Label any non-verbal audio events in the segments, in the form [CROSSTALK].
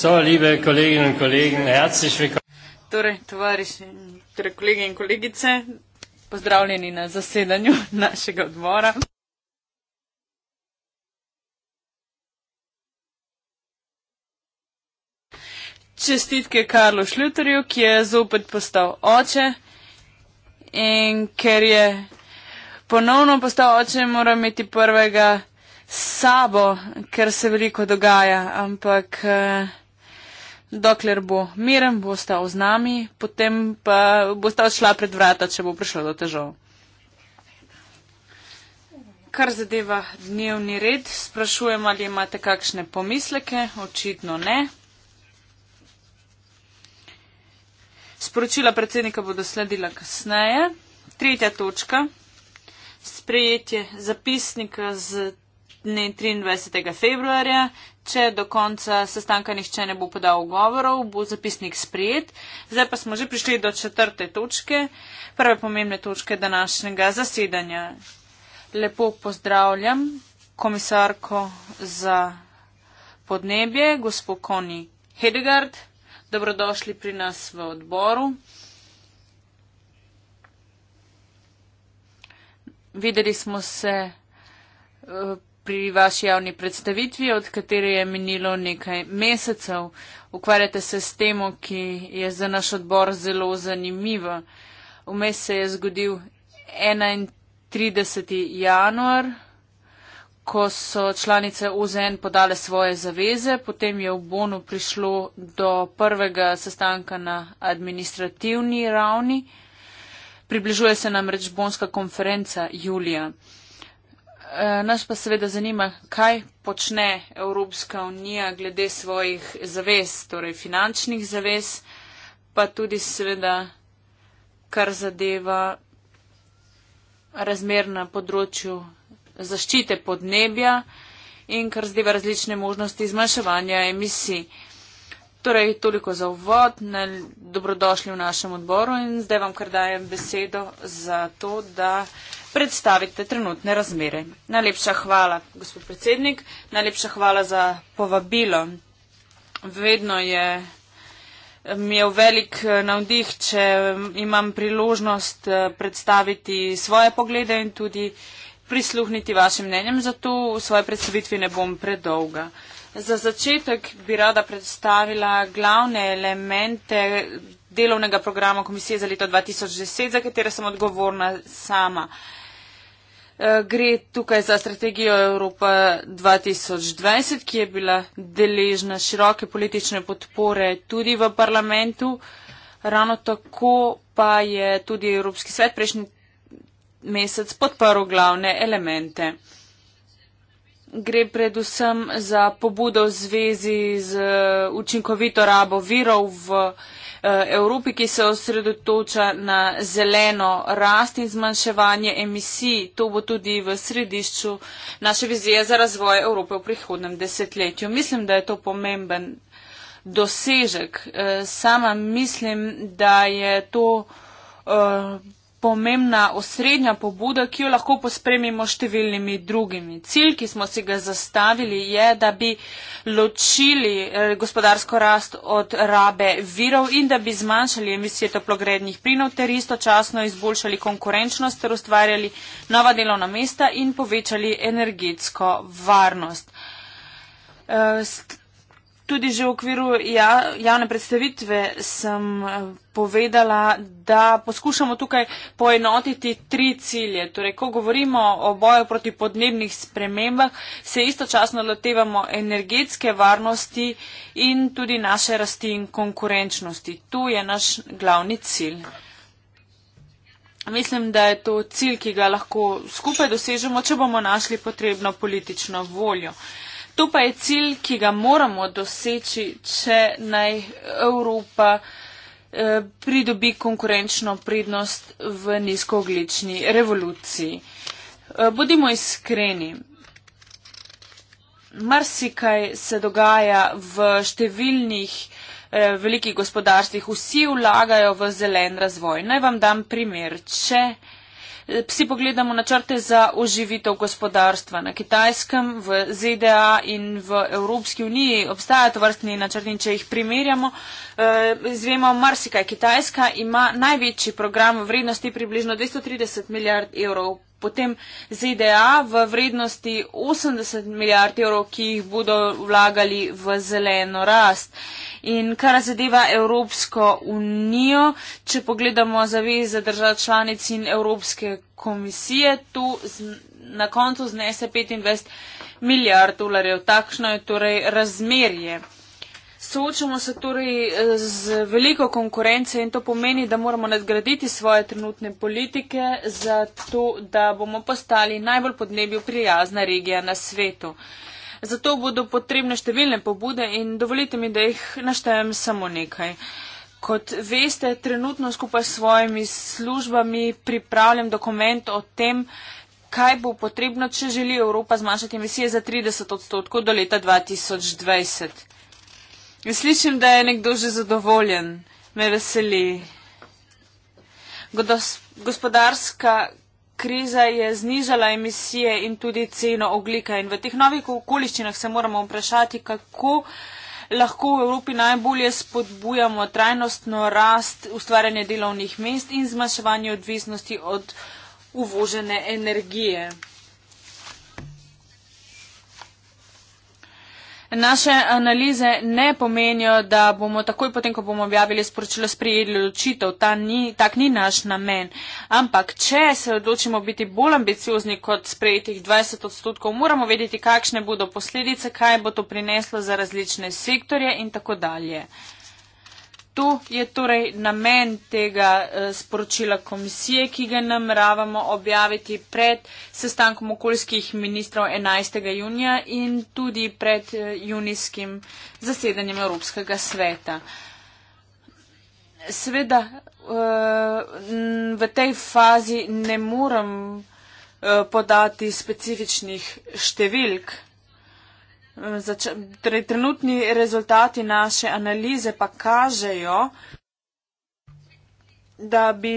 So, liebe Kolleginnen und Kollegen, herzlich willkommen. Torej, tovariši, torej kolege in kolegice, pozdravljeni na zasedanju [LAUGHS] našega odbora. Čestitke Karlu Šljuterju, ki je zopet postal oče in ker je ponovno postal oče, mora imeti prvega sabo, ker se veliko dogaja, ampak. Eh, dokler bo miren, bo ostal z nami, potem pa bo sta odšla pred vrata, če bo prišlo do težav. Kar zadeva dnevni red, sprašujem, ali imate kakšne pomisleke, očitno ne. Sporočila predsednika bodo sledila kasneje. Tretja točka, sprejetje zapisnika z dne 23. februarja, Če do konca sestanka nihče ne bo podal govorov, bo zapisnik sprejet. Zdaj pa smo že prišli do četrte točke, prve pomembne točke današnjega zasedanja. Lepo pozdravljam komisarko za podnebje, gospod Koni Hedegard. Dobrodošli pri nas v odboru. Videli smo se. Uh, pri vaši javni predstavitvi, od katere je minilo nekaj mesecev. Ukvarjate se s temo, ki je za naš odbor zelo zanimiva. Vmes se je zgodil 31. januar, ko so članice OZN podale svoje zaveze, potem je v Bonu prišlo do prvega sestanka na administrativni ravni. Približuje se namreč Bonska konferenca julija. Eh, nas pa seveda zanima, kaj počne Evropska unija glede svojih zavez, torej finančnih zavez, pa tudi seveda, kar zadeva razmer na področju zaščite podnebja in kar zadeva različne možnosti zmanjševanja emisij. Torej, toliko za uvod, ne, dobrodošli v našem odboru in zdaj vam kar dajem besedo za to, da predstavite trenutne razmere. Najlepša hvala, gospod predsednik, najlepša hvala za povabilo. Vedno je mi je v velik eh, navdih, če mm, imam priložnost eh, predstaviti svoje poglede in tudi prisluhniti vašim mnenjem, zato v svoje predstavitvi ne bom predolga. Za začetek bi rada predstavila glavne elemente delovnega programa Komisije za leto 2010, za katere sem odgovorna sama. Uh, Eh, gre tukaj za strategijo Evropa 2020, ki je bila deležna široke politične podpore tudi v parlamentu. Ravno tako pa je tudi Evropski svet prejšnji mesec podprl glavne elemente. Gre predvsem za pobudo v zvezi z učinkovito rabo virov v Eh, Evropi, ki se osredotoča na zeleno rast in zmanjševanje emisij. To bo tudi v središču naše vizije za razvoj Evrope v prihodnem desetletju. Mislim, da je to pomemben dosežek. Eh, sama mislim, da je to. Uh, pomembna osrednja pobuda, ki jo lahko pospremimo številnimi drugimi. Cilj, ki smo si ga zastavili, je, da bi ločili eh, gospodarsko rast od rabe virov in da bi zmanjšali emisije toplogrednih plinov ter istočasno izboljšali konkurenčnost ter ustvarjali nova delovna mesta in povečali energetsko varnost. Eh, tudi že v okviru ja, javne predstavitve sem eh, povedala, da poskušamo tukaj poenotiti tri cilje. Torej, ko govorimo o boju proti podnebnih spremembah, se istočasno lotevamo energetske varnosti in tudi naše rasti in konkurenčnosti. Tu je naš glavni cilj. Mislim, da je to cilj, ki ga lahko skupaj dosežemo, če bomo našli potrebno politično voljo. Uh, To pa je cilj, ki ga moramo doseči, če naj Evropa eh, pridobi konkurenčno prednost v nizkooglični revoluciji. Eh, bodimo iskreni. Marsikaj se dogaja v številnih eh, velikih gospodarstvih. Vsi vlagajo v zelen razvoj. Naj vam dam primer. Če Vsi pogledamo načrte za oživitev gospodarstva na Kitajskem, v ZDA in v Evropski uniji. Obstajajo tovrstni načrti in če jih primerjamo, eh, izvemo marsikaj. Kitajska ima največji program v vrednosti približno 230 milijard evrov. Potem ZDA v vrednosti 80 milijard evrov, ki jih bodo vlagali v zeleno rast. In kar zadeva Evropsko unijo, če pogledamo zaveze držav članic in Evropske komisije, to na koncu znese 25 milijard dolarjev. Takšno je torej razmerje. Soočamo se torej eh, z veliko konkurence in to pomeni, da moramo nadgraditi svoje trenutne politike za to, da bomo postali najbolj podnebju prijazna regija na svetu. Zato bodo potrebne številne pobude in dovolite mi, da jih naštejem samo nekaj. Kot veste, trenutno skupaj s svojimi službami pripravljam dokument o tem, kaj bo potrebno, če želi Evropa zmanjšati emisije za 30 odstotkov do leta 2020. Slišim, da je nekdo že zadovoljen. Me veseli. Gospodarska kriza je znižala emisije in tudi ceno oglika. In v teh novih okoliščinah se moramo vprašati, kako lahko v Evropi najbolje spodbujamo trajnostno rast ustvarjanja delovnih mest in zmanjševanje odvisnosti od uvožene energije. Naše analize ne pomenijo, da bomo takoj potem, ko bomo objavili sporočilo, sprejeli odločitev. Ta ni, tak ni naš namen. Ampak, če se odločimo biti bolj ambiciozni kot sprejetih 20 odstotkov, moramo vedeti, kakšne bodo posledice, kaj bo to prineslo za različne sektorje in tako dalje to je torej namen tega eh, sporočila komisije, ki ga namravamo objaviti pred sestankom okoljskih ministrov 11. junija in tudi pred eh, junijskim zasedanjem Evropskega sveta. Sveda eh, v tej fazi ne morem podati specifičnih številk. Torej, trenutni rezultati naše analize pa kažejo, da bi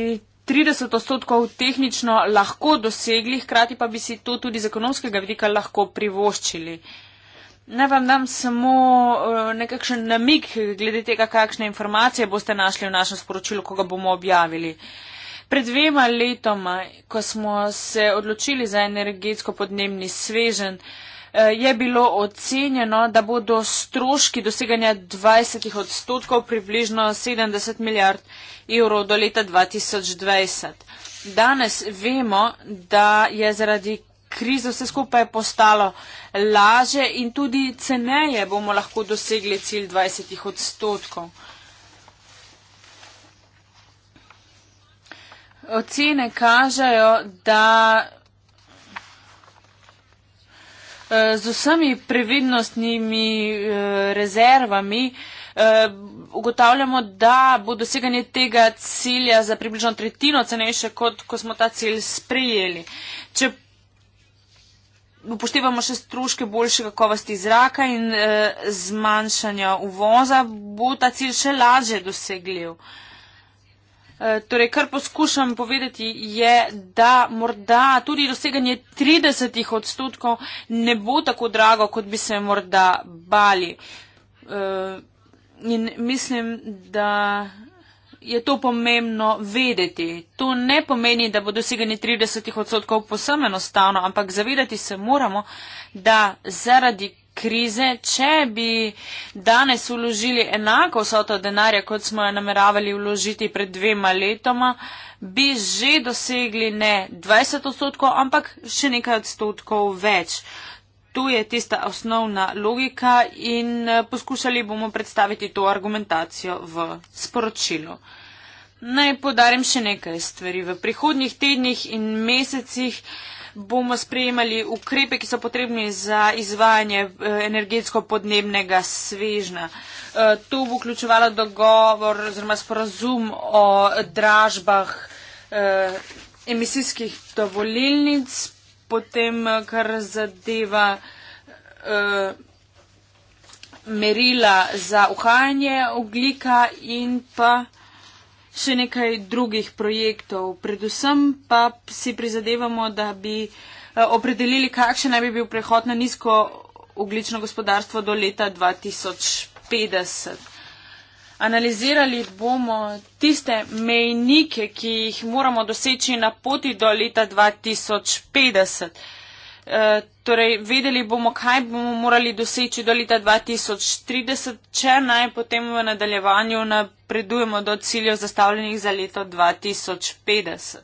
30 odstotkov tehnično lahko dosegli, hkrati pa bi si to tudi z ekonomskega vidika lahko privoščili. Naj vam dam samo eh, nekakšen namik glede tega, kakšne informacije boste našli v našem sporočilu, ko ga bomo objavili. Pred dvema letoma, ko smo se odločili za energetsko podnebni svežen, Eh, je bilo ocenjeno, da bodo stroški doseganja 20 odstotkov približno 70 milijard evrov do leta 2020. Danes vemo, da je zaradi krize vse skupaj postalo laže in tudi ceneje bomo lahko dosegli cilj 20 odstotkov. Ocene kažejo, da Eh, z vsemi previdnostnimi eh, rezervami. Eh, ugotavljamo, da bo doseganje tega cilja za približno tretjino cenejše, kot ko smo ta cilj sprejeli. Če upoštevamo še stroške boljše kakovosti zraka in zmanjšanja uvoza, bo ta cilj še lažje dosegljiv. Eh, torej, kar poskušam povedati je, da morda tudi doseganje 30 odstotkov ne bo tako drago, kot bi se morda bali. Eh, in mislim, da je to pomembno vedeti. To ne pomeni, da bo doseganje 30 odstotkov posebno enostavno, ampak zavedati se moramo, da zaradi krize, če bi danes uložili enako vso to denarja, kot smo jo nameravali uložiti pred dvema letoma, bi že dosegli ne 20 odstotkov, ampak še nekaj odstotkov več. Tu je tista osnovna logika in eh, poskušali bomo predstaviti to argumentacijo v sporočilu. Naj podarim še nekaj stvari. V prihodnjih tednih in mesecih bomo sprejemali ukrepe, ki so potrebni za izvajanje eh, energetsko-podnebnega svežna. Eh, to bo vključevalo dogovor oziroma sporazum o dražbah eh, emisijskih dovolilnic, potem kar zadeva merila za uhajanje oglika in pa še nekaj drugih projektov. Predvsem pa si prizadevamo, da bi eh, opredelili, kakšen naj bi bil prehod na nizko oglično gospodarstvo do leta 2050. Analizirali bomo tiste mejnike, ki jih moramo doseči na poti do leta 2050. Eh, torej vedeli bomo, kaj bomo morali doseči do leta 2030, če naj potem v nadaljevanju napredujemo do ciljev zastavljenih za leto 2050.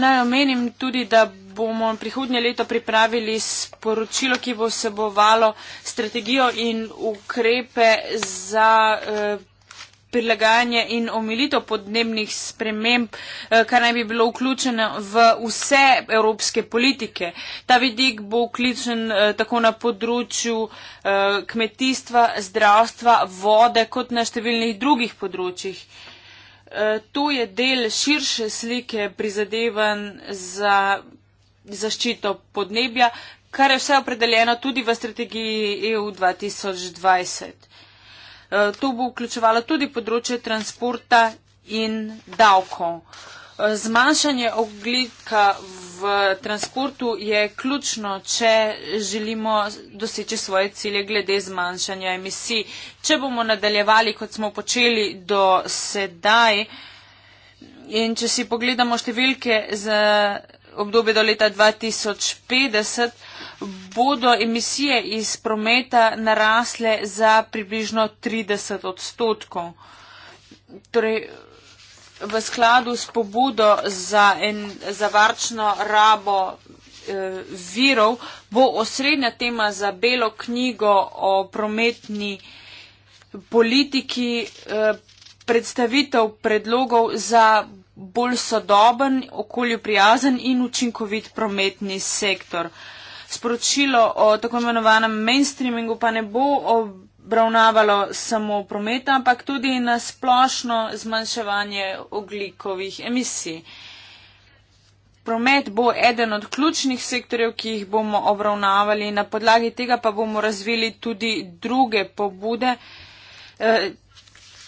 Naj omenim tudi, da bomo prihodnje leto pripravili sporočilo, ki bo vsebovalo strategijo in ukrepe za eh, prilagajanje in omilitev podnebnih sprememb, eh, kar naj bi bilo vključeno v vse evropske politike. Ta vidik bo vključen eh, tako na področju eh, kmetijstva, zdravstva, vode, kot na številnih drugih področjih. To je del širše slike prizadevan za zaščito podnebja, kar je vse opredeljeno tudi v strategiji EU 2020. Eh, to bo vključevalo tudi področje transporta in davkov. Eh, zmanjšanje oglika v transportu je ključno, če želimo doseči svoje cilje glede zmanjšanja emisij. Če bomo nadaljevali, kot smo počeli do sedaj, in če si pogledamo številke za obdobje do leta 2050, bodo emisije iz prometa narasle za približno 30 odstotkov. Torej, v skladu s pobudo za, en, za varčno rabo eh, virov bo osrednja tema za belo knjigo o prometni politiki eh, predstavitev predlogov za bolj sodoben, okolju prijazen in učinkovit prometni sektor. Eh, sporočilo o tako imenovanem mainstreamingu pa ne bo obravnavalo samo prometa, ampak tudi na splošno zmanjševanje oglikovih emisij. Promet bo eden od ključnih sektorjev, ki jih bomo obravnavali, na podlagi tega pa bomo razvili tudi druge pobude. Eh,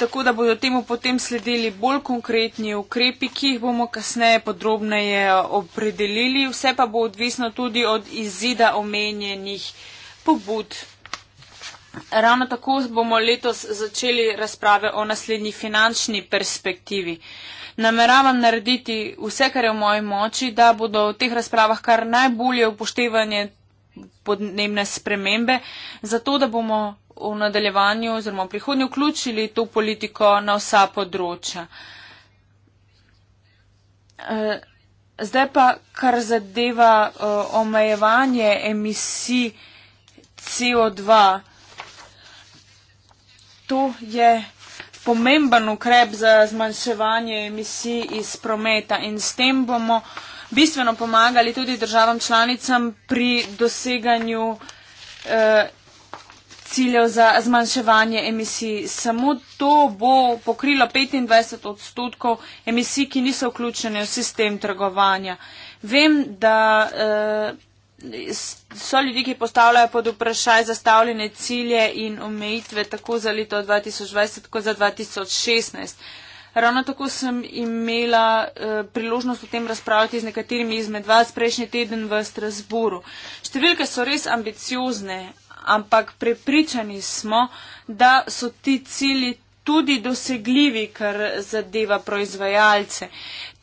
tako da bodo temu potem sledili bolj konkretni ukrepi, ki jih bomo kasneje podrobneje opredelili. Vse pa bo odvisno tudi od izida omenjenih pobud. Ravno tako bomo letos začeli razprave o naslednji finančni perspektivi. Nameravam narediti vse, kar je v moji moči, da bodo v teh razpravah kar najbolje upoštevanje podnebne spremembe, zato da bomo v nadaljevanju oziroma v prihodnju vključili to politiko na vsa področja. E, zdaj pa, kar zadeva e, omejevanje emisij CO2, to je pomemben ukrep za zmanjševanje emisij iz prometa in s tem bomo bistveno pomagali tudi državam članicam pri doseganju e, ciljev za zmanjševanje emisij. Samo to bo pokrilo 25 odstotkov emisij, ki niso vključene v sistem trgovanja. Vem, da eh, so ljudje, ki postavljajo pod vprašaj zastavljene cilje in omejitve tako za leto 2020 kot za 2016. Ravno tako sem imela eh, priložnost o tem razpravljati z nekaterimi izmed vas prejšnji teden v Strasburu. Številke so res ambiciozne, ampak prepričani smo, da so ti cilji tudi dosegljivi, kar zadeva proizvajalce.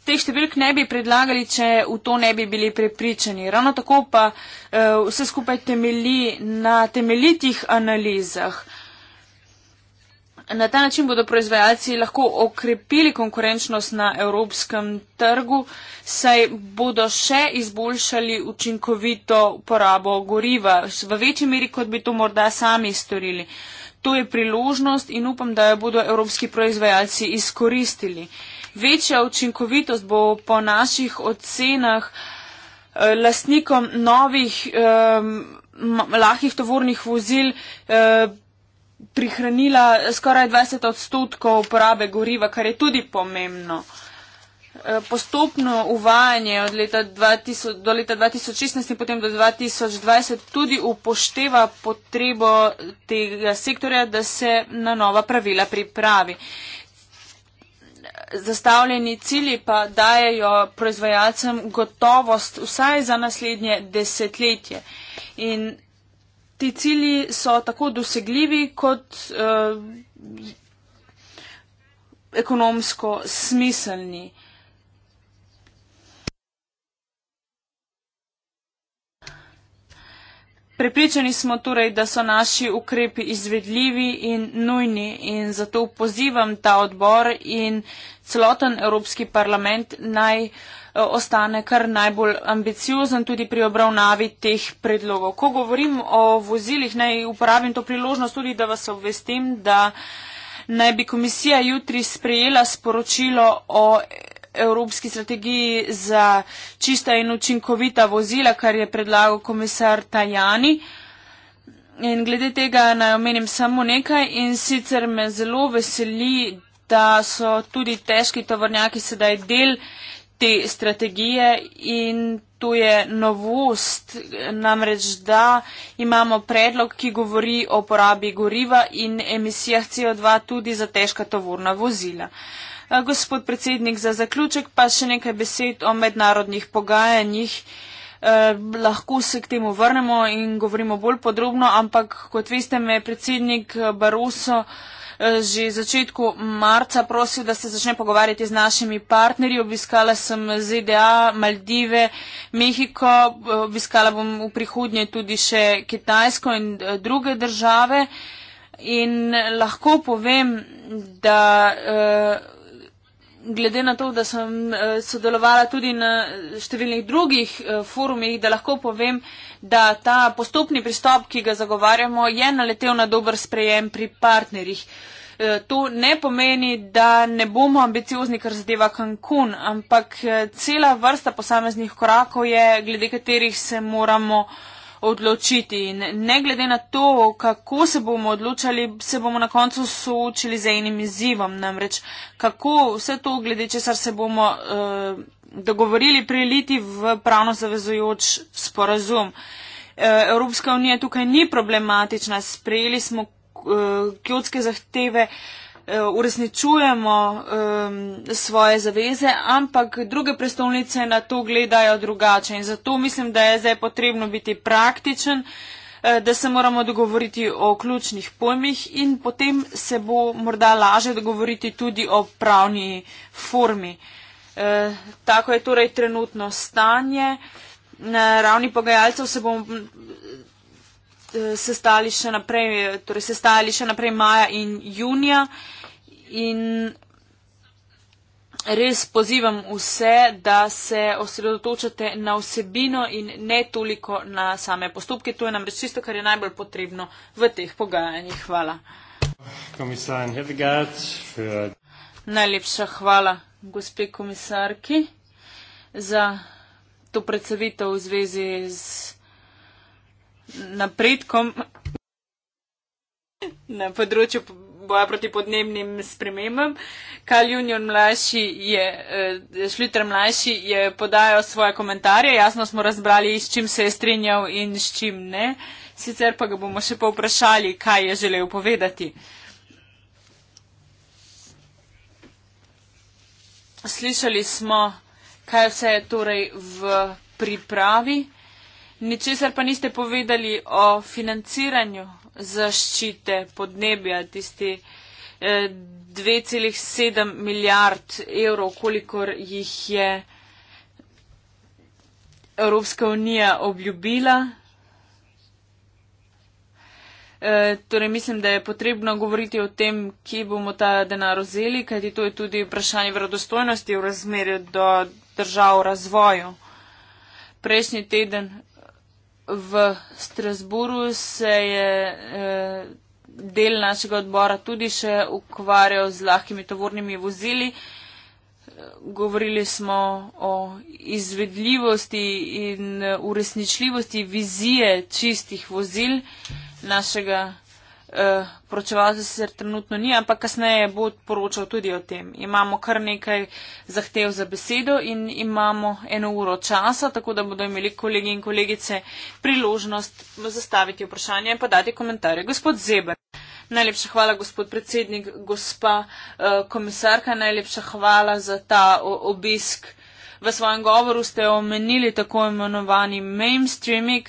Teh številk ne bi predlagali, če v to ne bi bili prepričani. Ravno tako pa uh, vse skupaj temeli na temeljitih analizah. Uh, Na ta način bodo proizvajalci lahko okrepili konkurenčnost na evropskem trgu, saj bodo še izboljšali učinkovito porabo goriva v večji meri, kot bi to morda sami storili. To je priložnost in upam, da jo bodo evropski proizvajalci izkoristili. Večja učinkovitost bo po naših ocenah eh, lastnikom novih eh, lahkih tovornih vozil. Eh, prihranila skoraj 20 odstotkov uporabe goriva, kar je tudi pomembno. E, postopno uvajanje od leta 2000, do leta 2016 in potem do 2020 tudi upošteva potrebo tega sektorja, da se na nova pravila pripravi. Zastavljeni cilji pa dajejo proizvajalcem gotovost vsaj za naslednje desetletje. In ti cilji so tako dosegljivi kot eh, ekonomsko smiselni. Prepričani smo torej, da so naši ukrepi izvedljivi in nujni in zato pozivam ta odbor in celoten Evropski parlament naj. Eh, Eh, ostane kar najbolj ambiciozen tudi pri obravnavi teh predlogov. Ko govorim o vozilih, naj uporabim to priložnost tudi, da vas obvestim, da naj bi komisija jutri sprejela sporočilo o Evropski strategiji za čista in učinkovita vozila, kar je predlagal komisar Tajani. In glede tega naj omenim samo nekaj in sicer me zelo veseli, da so tudi težki tovornjaki sedaj del te strategije in to je novost, namreč da imamo predlog, ki govori o porabi goriva in emisijah CO2 tudi za težka tovorna vozila. Eh, gospod predsednik, za zaključek pa še nekaj besed o mednarodnih pogajanjih. Eh, lahko se k temu vrnemo in govorimo bolj podrobno, ampak kot veste, me predsednik Baroso. Eh, Eh, že v začetku marca prosil, da se začne pogovarjati z našimi partnerji. Obiskala sem ZDA, Maldive, Mehiko, obiskala bom v prihodnje tudi še Kitajsko in eh, druge države. In eh, lahko povem, da. Uh, glede na to, da sem eh, sodelovala tudi na številnih drugih eh, forumih, da lahko povem, da ta postopni pristop, ki ga zagovarjamo, je naletel na dober sprejem pri partnerjih. Eh, to ne pomeni, da ne bomo ambiciozni, kar zadeva Cancun, ampak cela vrsta posameznih korakov je, glede katerih se moramo odločiti. In ne glede na to, kako se bomo odločali, se bomo na koncu soočili z enim izzivom. Namreč, kako vse to, glede česar se bomo uh, dogovorili, priliti v pravno zavezujoč sporazum. Uh, Evropska unija tukaj ni problematična, sprejeli smo uh, kjotske zahteve. Uh, Eh, uresničujemo um, svoje zaveze, ampak druge prestolnice na to gledajo drugače. In zato mislim, da je zdaj potrebno biti praktičen, eh, da se moramo dogovoriti o ključnih pojmih in potem se bo morda laže dogovoriti tudi o pravni formi. E, tako je torej trenutno stanje. Na ravni pogajalcev se bomo sestali še naprej, torej sestali še naprej maja in junija in res pozivam vse, da se osredotočate na vsebino in ne toliko na same postopke. To je namreč tisto, kar je najbolj potrebno v teh pogajanjih. Hvala. Najlepša hvala, gospe komisarki, za to predstavitev v zvezi z napredkom na področju boja proti podnebnim spremembam. Kal Junior mlajši je, uh, eh, Šliter mlajši je podajal svoje komentarje, jasno smo razbrali, s čim se je strinjal in s čim ne. Sicer pa ga bomo še povprašali, kaj je želel povedati. Slišali smo, kaj vse je torej v pripravi. Ničesar pa niste povedali o financiranju zaščite podnebja, tisti 2,7 eh, milijard evrov, kolikor jih je Evropska unija obljubila. Eh, torej, mislim, da je potrebno govoriti o tem, kje bomo ta denar vzeli, kajti to je tudi vprašanje verodostojnosti v razmerju do držav v razvoju. Prejšnji teden v Strasburu se je eh, del našega odbora tudi še ukvarjal z lahkimi tovornimi vozili. Govorili smo o izvedljivosti in eh, uresničljivosti vizije čistih vozil našega Eh, poročevalce sicer trenutno ni, ampak kasneje bo poročal tudi o tem. Imamo kar nekaj zahtev za besedo in imamo eno uro časa, tako da bodo imeli kolegi in kolegice priložnost zastaviti vprašanje in podati komentarje. Gospod Zeber. Najlepša hvala, gospod predsednik, gospa eh, komisarka, najlepša hvala za ta obisk. V svojem govoru ste omenili tako imenovani mainstreaming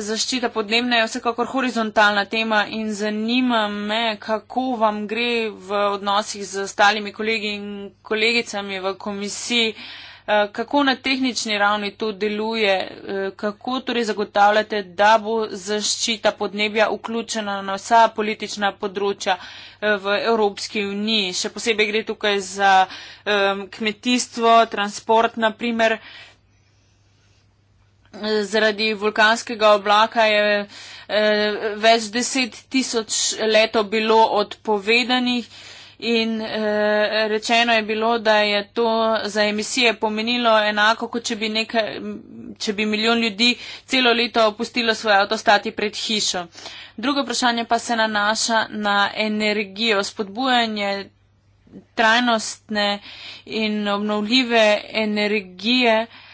zaščita podnebne je vsekakor horizontalna tema in zanima me, kako vam gre v odnosih z ostalimi kolegi in kolegicami v komisiji, eh, kako na tehnični ravni to deluje, eh, kako torej zagotavljate, da bo zaščita podnebja vključena na vsa politična področja eh, v Evropski uniji. Še posebej gre tukaj za kmetijstvo, transport naprimer. Zaradi vulkanskega oblaka je eh, več deset tisoč leto bilo odpovedanih in eh, rečeno je bilo, da je to za emisije pomenilo enako, kot če bi, nekaj, če bi milijon ljudi celo leto opustilo svoje avtostati pred hišo. Drugo vprašanje pa se nanaša na energijo, spodbujanje trajnostne in obnovljive energije. Eh,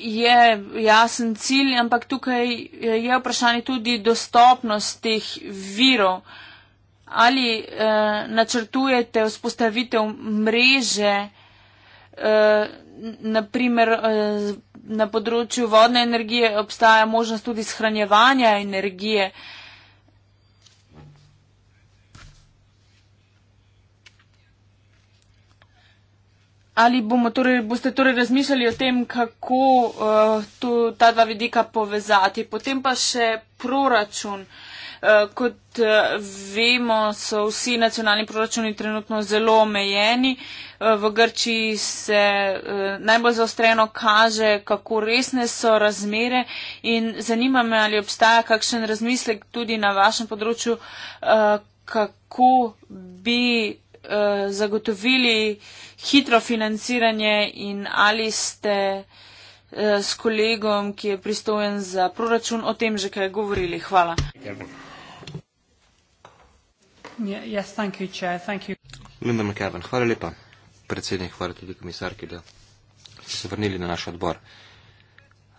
je jasen cilj, ampak tukaj je vprašanje tudi dostopnost teh virov. Ali eh, načrtujete vzpostavitev mreže, eh, naprimer eh, na področju vodne energije obstaja možnost tudi shranjevanja energije, eh, Ali torej, boste torej razmišljali o tem, kako uh, to, ta dva vidika povezati? Potem pa še proračun. Uh, kot uh, vemo, so vsi nacionalni proračuni trenutno zelo omejeni. Uh, v Grčiji se uh, najbolj zaostreno kaže, kako resne so razmere in zanima me, ali obstaja kakšen razmislek tudi na vašem področju, uh, kako bi uh, zagotovili hitro financiranje in ali ste eh, s kolegom, ki je pristojen za proračun, o tem že kaj govorili. Hvala. Yes, thank you, chair. Thank you. Linda McEwen, hvala lepa. Predsednik, hvala tudi komisarki, da ste se vrnili na naš odbor.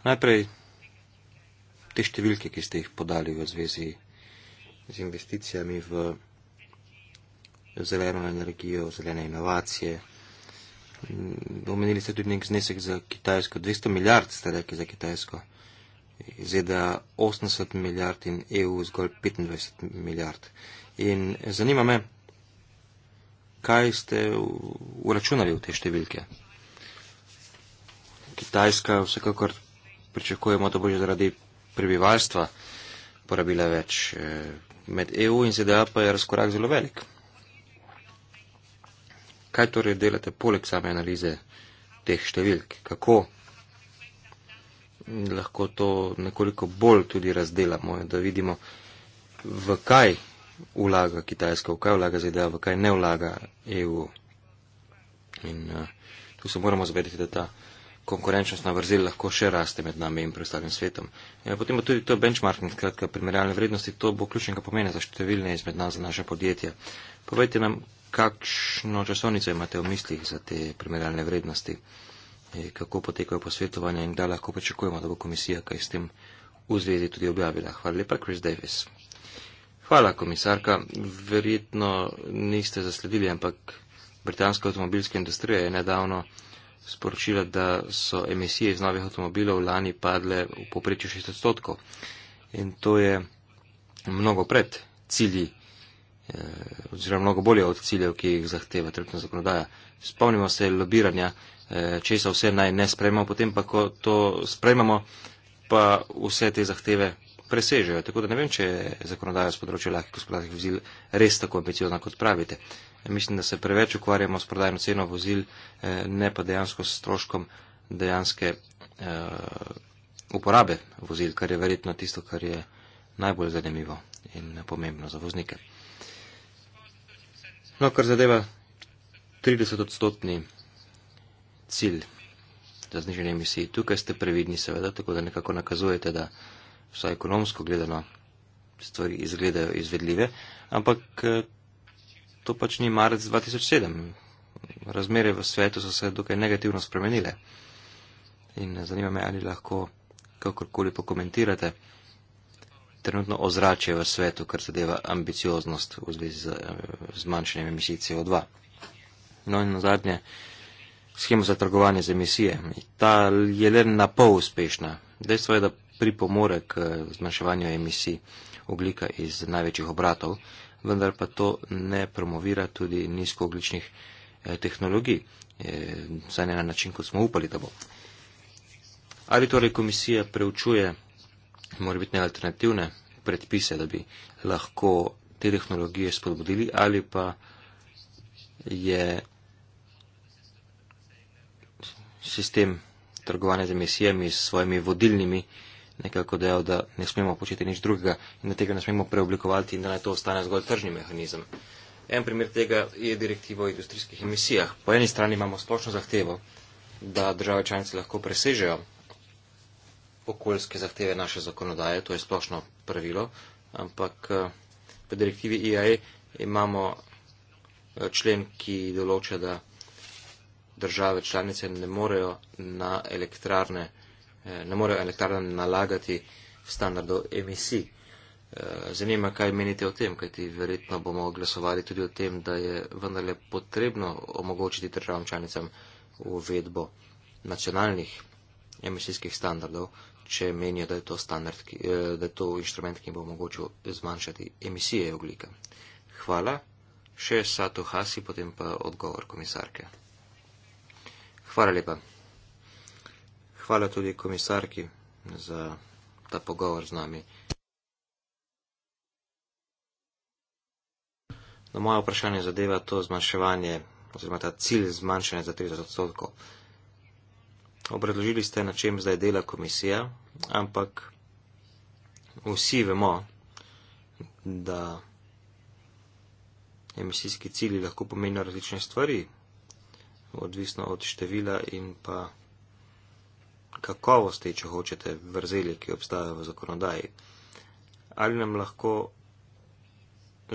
Najprej te številke, ki ste jih podali v zvezi z investicijami v zeleno energijo, zelene inovacije. Omenili ste tudi nek znesek za Kitajsko, 200 milijard ste rekli za Kitajsko, ZDA 80 milijard in EU zgolj 25 milijard. In zanima me, kaj ste uračunali v te številke. Kitajska vsekakor pričakujemo, da bo že zaradi prebivalstva porabila več. Eh, med EU in ZDA pa je razkorak zelo velik. Kaj torej delate poleg same analize teh številk? Kako lahko to nekoliko bolj tudi razdelamo, da vidimo, v kaj vlaga Kitajska, v kaj vlaga ZDA, v kaj ne vlaga EU. In uh, tu se moramo zavedati, da ta konkurenčnost na vrzel lahko še raste med nami in preostalim svetom. In ja, potem bo tudi to benchmarking, skratka primerjalne vrednosti, to bo ključnega pomena za številne izmed nas, za naše podjetje. Povejte nam, kakšno časovnico imate v mislih za te primerjalne vrednosti, eh, kako potekajo posvetovanja in da lahko pričakujemo, da bo komisija kaj s tem v zvezi tudi objavila. Hvala lepa, Chris Davis. Hvala, komisarka. Verjetno niste zasledili, ampak britanska avtomobilska industrija je nedavno sporočila, da so emisije iz novih avtomobilov lani padle v poprečju 6 odstotkov. In to je mnogo pred cilji Eh, oziroma mnogo bolje od ciljev, ki jih zahteva trenutna zakonodaja. Spomnimo se lobiranja, eh, če se vse naj ne sprejmemo, potem pa, ko to sprejmemo, pa vse te zahteve presežejo. Tako da ne vem, če je zakonodaja z področja lahkih gospodarskih vozil res tako ambiciozna, kot pravite. Mislim, da se preveč ukvarjamo s prodajno ceno vozil, eh, ne pa dejansko s stroškom dejanske uporabe vozil, kar je verjetno tisto, kar je najbolj zanimivo in pomembno za voznike. No, kar zadeva 30 odstotni cilj za zniženje emisij, tukaj ste previdni seveda, tako da nekako nakazujete, da vsaj ekonomsko gledano stvari izgledajo izvedljive, ampak eh, to pač ni marec 2007. Razmere v svetu so se dokaj negativno spremenile. In eh, zanima me, ali lahko kakorkoli pokomentirate trenutno ozračje v svetu, kar zadeva ambicioznost v zvezi z eh, zmanjšanjem emisij CO2. No in na zadnje, schema za trgovanje z emisije. Ta je le na pol uspešna. Dejstvo je, da pripomore k eh, zmanjševanju emisij oglika iz največjih obratov, vendar pa to ne promovira tudi nizkoogličnih eh, tehnologij, saj ne na način, kot smo upali, da bo. Ali torej komisija preučuje morbitne alternativne predpise, da bi lahko te tehnologije spodbudili ali pa je sistem trgovanja z emisijami s svojimi vodilnimi nekako dejal, da ne smemo početi nič drugega in da tega ne smemo preoblikovati in da naj to ostane zgolj tržni mehanizem. En primer tega je direktiva o industrijskih emisijah. Po eni strani imamo splošno zahtevo, da države članice lahko presežejo okoljske zahteve naše zakonodaje, to je splošno pravilo, ampak eh, v direktivi IAE e imamo eh, člen, ki določa, da države članice ne morejo na elektrarne, eh, ne morejo elektrarne nalagati standardov emisij. Zanima, kaj menite o tem, kajti verjetno bomo glasovali tudi o tem, da je vendarle potrebno omogočiti državam članicam uvedbo nacionalnih emisijskih standardov če menijo, da je to, standard, eh, da je to inštrument, ki bo omogočil zmanjšati emisije oglika. Hvala. Še Sato Hasi, potem pa odgovor komisarke. Hvala lepa. Hvala tudi komisarki za ta pogovor z nami. Na no, moje vprašanje zadeva to zmanjševanje oziroma ta cilj zmanjšanja za 30 odstotkov. Obrazložili ste, na čem zdaj dela komisija, ampak vsi vemo, da emisijski cilji lahko pomenijo različne stvari, odvisno od števila in pa kakovosti, če hočete, vrzeli, ki obstajajo v zakonodaji. Ali nam lahko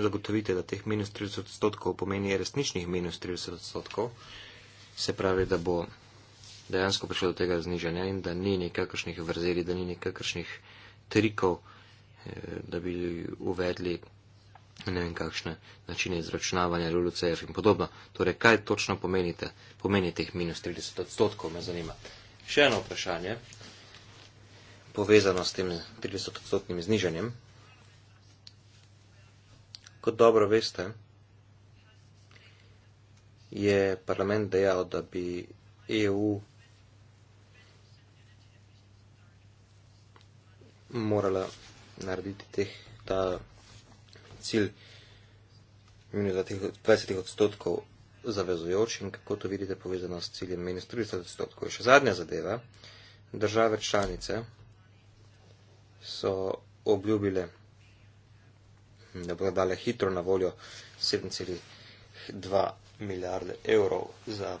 zagotovite, da teh minus 30 odstotkov pomeni resničnih minus 30 odstotkov, se pravi, da bo dejansko prišlo do tega znižanja in da ni nekakršnih vrzeli, da ni nekakršnih trikov, eh, da bi uvedli ne vem kakšne načine izračunavanja LULUCF in podobno. Torej, kaj točno pomenite, pomenite jih minus 30 odstotkov, me zanima. Še eno vprašanje, povezano s tem 30 odstotnim znižanjem. Kot dobro veste, je parlament dejal, da bi EU morala narediti teh, ta cilj za teh 20 odstotkov zavezujoč in kako to vidite povezano s ciljem minus 30 odstotkov. Še zadnja zadeva, države članice so obljubile, da bodo dale hitro na voljo 7,2 milijarde evrov za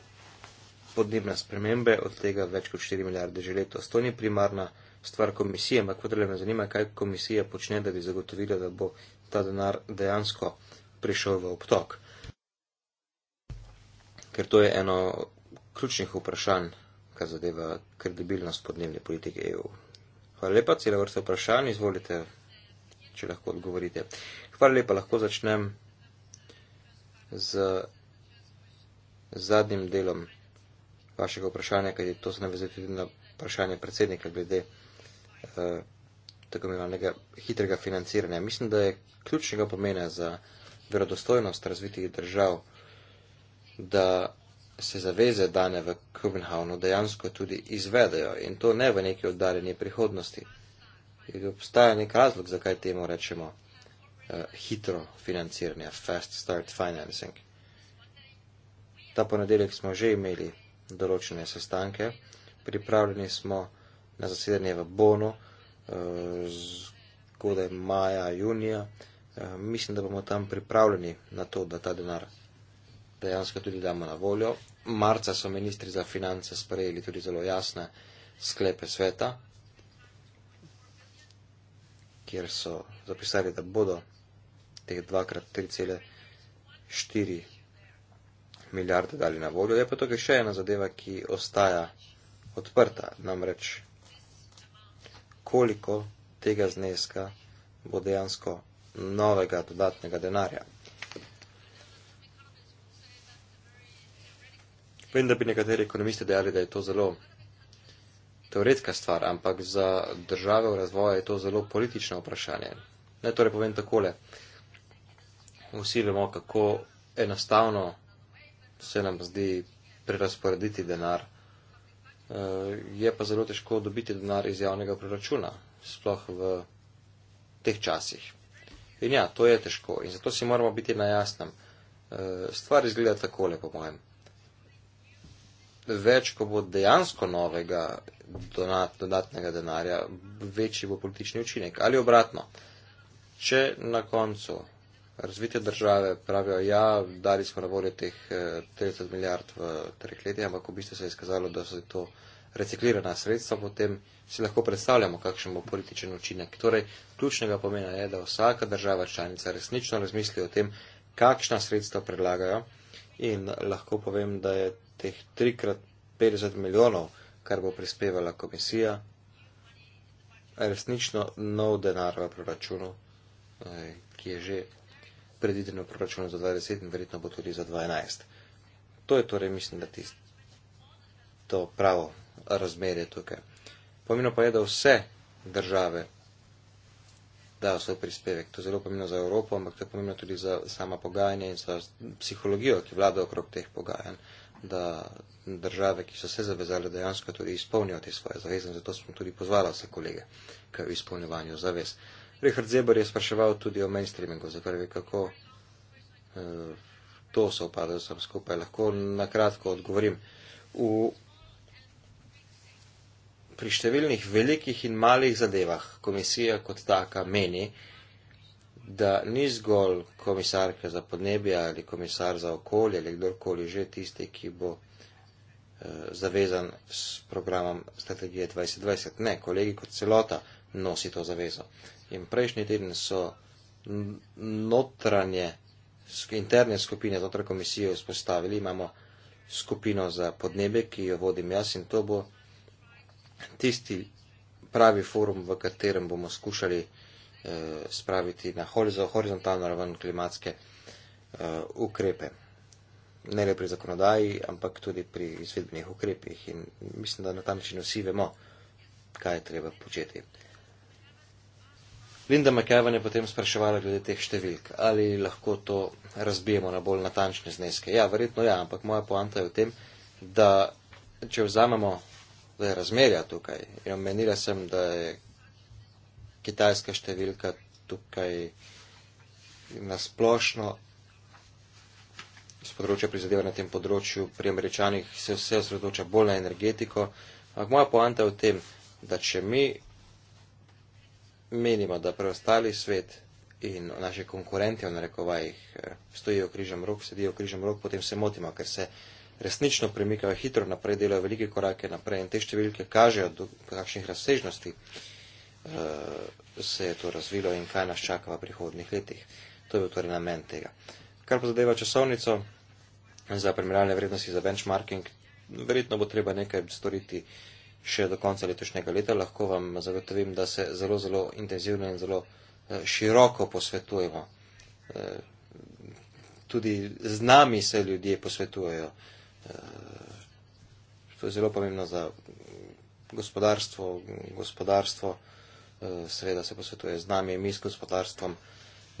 podnebne spremembe, od tega več kot 4 milijarde že letos. To ni primarna stvar komisije, ampak vendar me zanima, kaj komisija počne, da bi zagotovila, da bo ta denar dejansko prišel v obtok. Ker to je eno ključnih vprašanj, kar zadeva kredibilnost podnebne politike EU. Hvala lepa, cela vrsta vprašanj, izvolite, če lahko odgovorite. Hvala lepa, lahko začnem z zadnjim delom vašega vprašanja, kajti to se navezuje tudi na vprašanje predsednika glede Eh, tako imenovanega hitrega financiranja. Mislim, da je ključnega pomena za verodostojnost razvitih držav, da se zaveze dane v Kopenhavnu dejansko tudi izvedejo in to ne v neki oddaljeni prihodnosti. In obstaja nek razlog, zakaj temu rečemo uh, hitro financiranje, fast start financing. Ta ponedeljek smo že imeli določene sestanke, pripravljeni smo uh, na zasedanje v Bono, eh, zgodaj maja, junija. Eh, mislim, da bomo tam pripravljeni na to, da ta denar dejansko tudi damo na voljo. Marca so ministri za finance sprejeli tudi zelo jasne sklepe sveta, kjer so zapisali, da bodo teh 2x3,4 milijarde dali na voljo. Je pa tukaj še ena zadeva, ki ostaja odprta, namreč koliko tega zneska bo dejansko novega dodatnega denarja. Vem, da bi nekateri ekonomisti dejali, da je to zelo teoretska stvar, ampak za države v razvoju je to zelo politično vprašanje. Ne torej povem takole. Vsi vemo, kako enostavno se nam zdi prerasporediti denar Eh, je pa zelo težko dobiti denar iz javnega proračuna, sploh v teh časih. In ja, to je težko in zato si moramo biti na jasnem. Eh, stvar izgleda takole, po mojem. Več, ko bo dejansko novega donat, dodatnega denarja, večji bo politični učinek. Ali obratno, če na koncu razvite države pravijo, ja, dali smo na voljo teh 30 eh, milijard v treh letih, ampak v bistvu se je izkazalo, da so to reciklirana sredstva, potem si lahko predstavljamo, kakšen bo političen učinek. Torej, ključnega pomena je, da vsaka država članica resnično razmisli o tem, kakšna sredstva predlagajo in lahko povem, da je teh 3x50 milijonov, kar bo prispevala komisija, resnično nov denar v proračunu, eh, ki je že predvideno proračun za 2020 in verjetno bo tudi za 2011. To je torej, mislim, da tisto pravo razmerje tukaj. Pomembno pa je, da vse države dajo svoj prispevek. To je zelo pomembno za Evropo, ampak to je pomembno tudi za sama pogajanja in za psihologijo, ki vlada okrog teh pogajanj, da države, ki so se zavezale, dejansko tudi izpolnijo te svoje zaveze. Zato smo tudi pozvali vse kolege k izpolnjevanju zavez. Uh, Richard Zebr je spraševal tudi o mainstreamingu, zapravi, kako eh, to se opada vsem skupaj. Lahko na kratko odgovorim. V, pri številnih velikih in malih zadevah komisija kot taka meni, da ni zgolj komisarka za podnebje ali komisar za okolje ali kdorkoli že tisti, ki bo eh, zavezan s programom strategije 2020. Ne, kolegi kot celota nosi to zavezo. In prejšnji teden so notranje, interne skupine znotraj komisije vzpostavili. Imamo skupino za podnebje, ki jo vodim jaz in to bo tisti pravi forum, v katerem bomo skušali eh, spraviti na horizontalno raven klimatske eh, ukrepe. Ne le pri zakonodaji, ampak tudi pri izvedbenih ukrepih. In mislim, da na ta način vsi vemo, kaj je treba početi. Linda McEwen je potem spraševala glede teh številk, ali lahko to razbijemo na bolj natančne zneske. Ja, verjetno ja, ampak moja poanta je v tem, da če vzamemo, da je razmerja tukaj, in ja, omenila sem, da je kitajska številka tukaj nasplošno z področja prizadeva na tem področju, pri američanih se vse osredotoča bolj na energetiko, ampak moja poanta je v tem, da če mi menimo, da preostali svet in naše konkurenti v narekovajih eh, stojijo križem rok, sedijo križem rok, potem se motimo, ker se resnično premikajo hitro naprej, delajo velike korake naprej in te številke kažejo, do kakšnih razsežnosti eh, se je to razvilo in kaj nas čaka v prihodnih letih. To je bil torej namen tega. Kar pa zadeva časovnico za primerjalne vrednosti za benchmarking, verjetno bo treba nekaj storiti. Uh, še do konca letošnjega leta, lahko vam zagotovim, da se zelo, zelo intenzivno in zelo eh, široko posvetujemo. Eh, tudi z nami se ljudje posvetujejo. Eh, to je zelo pomembno za gospodarstvo. Gospodarstvo seveda se posvetuje z nami, mi s gospodarstvom.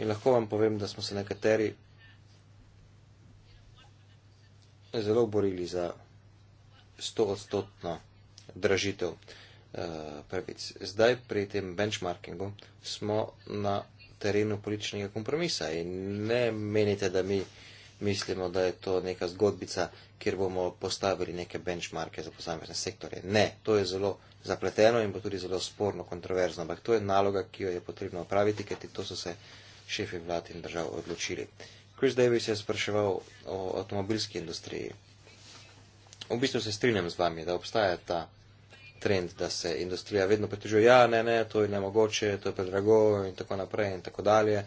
In lahko vam povem, da smo se nekateri zelo borili za stoodstotno 100 dražitev eh, pravic. Zdaj pri tem benchmarkingu smo na terenu političnega kompromisa in ne menite, da mi mislimo, da je to neka zgodbica, kjer bomo postavili neke benchmarke za posamezne sektore. Ne, to je zelo zapleteno in bo tudi zelo sporno, kontroverzno, ampak to je naloga, ki jo je potrebno opraviti, ker to so se šefi vlad in držav odločili. Chris Davis je spraševal o avtomobilski industriji v bistvu se strinjam z vami, da obstaja ta trend, da se industrija vedno pritožuje, ja, ne, ne, to je nemogoče, to je predrago in tako naprej in tako dalje.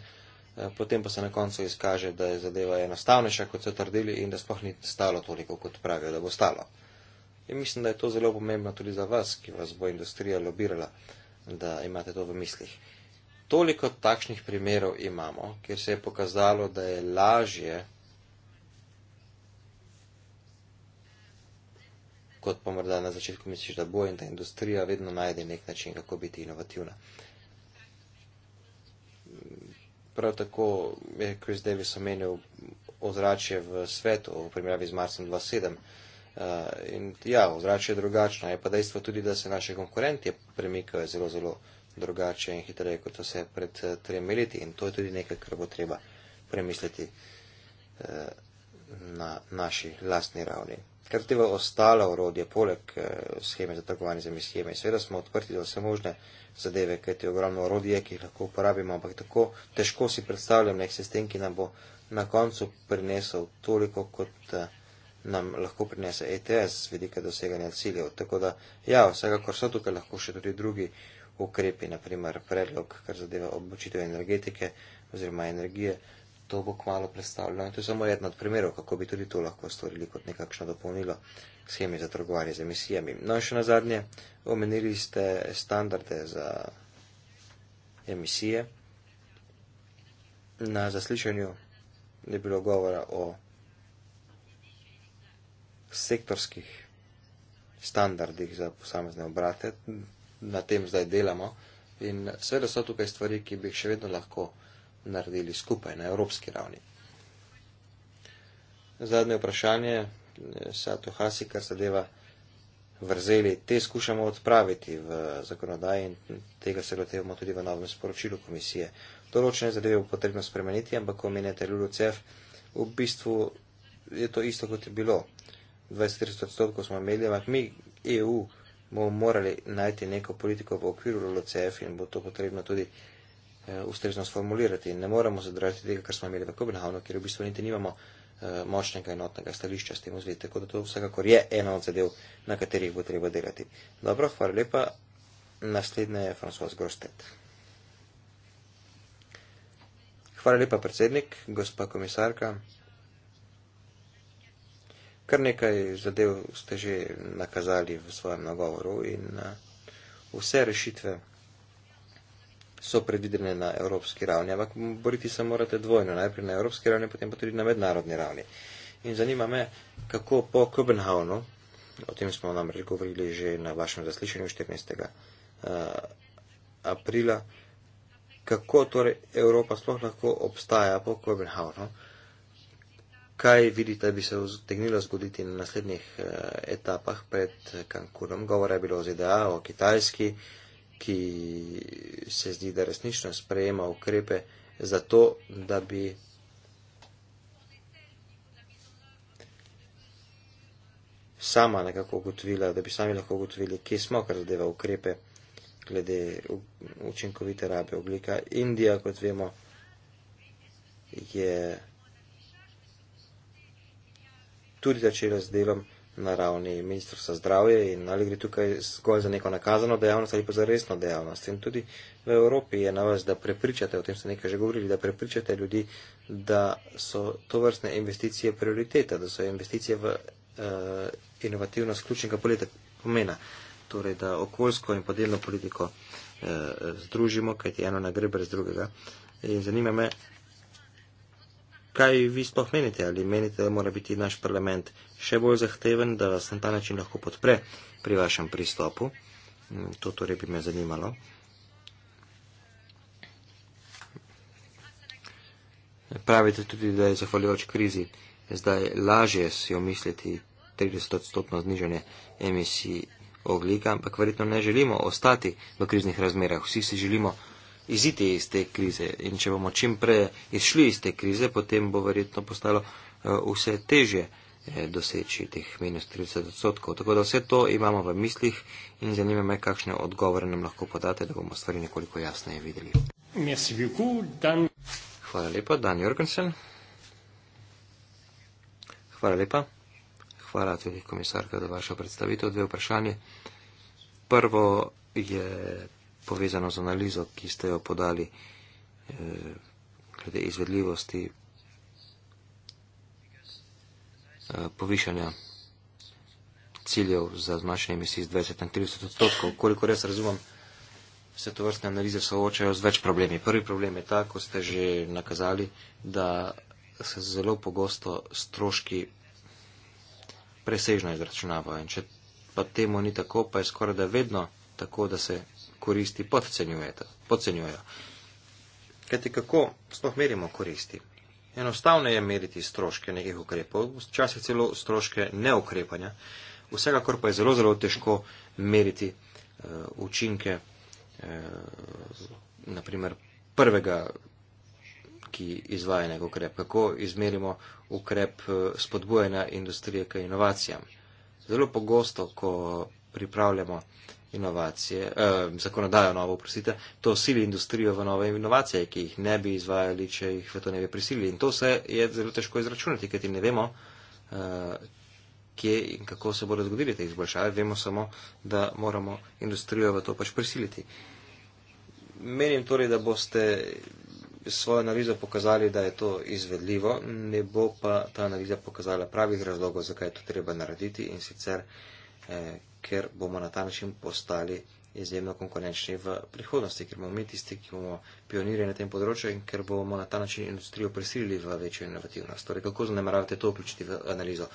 Eh, potem pa se na koncu izkaže, da je zadeva enostavnejša, kot so trdili in da sploh ni stalo toliko, kot pravijo, da bo stalo. In mislim, da je to zelo pomembno tudi za vas, ki vas bo industrija lobirala, da imate to v mislih. Toliko takšnih primerov imamo, kjer se je pokazalo, da je lažje kot pa morda na začetku misliš, da bo in da industrija vedno najde nek način, kako biti inovativna. Prav tako je Chris Davis omenil ozračje v svetu v primerjavi z Marsom 2.7. Eh, in ja, ozračje je drugačno, je pa dejstvo tudi, da se naše konkurentje premikajo zelo, zelo drugače in hitreje, kot so se pred eh, tremi leti. In to je tudi nekaj, kar bo treba premisliti eh, na naši lastni ravni. Kar zadeva ostala urodja, poleg eh, scheme za trgovanje z emisijami, seveda smo odprti za vse možne zadeve, ker je ogromno urodje, ki jih lahko uporabimo, ampak tako težko si predstavljam nek sistem, ki nam bo na koncu prinesel toliko, kot eh, nam lahko prinese ETS z vedika doseganja ciljev. Tako da, ja, vsekakor so tukaj lahko še tudi drugi ukrepi, naprimer predlog, kar zadeva obočitev energetike oziroma energije to bo kmalo predstavljeno. In to je samo eden od primerov, kako bi tudi to lahko storili kot nekakšno dopolnilo schemi za trgovanje z emisijami. No in še na zadnje, omenili ste standarde za emisije. Na zaslišanju je bilo govora o sektorskih standardih za posamezne obrate. Na tem zdaj delamo. In seveda so tukaj stvari, ki bi jih še vedno lahko naredili skupaj na evropski ravni. Zadnje vprašanje, Sato Hasi, kar zadeva vrzeli, te skušamo odpraviti v zakonodaji in tega se lotevamo tudi v novem sporočilu komisije. Določene zadeve bo potrebno spremeniti, ampak ko menjate LULUCEF, v bistvu je to isto, kot je bilo. 20-30 odstotkov smo imeli, ampak mi EU bomo morali najti neko politiko v okviru LULUCEF in bo to potrebno tudi Eh, ustrezno sformulirati. Ne moremo zadržati tega, kar smo imeli v Kobenhavnu, ker v bistvu niti nimamo eh, močnega enotnega stališča s tem vzvedi. Tako da to vsekakor je ena od zadev, na katerih bo treba delati. Dobro, hvala lepa. Naslednje je Francois Grostet. Hvala lepa, predsednik, gospa komisarka. Kar nekaj zadev ste že nakazali v svojem nagovoru in eh, vse rešitve so predvidene na evropski ravni, ampak boriti se morate dvojno, najprej na evropski ravni, potem pa tudi na mednarodni ravni. In zanima me, kako po Kobenhavnu, o tem smo nam govorili že na vašem zaslišanju 14. Eh, aprila, kako torej Evropa sploh lahko obstaja po Kobenhavnu, kaj vidite, bi se vtegnilo zgoditi na naslednjih eh, etapah pred Cancunom, govore je bilo o ZDA, o Kitajski, ki se zdi, da resnično sprejema ukrepe za to, da bi sama nekako ugotovila, da bi sami lahko ugotovili, kje smo, kar zadeva ukrepe glede učinkovite rabe oblika. Indija, kot vemo, je tudi začela z delom na ravni ministrstva zdravje in ali gre tukaj zgolj za neko nakazano dejavnost ali pa za resno dejavnost. In tudi v Evropi je na vas, da prepričate, o tem ste nekaj že govorili, da prepričate ljudi, da so to vrstne investicije prioriteta, da so investicije v eh, inovativnost ključnega pomena. Torej, da okoljsko in podeljno politiko eh, združimo, kajti eno nagre brez drugega. In zanima me, Kaj vi sploh menite? Ali menite, da mora biti naš parlament še bolj zahteven, da vas na ta način lahko podpre pri vašem pristopu? Mm, to torej bi me zanimalo. Pravite tudi, da je zahvaljujoč krizi zdaj lažje si omisliti 30-stotno znižanje emisij oglika, ampak verjetno ne želimo ostati v kriznih razmerah. Vsi si želimo iziti iz te krize. In če bomo čim prej izšli iz te krize, potem bo verjetno postalo eh, vse težje eh, doseči teh minus 30 odstotkov. Tako da vse to imamo v mislih in zanima me, kakšne odgovore nam lahko podate, da bomo stvari nekoliko jasneje videli. Hvala lepa, Dan Jorgensen. Hvala lepa. Hvala tudi komisarka za vašo predstavitev. Dve vprašanje. Prvo je povezano z analizo, ki ste jo podali eh, glede izvedljivosti eh, povišanja ciljev za zmanjšanje emisij z 20 na 30 odstotkov. Koliko res razumem, se to vrstne analize soočajo z več problemi. Prvi problem je ta, ko ste že nakazali, da se zelo pogosto stroški presežno izračunavajo. In če pa temu ni tako, pa je skoraj da vedno tako, da se koristi podcenjujejo. Kajti kako sploh merimo koristi? Enostavno je meriti stroške nekih ukrepov, včasih celo stroške neukrepanja, vsekakor pa je zelo, zelo težko meriti uh, učinke, uh, eh, naprimer prvega, ki izvaja nek ukrep, kako izmerimo ukrep eh, spodbujanja industrije k inovacijam. Zelo pogosto, ko pripravljamo uh, inovacije, eh, zakonodajo novo, prosite, to sili industrijo v nove inovacije, ki jih ne bi izvajali, če jih v to ne bi prisilili. In to se je zelo težko izračunati, ker ti ne vemo, eh, kje in kako se bodo zgodili te izboljšave, vemo samo, da moramo industrijo v to pač prisiliti. Menim torej, da boste svojo analizo pokazali, da je to izvedljivo, ne bo pa ta analiza pokazala pravih razlogov, zakaj je to treba narediti in sicer. Eh, ker bomo na ta način postali izjemno konkurenčni v prihodnosti, ker bomo mi tisti, ki bomo pionirje na tem področju in ker bomo na ta način industrijo prisilili v večjo inovativnost. Torej, kako zanemaravate to vključiti v analizo?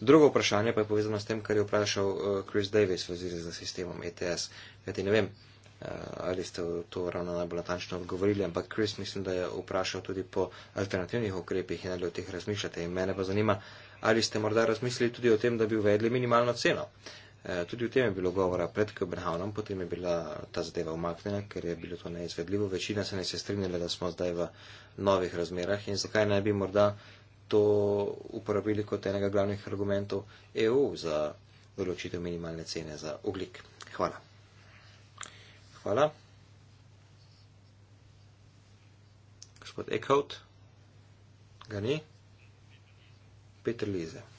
Drugo vprašanje pa je povezano s tem, kar je vprašal eh, Chris Davis v zvezi z sistemom ETS. Kajti ne vem, eh, ali ste to ravno najbolj natančno odgovorili, ampak Chris mislim, da je vprašal tudi po alternativnih ukrepih in ali o teh razmišljate. In mene pa zanima, ali ste morda razmislili tudi o tem, da bi uvedli minimalno ceno. Uh, Eh, tudi o tem je bilo govora pred Kobenhavnom, potem je bila ta zadeva umaknjena, ker je bilo to neizvedljivo. Večina se ne se strinjala, da smo zdaj v novih razmerah in zakaj ne bi morda to uporabili kot enega glavnih argumentov EU za določitev minimalne cene za oglik. Hvala. Hvala. Gospod Ekaut, ga ni? Peter Lize.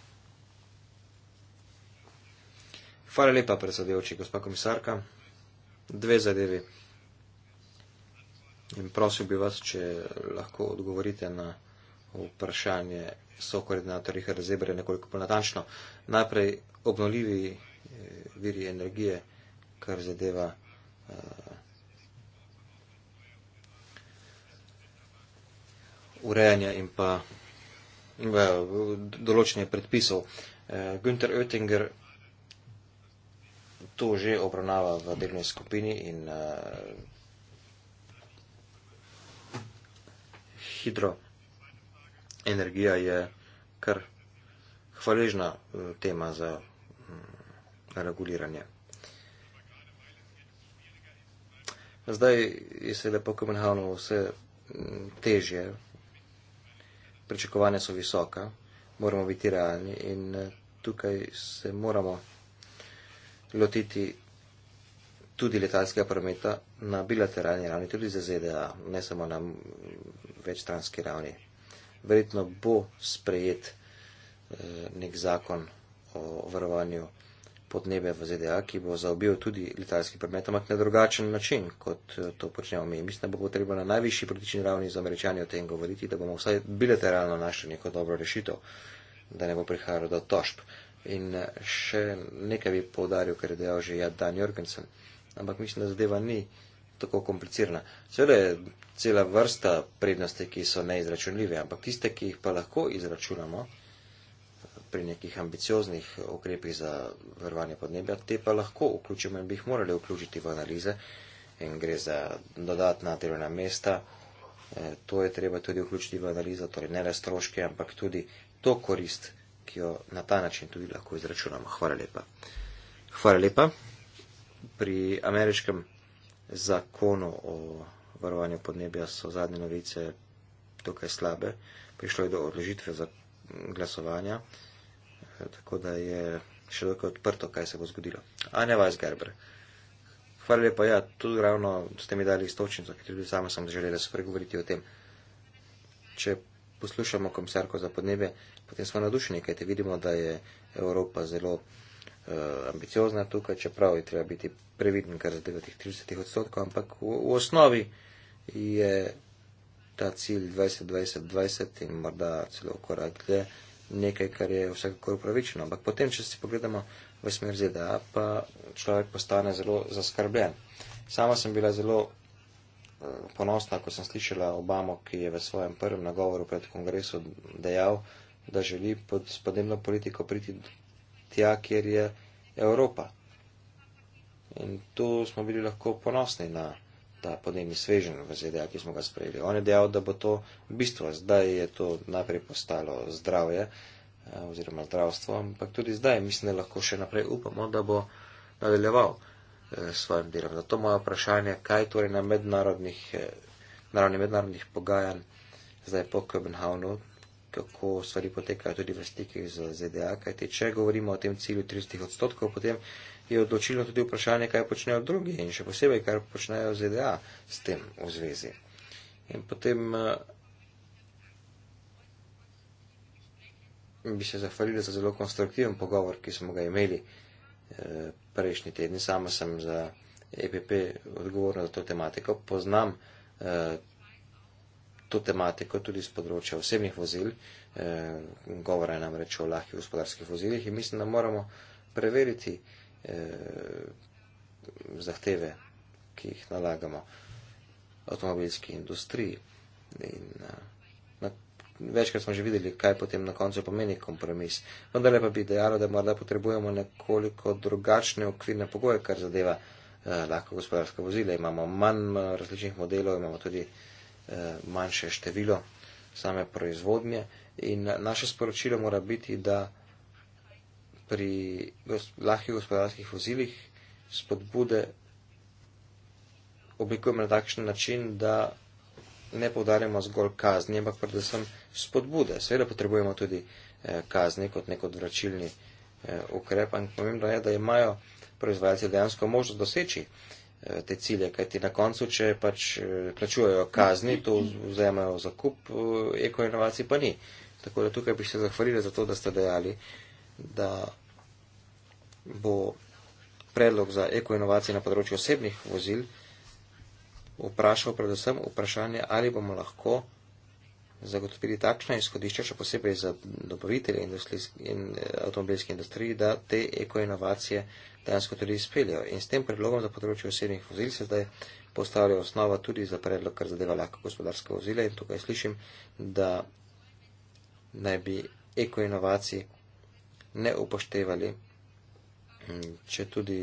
Hvala lepa, predsedujoči, gospa komisarka. Dve zadevi. In prosil bi vas, če lahko odgovorite na vprašanje sokoordinatorja Richarda Zebra nekoliko bolj natančno. Najprej obnoljivi eh, viri energije, kar zadeva uh, eh, urejanja in pa in, uh, določenje predpisov. Uh, Günter Oettinger to že obravnava v delovni skupini in uh, hidroenergija je kar hvaležna eh, tema za um, reguliranje. Zdaj je seveda po Kopenhavnu vse mm, težje, pričakovanja so visoka, moramo biti realni in eh, tukaj se moramo lotiti tudi letalskega prometa na bilateralni ravni, tudi za ZDA, ne samo na večstranski ravni. Verjetno bo sprejet eh, nek zakon o varovanju podnebja v ZDA, ki bo zaobil tudi letalski promet, ampak na drugačen način, kot eh, to počnemo mi. Mislim, da bo potrebno na najvišji politični ravni z američani o tem govoriti, da bomo vsaj bilateralno našli neko dobro rešitev, da ne bo prihajalo do tožb. In eh, še nekaj bi povdaril, ker je dejal že Jadan Jorgensen. Ampak mislim, da zadeva ni tako komplicirana. Seveda je cela vrsta prednosti, ki so neizračunljive, ampak tiste, ki jih pa lahko izračunamo eh, pri nekih ambicioznih ukrepih za vrvanje podnebja, te pa lahko vključimo in bi jih morali vključiti v analize in gre za dodatna delovna mesta. E, to je treba tudi vključiti v analizo, torej ne le stroške, ampak tudi to korist ki jo na ta način tudi lahko izračunamo. Hvala lepa. Hvala lepa. Pri ameriškem zakonu o varovanju podnebja so zadnje novice dokaj slabe. Prišlo je do odložitve za glasovanja, tako da je še dokaj odprto, kaj se bo zgodilo. A ne vas, Gerber. Hvala lepa, ja, tudi ravno ste mi dali istočnico, ker tudi sama sem želela spregovoriti o tem. Če poslušamo komisarko za podnebje, potem smo nadušeni, kajte vidimo, da je Evropa zelo uh, ambiciozna tukaj, čeprav je treba biti previden, kar zadeva tih 30 odstotkov, ampak v, v osnovi je ta cilj 2020-2020 in morda celo korak dlje nekaj, kar je vsekakor upravičeno. Ampak potem, če si pogledamo v smer ZDA, pa človek postane zelo zaskrbljen. Sama sem bila zelo ponosna, ko sem slišala Obamo, ki je v svojem prvem nagovoru pred kongresom dejal, da želi pod spodnebno politiko priti tja, kjer je Evropa. In tu smo bili lahko ponosni na ta podnebni svežen v ZDA, ki smo ga sprejeli. On je dejal, da bo to bistvo. Zdaj je to najprej postalo zdravje eh, oziroma zdravstvo, ampak tudi zdaj mislim, da lahko še naprej upamo, da bo nadaljeval. Eh, svojim delom. Zato moje vprašanje, kaj torej na mednarodnih, eh, na ravni mednarodnih pogajanj zdaj po Kopenhavnu, kako stvari potekajo tudi v stikih z ZDA, kajte če govorimo o tem cilju 30 odstotkov, potem je odločilo tudi vprašanje, kaj počnejo drugi in še posebej, kaj počnejo ZDA s tem v zvezi. In potem eh, bi se zahvalili za zelo konstruktiven pogovor, ki smo ga imeli prejšnji teden, sama sem za EPP odgovorna za to tematiko, poznam eh, to tematiko tudi z področja osebnih vozil, eh, govora je namreč o lahkih gospodarskih vozilih in mislim, da moramo preveriti eh, zahteve, ki jih nalagamo avtomobilski industriji. In, uh, večkrat smo že videli, kaj potem na koncu pomeni kompromis. Vendar pa bi dejalo, da morda potrebujemo nekoliko drugačne okvirne pogoje, kar zadeva eh, lahko gospodarska vozila. Imamo manj eh, različnih modelov, imamo tudi eh, manjše število same proizvodnje in eh, naše sporočilo mora biti, da pri gos lahkih gospodarskih vozilih spodbude oblikujemo na takšen način, da ne povdarjamo zgolj kazni, ampak predvsem spodbude. Seveda potrebujemo tudi eh, kazni kot nek odvračilni eh, ukrep, ampak pomembno je, da imajo proizvajalci dejansko možnost doseči eh, te cilje, kajti na koncu, če pač plačujejo kazni, to vzajemajo zakup, ekoinovacij pa ni. Tako da tukaj bi se zahvalili za to, da ste dejali, da bo predlog za ekoinovacije na področju osebnih vozil vprašal predvsem vprašanje, ali bomo lahko zagotovili takšna izhodišča, še posebej za dobavitelje in eh, avtomobilske industrije, da te ekoinovacije dejansko tudi izpeljajo. In s tem predlogom za področje osebnih vozil se zdaj postavlja osnova tudi za predlog, kar zadeva lahko gospodarske vozile. In tukaj slišim, da naj bi ekoinovacij ne upoštevali, hm, če tudi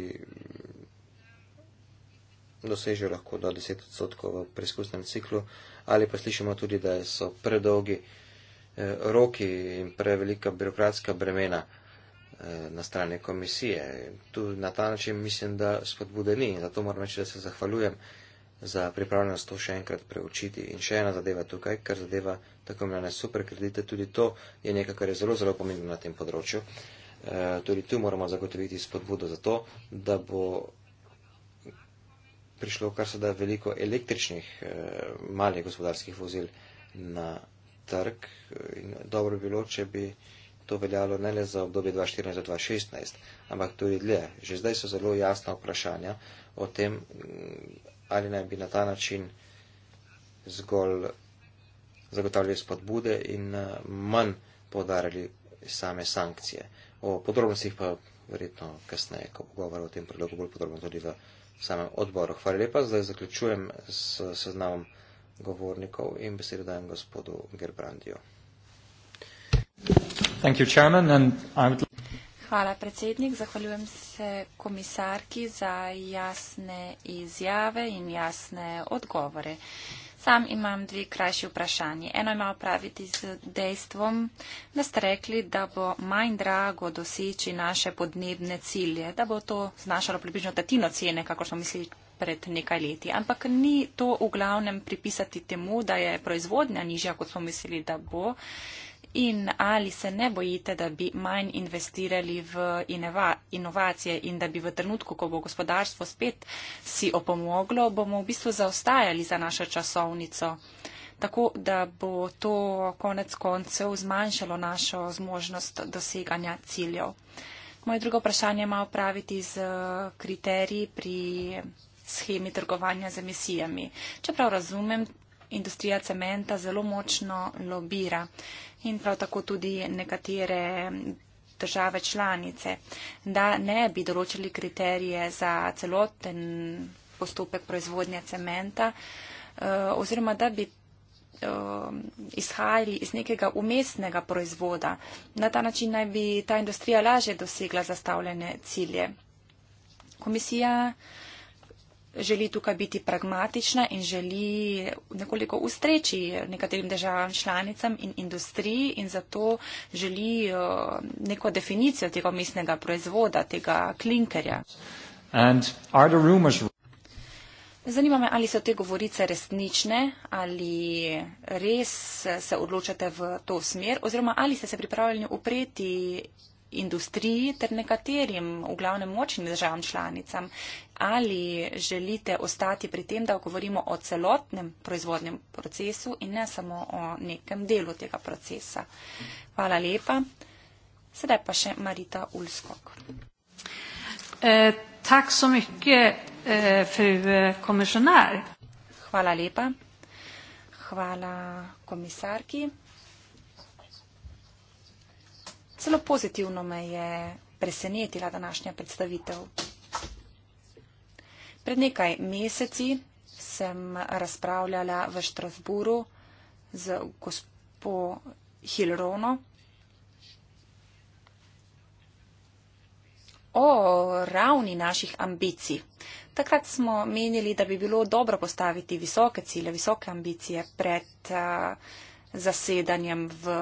doseže lahko do 10 odstotkov v preizkusnem ciklu, ali pa slišimo tudi, da so predolgi eh, roki in prevelika birokratska bremena eh, na strani komisije. Tu na ta način mislim, da spodbude ni in zato moram reči, da se zahvaljujem za pripravljenost to še enkrat preučiti. In še ena zadeva tukaj, kar zadeva tako imenovane super kredite, tudi to je nekaj, kar je zelo, zelo pomembno na tem področju. Eh, tudi tu moramo zagotoviti spodbudo za to, da bo prišlo kar se da veliko električnih eh, malih gospodarskih vozil na trg eh, in dobro bi bilo, če bi to veljalo ne le za obdobje 2014-2016, ampak tudi dlje. Že zdaj so zelo jasna vprašanja o tem, mm, ali naj bi na ta način zgolj zagotavljali spodbude in eh, manj podarili same sankcije. O podrobnostih pa verjetno kasneje, ko bo govoril o tem predlogu, bolj podrobno tudi v samem odboru. Hvala lepa, zdaj zaključujem s seznamom govornikov in besedo dajem gospodu Gerbrandijo. Hvala predsednik, zahvaljujem se komisarki za jasne izjave in jasne odgovore. Sam imam dve krajši vprašanje. Eno ima opraviti z dejstvom, da ste rekli, da bo manj drago doseči naše podnebne cilje, da bo to znašalo približno tretjino cene, kako smo mislili pred nekaj leti. Ampak ni to v glavnem pripisati temu, da je proizvodnja nižja, kot smo mislili, da bo. In ali se ne bojite, da bi manj investirali v inova, inovacije in da bi v trenutku, ko bo gospodarstvo spet si opomoglo, bomo v bistvu zaostajali za našo časovnico, tako da bo to konec koncev zmanjšalo našo zmožnost doseganja ciljev. Moje drugo vprašanje ima opraviti z eh, kriteriji pri eh, schemi trgovanja z emisijami. Čeprav razumem, industrija cementa zelo močno lobira in prav tako tudi nekatere države članice, da ne bi določili kriterije za celoten postopek proizvodnje cementa eh, oziroma da bi eh, izhajali iz nekega umestnega proizvoda. Na ta način naj bi ta industrija lažje dosegla zastavljene cilje. Komisija uh, želi tukaj biti pragmatična in želi nekoliko ustreči nekaterim državam članicam in industriji in zato želi eh, neko definicijo tega mestnega proizvoda, tega klinkerja. Zanima me, ali so te govorice resnične, ali res se odločate v to smer, oziroma ali ste se pripravljeni upreti industriji ter nekaterim, v glavnem močnim državam članicam, ali želite ostati pri tem, da govorimo o celotnem proizvodnem procesu in ne samo o nekem delu tega procesa. Hvala lepa. Sedaj pa še Marita Ulskog. Eh, eh, eh, Hvala lepa. Hvala komisarki. Celo pozitivno me je presenetila današnja predstavitev. Pred nekaj meseci sem razpravljala v Štrasburu z gospo Hilrono o ravni naših ambicij. Takrat smo menili, da bi bilo dobro postaviti visoke cilje, visoke ambicije pred eh, zasedanjem v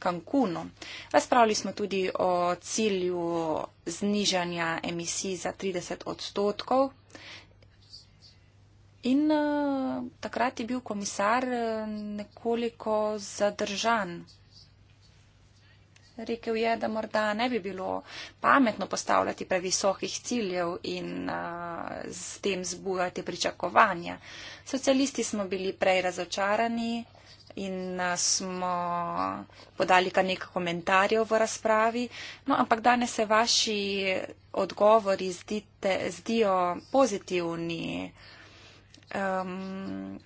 Cancunu. Razpravili smo tudi o cilju znižanja emisij za 30 odstotkov. In uh, takrat je bil komisar eh, nekoliko zadržan. Rekel je, da morda ne bi bilo pametno postavljati previsokih ciljev in uh, s tem zbujati pričakovanja. Socialisti smo bili prej razočarani, in eh, smo podali kar nekaj komentarjev v razpravi. No, ampak danes se vaši odgovori zdite, zdijo pozitivni. Um,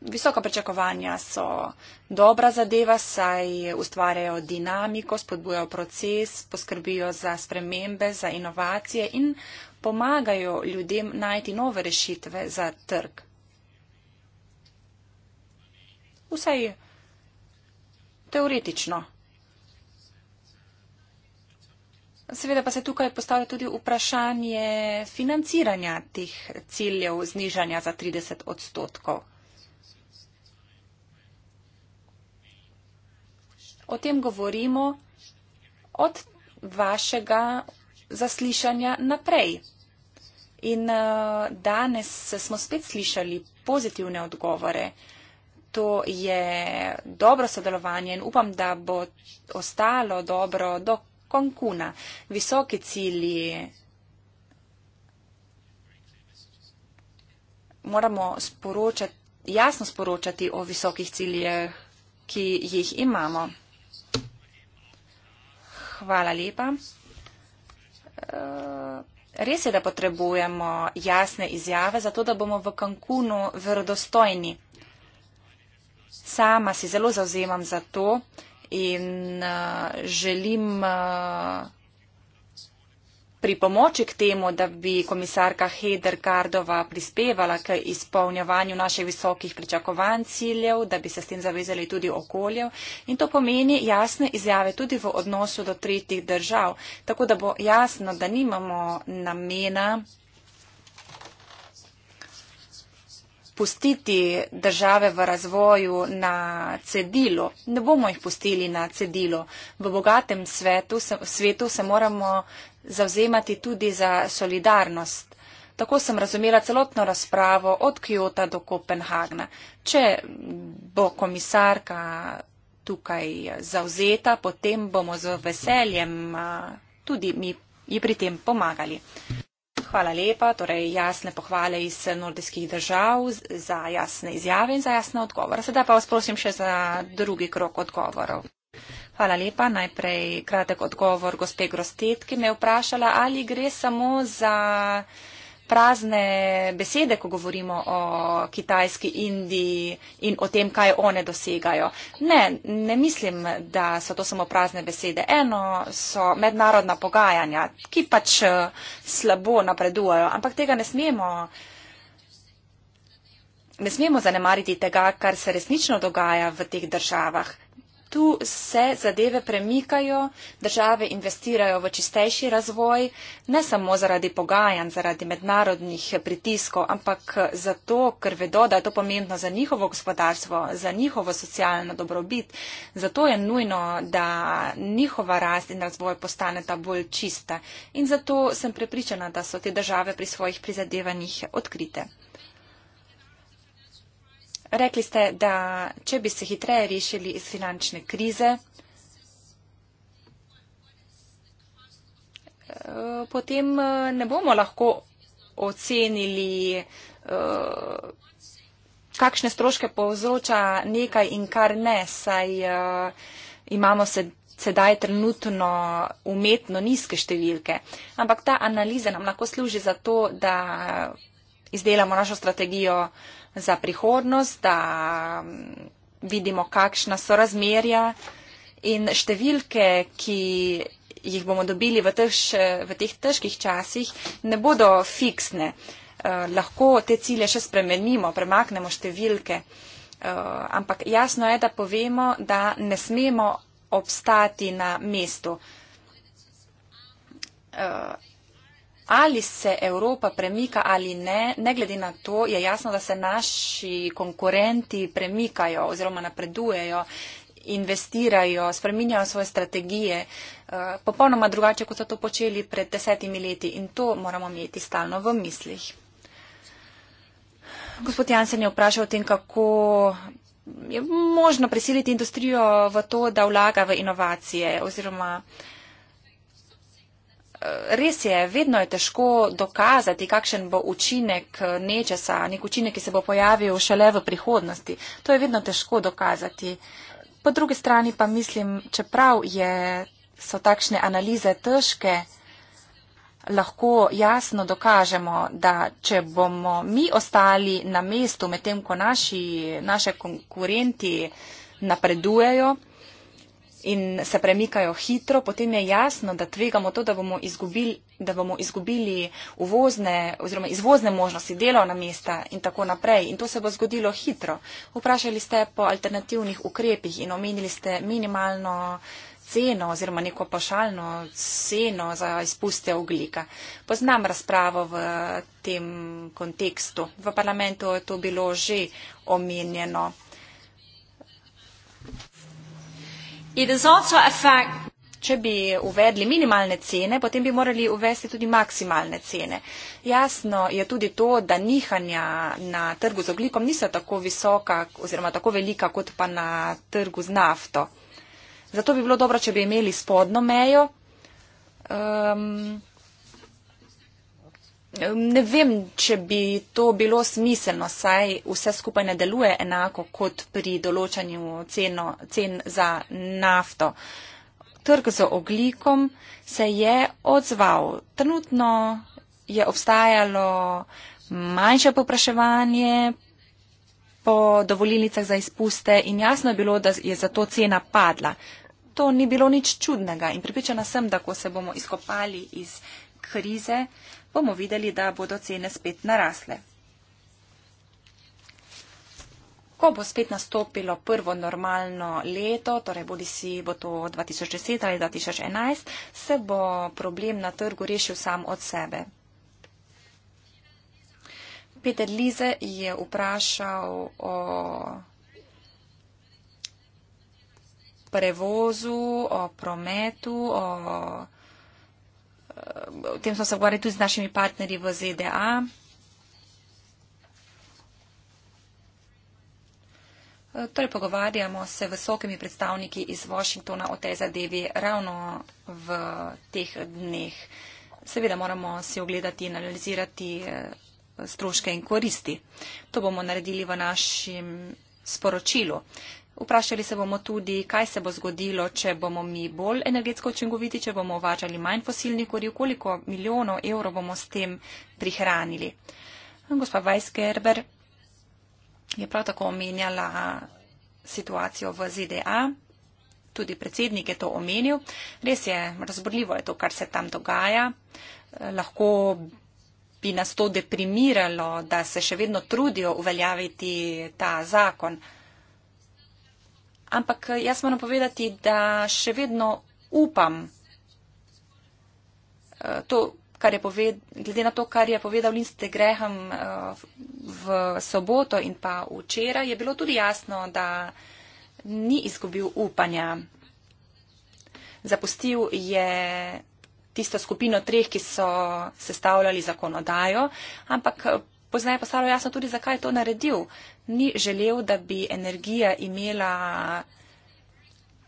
visoka pričakovanja so dobra zadeva, saj ustvarjajo dinamiko, spodbujajo proces, poskrbijo za spremembe, za inovacije in pomagajo ljudem najti nove rešitve za trg. Vsaj teoretično. Seveda pa se tukaj postavlja tudi vprašanje financiranja teh ciljev znižanja za 30 odstotkov. O tem govorimo od vašega zaslišanja naprej. In uh, danes smo spet slišali pozitivne odgovore. Uh, to je dobro sodelovanje in upam, da bo ostalo dobro do Konkuna. Visoki cilji. Moramo sporočati, jasno sporočati o visokih ciljih, ki jih imamo. Hvala lepa. Eh, res je, da potrebujemo jasne izjave, zato da bomo v Kankunu verodostojni sama si zelo zauzemam za to in uh, želim uh, pripomoči k temu, da bi komisarka Heder Kardova prispevala k izpolnjevanju naših visokih pričakovanj ciljev, da bi se s tem zavezali tudi okoljev. In to pomeni jasne izjave tudi v odnosu do tretjih držav. Tako da bo jasno, da nimamo namena pustiti države v razvoju na cedilo. Ne bomo jih pustili na cedilo. V bogatem svetu se, svetu se moramo zauzemati tudi za solidarnost. Tako sem razumela celotno razpravo od Kyoto do Kopenhagna. Če bo komisarka tukaj zauzeta, potem bomo z veseljem tudi mi ji pri tem pomagali hvala lepa. Torej, jasne pohvale iz nordijskih držav za jasne izjave in za jasne odgovore. Sedaj pa vas prosim še za drugi krok odgovorov. Hvala lepa. Najprej kratek odgovor gospe Grostetki. Me je vprašala, ali gre samo za prazne besede, ko govorimo o kitajski Indiji in o tem, kaj one dosegajo. Ne, ne mislim, da so to samo prazne besede. Eno so mednarodna pogajanja, ki pač eh, slabo napredujejo, ampak tega ne smemo. Ne smemo zanemariti tega, kar se resnično dogaja v teh državah tu se zadeve premikajo, države investirajo v čistejši razvoj, ne samo zaradi pogajanj, zaradi mednarodnih pritiskov, ampak zato, ker vedo, da je to pomembno za njihovo gospodarstvo, za njihovo socialno dobrobit. Zato je nujno, da njihova rast in razvoj postaneta bolj čista. In zato sem prepričana, da so te države pri svojih prizadevanjih odkrite. Rekli ste, da če bi se hitreje rešili iz finančne krize, eh, potem eh, ne bomo lahko ocenili, eh, kakšne stroške povzroča nekaj in kar ne, saj imamo se sedaj trenutno umetno nizke številke. Ampak ta analiza nam lahko služi za to, da izdelamo našo strategijo uh, za prihodnost, da mm, vidimo, kakšna so razmerja in številke, ki jih bomo dobili v, tež, v teh težkih časih, ne bodo fiksne. Eh, lahko te cilje še spremenimo, premaknemo številke, eh, ampak jasno je, da povemo, da ne smemo obstati na mestu. Eh, ali se Evropa premika ali ne, ne glede na to, je jasno, da se naši konkurenti premikajo oziroma napredujejo, investirajo, spreminjajo svoje strategije eh, popolnoma drugače, kot so to počeli pred desetimi leti in to moramo imeti stalno v mislih. Gospod Jansen je vprašal o tem, kako je možno prisiliti industrijo v to, da vlaga v inovacije oziroma res je, vedno je težko dokazati, kakšen bo učinek eh, nečesa, nek učinek, ki se bo pojavil šele v prihodnosti. To je vedno težko dokazati. Po drugi strani pa mislim, čeprav je, so takšne analize težke, lahko jasno dokažemo, da če bomo mi ostali na mestu, medtem ko naši, naše konkurenti napredujejo, in se premikajo hitro, potem je jasno, da tvegamo to, da bomo izgubili, da bomo izgubili uvozne oziroma izvozne možnosti delovna mesta in tako naprej. In to se bo zgodilo hitro. Vprašali ste po alternativnih ukrepih in omenili ste minimalno ceno oziroma neko pašalno ceno za izpuste oglika. Poznam razpravo v tem kontekstu. V parlamentu je to bilo že omenjeno. Če bi uvedli minimalne cene, potem bi morali uvesti tudi maksimalne cene. Jasno je tudi to, da nihanja na trgu z oglikom niso tako visoka oziroma tako velika kot pa na trgu z nafto. Zato bi bilo dobro, če bi imeli spodno mejo. Um, Ne vem, če bi to bilo smiselno, saj vse skupaj ne deluje enako kot pri določanju ceno, cen za nafto. Trg z oglikom se je odzval. Trenutno je obstajalo manjše popraševanje po dovolilnicah za izpuste in jasno je bilo, da je zato cena padla. To ni bilo nič čudnega in pripričana sem, da ko se bomo izkopali iz krize, bomo videli, da bodo cene spet narasle. Ko bo spet nastopilo prvo normalno leto, torej bodi si bo to 2010 ali 2011, se bo problem na trgu rešil sam od sebe. Peter Lize je vprašal o prevozu, o prometu, o prometu o tem smo se govorili tudi z našimi partnerji v ZDA. E, torej, pogovarjamo se visokimi predstavniki iz Washingtona o tej zadevi ravno v teh dneh. Seveda moramo si ogledati in analizirati e, stroške in koristi. To bomo naredili v našem sporočilu. Vprašali se bomo tudi, kaj se bo zgodilo, če bomo mi bolj energetsko učinkoviti, če bomo uvažali manj fosilnih goriv, koliko milijonov evrov bomo s tem prihranili. Gospa Weisgerber je prav tako omenjala situacijo v ZDA. Tudi predsednik je to omenil. Res je, razborljivo je to, kar se tam dogaja. Lahko bi nas to deprimiralo, da se še vedno trudijo uveljaviti ta zakon. Ampak eh, jaz moram povedati, da še vedno upam eh, to, kar je povedal, glede na to, kar je povedal Linste Graham eh, v soboto in pa včeraj, je bilo tudi jasno, da ni izgubil upanja. Zapustil je tisto skupino treh, ki so sestavljali zakonodajo, ampak Poznaj pa stalo jasno tudi, zakaj je to naredil. Ni želel, da bi energija imela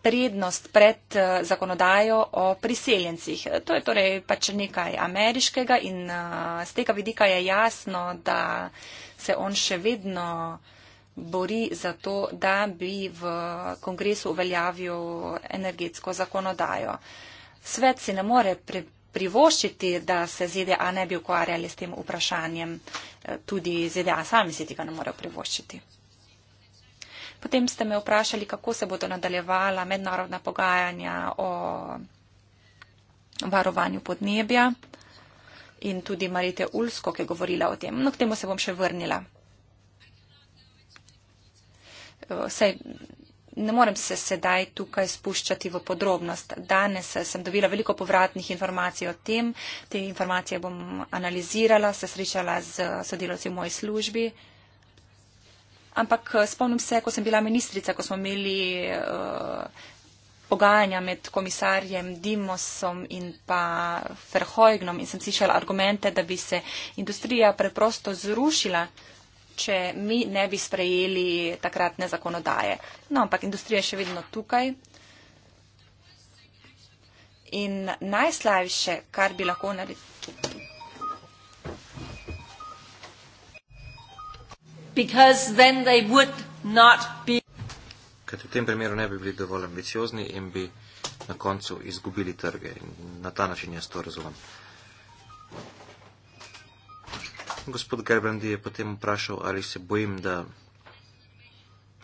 prednost pred eh, zakonodajo o priseljencih. To je torej pač nekaj ameriškega in z eh, tega vidika je jasno, da se on še vedno bori za to, da bi v kongresu uveljavil energetsko zakonodajo. Svet si ne more pripraviti privoščiti, da se ZDA ne bi ukvarjali s tem vprašanjem. Eh, tudi ZDA sami si tega ne morejo privoščiti. Potem ste me vprašali, kako se bodo nadaljevala mednarodna pogajanja o varovanju podnebja in tudi Marite Ulsko, ki je govorila o tem. No, k temu se bom še vrnila. Vse eh, ne morem se sedaj tukaj spuščati v podrobnost. Danes sem dobila veliko povratnih informacij o tem. Te informacije bom analizirala, se srečala z sodelovci v moji službi. Ampak eh, spomnim se, ko sem bila ministrica, ko smo imeli uh, pogajanja med komisarjem Dimosom in pa Ferhojgnom in sem slišala argumente, da bi se industrija preprosto zrušila. Uh, če mi ne bi sprejeli takratne zakonodaje. No, ampak industrija je še vedno tukaj. In najslabše, kar bi lahko naredili. Ker v tem primeru ne bi bili dovolj ambiciozni in bi na koncu izgubili trge. In na ta način jaz to razumem. Gospod Gerbrandi je potem vprašal, ali se bojim, da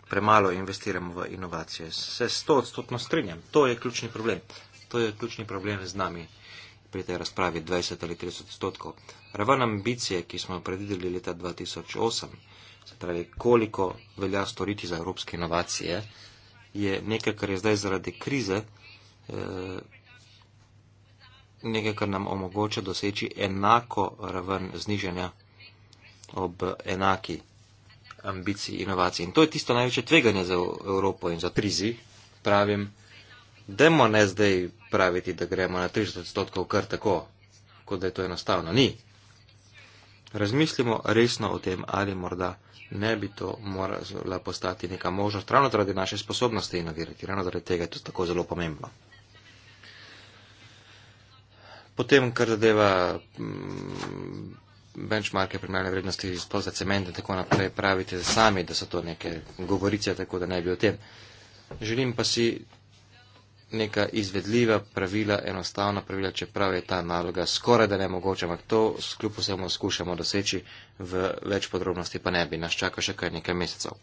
premalo investiramo v inovacije. Se sto odstotno strinjam. To je ključni problem. To je ključni problem z nami pri tej razpravi 20 ali 30 odstotkov. Ravan ambicije, ki smo jo predvideli leta 2008, se pravi, koliko velja storiti za evropske inovacije, je nekaj, kar je zdaj zaradi krize, eh, nekaj, kar nam omogoča doseči enako raven znižanja ob enaki ambiciji inovacij. In to je tisto največje tveganje za Evropo in za trizi. Pravim, demo ne zdaj praviti, da gremo na 30 odstotkov kar tako, kot da je to enostavno. Ni. Razmislimo resno o tem, ali morda ne bi to morala postati neka možnost, ravno zaradi naše sposobnosti inovirati, ravno zaradi tega je to tako zelo pomembno. Potem, kar zadeva mm, benchmarke primarne vrednosti sploh za cement in tako naprej pravite sami, da so to neke govorice, tako da ne bi o tem. Želim pa si neka izvedljiva pravila, enostavna pravila, čeprav je ta naloga skoraj da ne mogoče, ampak to kljub vsemu skušamo doseči v več podrobnosti, pa ne bi nas čaka še kar nekaj mesecev.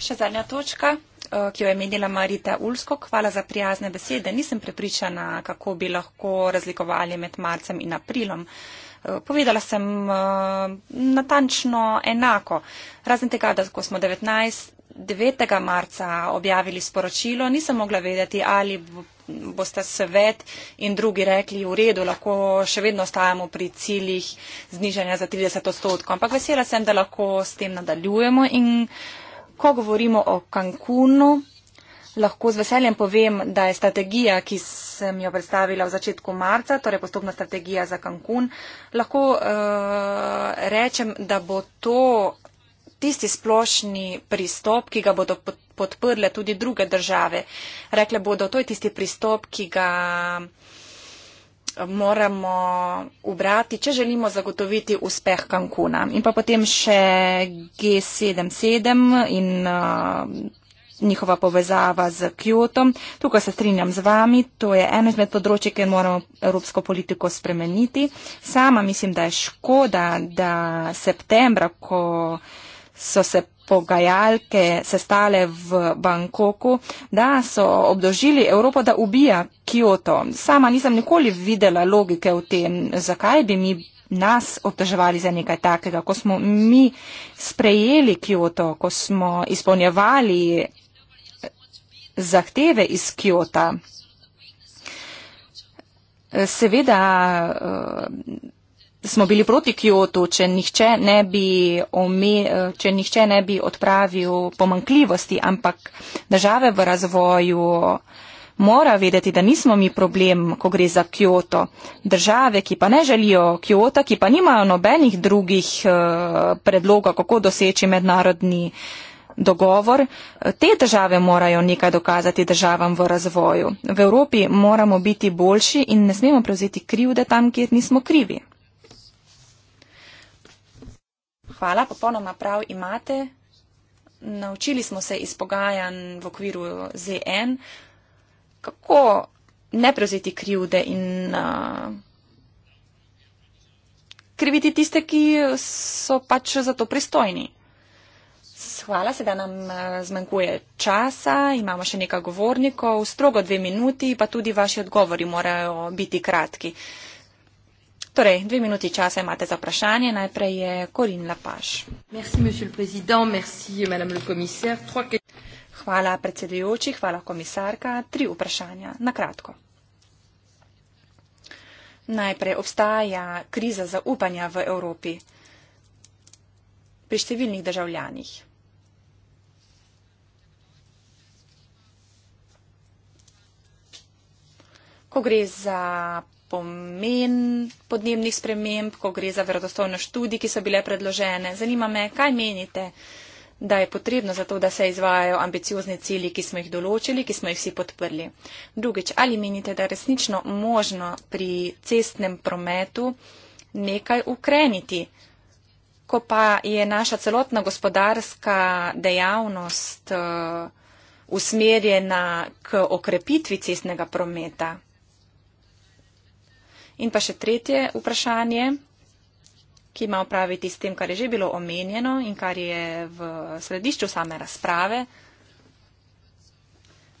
Še zadnja točka, eh, ki jo je menila Marita Ulsko, hvala za prijazne besede. Nisem prepričana, kako bi lahko razlikovali med marcem in aprilom. Povedala sem eh, natančno enako. Razen tega, da ko smo 19, 9. marca objavili sporočilo, nisem mogla vedeti, ali boste svet in drugi rekli, v redu, lahko še vedno ostajamo pri ciljih znižanja za 30 odstotkov. Ampak vesela sem, da lahko s tem nadaljujemo. In ko govorimo o Cancunu, lahko z veseljem povem, da je strategija, ki sem jo predstavila v začetku marca, torej postopna strategija za Cancun, lahko uh, rečem, da bo to tisti splošni pristop, ki ga bodo podprle tudi druge države. Rekle bodo, to je tisti pristop, ki ga moramo ubrati, če želimo zagotoviti uspeh Cancuna. In pa potem še G77 in uh, njihova povezava z Kyoto. Tukaj se strinjam z vami, to je eno izmed področji, kjer moramo evropsko politiko spremeniti. Sama mislim, da je škoda, da septembra, ko so se pogajalke sestale v Bangkoku, da so obdožili Evropo, da ubija Kyoto. Sama nisem nikoli videla logike v tem, zakaj bi mi nas obtoževali za nekaj takega, ko smo mi sprejeli Kyoto, ko smo izpolnjevali zahteve iz Kjota. Seveda eh, smo bili proti Kjotu, če nihče ne bi, ome, eh, če nihče ne bi odpravil pomankljivosti, ampak države v razvoju mora vedeti, da nismo mi problem, ko gre za Kjoto. Države, ki pa ne želijo Kjota, ki pa nimajo nobenih drugih eh, predloga, kako doseči mednarodni uh, dogovor. Te države morajo nekaj dokazati državam v razvoju. V Evropi moramo biti boljši in ne smemo prevzeti krivde tam, kjer nismo krivi. Hvala, popolnoma prav imate. Naučili smo se iz pogajanj v okviru ZN, kako ne prevzeti krivde in uh, kriviti tiste, ki so pač za to pristojni hvala, sedaj nam eh, zmanjkuje časa, imamo še nekaj govornikov, strogo dve minuti, pa tudi vaši odgovori morajo biti kratki. Torej, dve minuti časa imate za vprašanje, najprej je Korin Lapaš. Hvala predsedujoči, hvala komisarka. Tri vprašanja, na kratko. Najprej obstaja kriza zaupanja v Evropi pri številnih državljanih. ko gre za pomen podnebnih sprememb, ko gre za verodostojno študij, ki so bile predložene. Zanima me, kaj menite, da je potrebno za to, da se izvajajo ambiciozne cilji, ki smo jih določili, ki smo jih vsi podprli. Drugič, ali menite, da je resnično možno pri cestnem prometu nekaj ukreniti, ko pa je naša celotna gospodarska dejavnost eh, usmerjena k okrepitvi cestnega prometa? In pa še tretje vprašanje, ki ima opraviti s tem, kar je že bilo omenjeno in kar je v središču same razprave.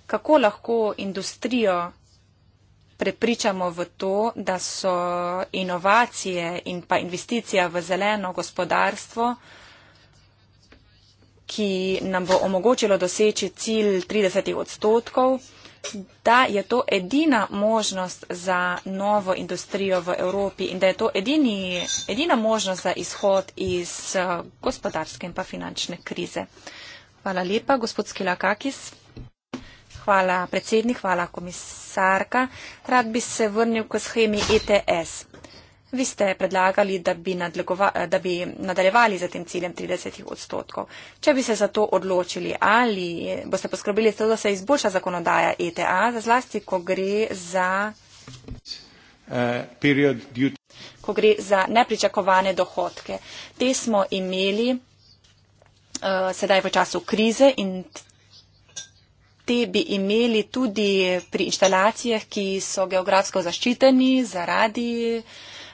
Kako lahko industrijo prepričamo v to, da so inovacije in pa investicija v zeleno gospodarstvo, ki nam bo omogočilo doseči cilj 30 odstotkov, da je to edina možnost za novo industrijo v Evropi in da je to edini, edina možnost za izhod iz eh, gospodarske in pa finančne krize. Hvala lepa, gospod Skilakakis. Hvala predsednik, hvala komisarka. Rad bi se vrnil k schemi ETS. Vi ste predlagali, da bi, da bi nadaljevali za tem ciljem 30 odstotkov. Če bi se za to odločili, ali boste poskrbeli za to, da se izboljša zakonodaja ETA, zlasti ko gre za. Uh, ko gre za nepričakovane dohodke. Te smo imeli uh, sedaj v času krize in te bi imeli tudi pri inštalacijah, ki so geografsko zaščiteni zaradi uh,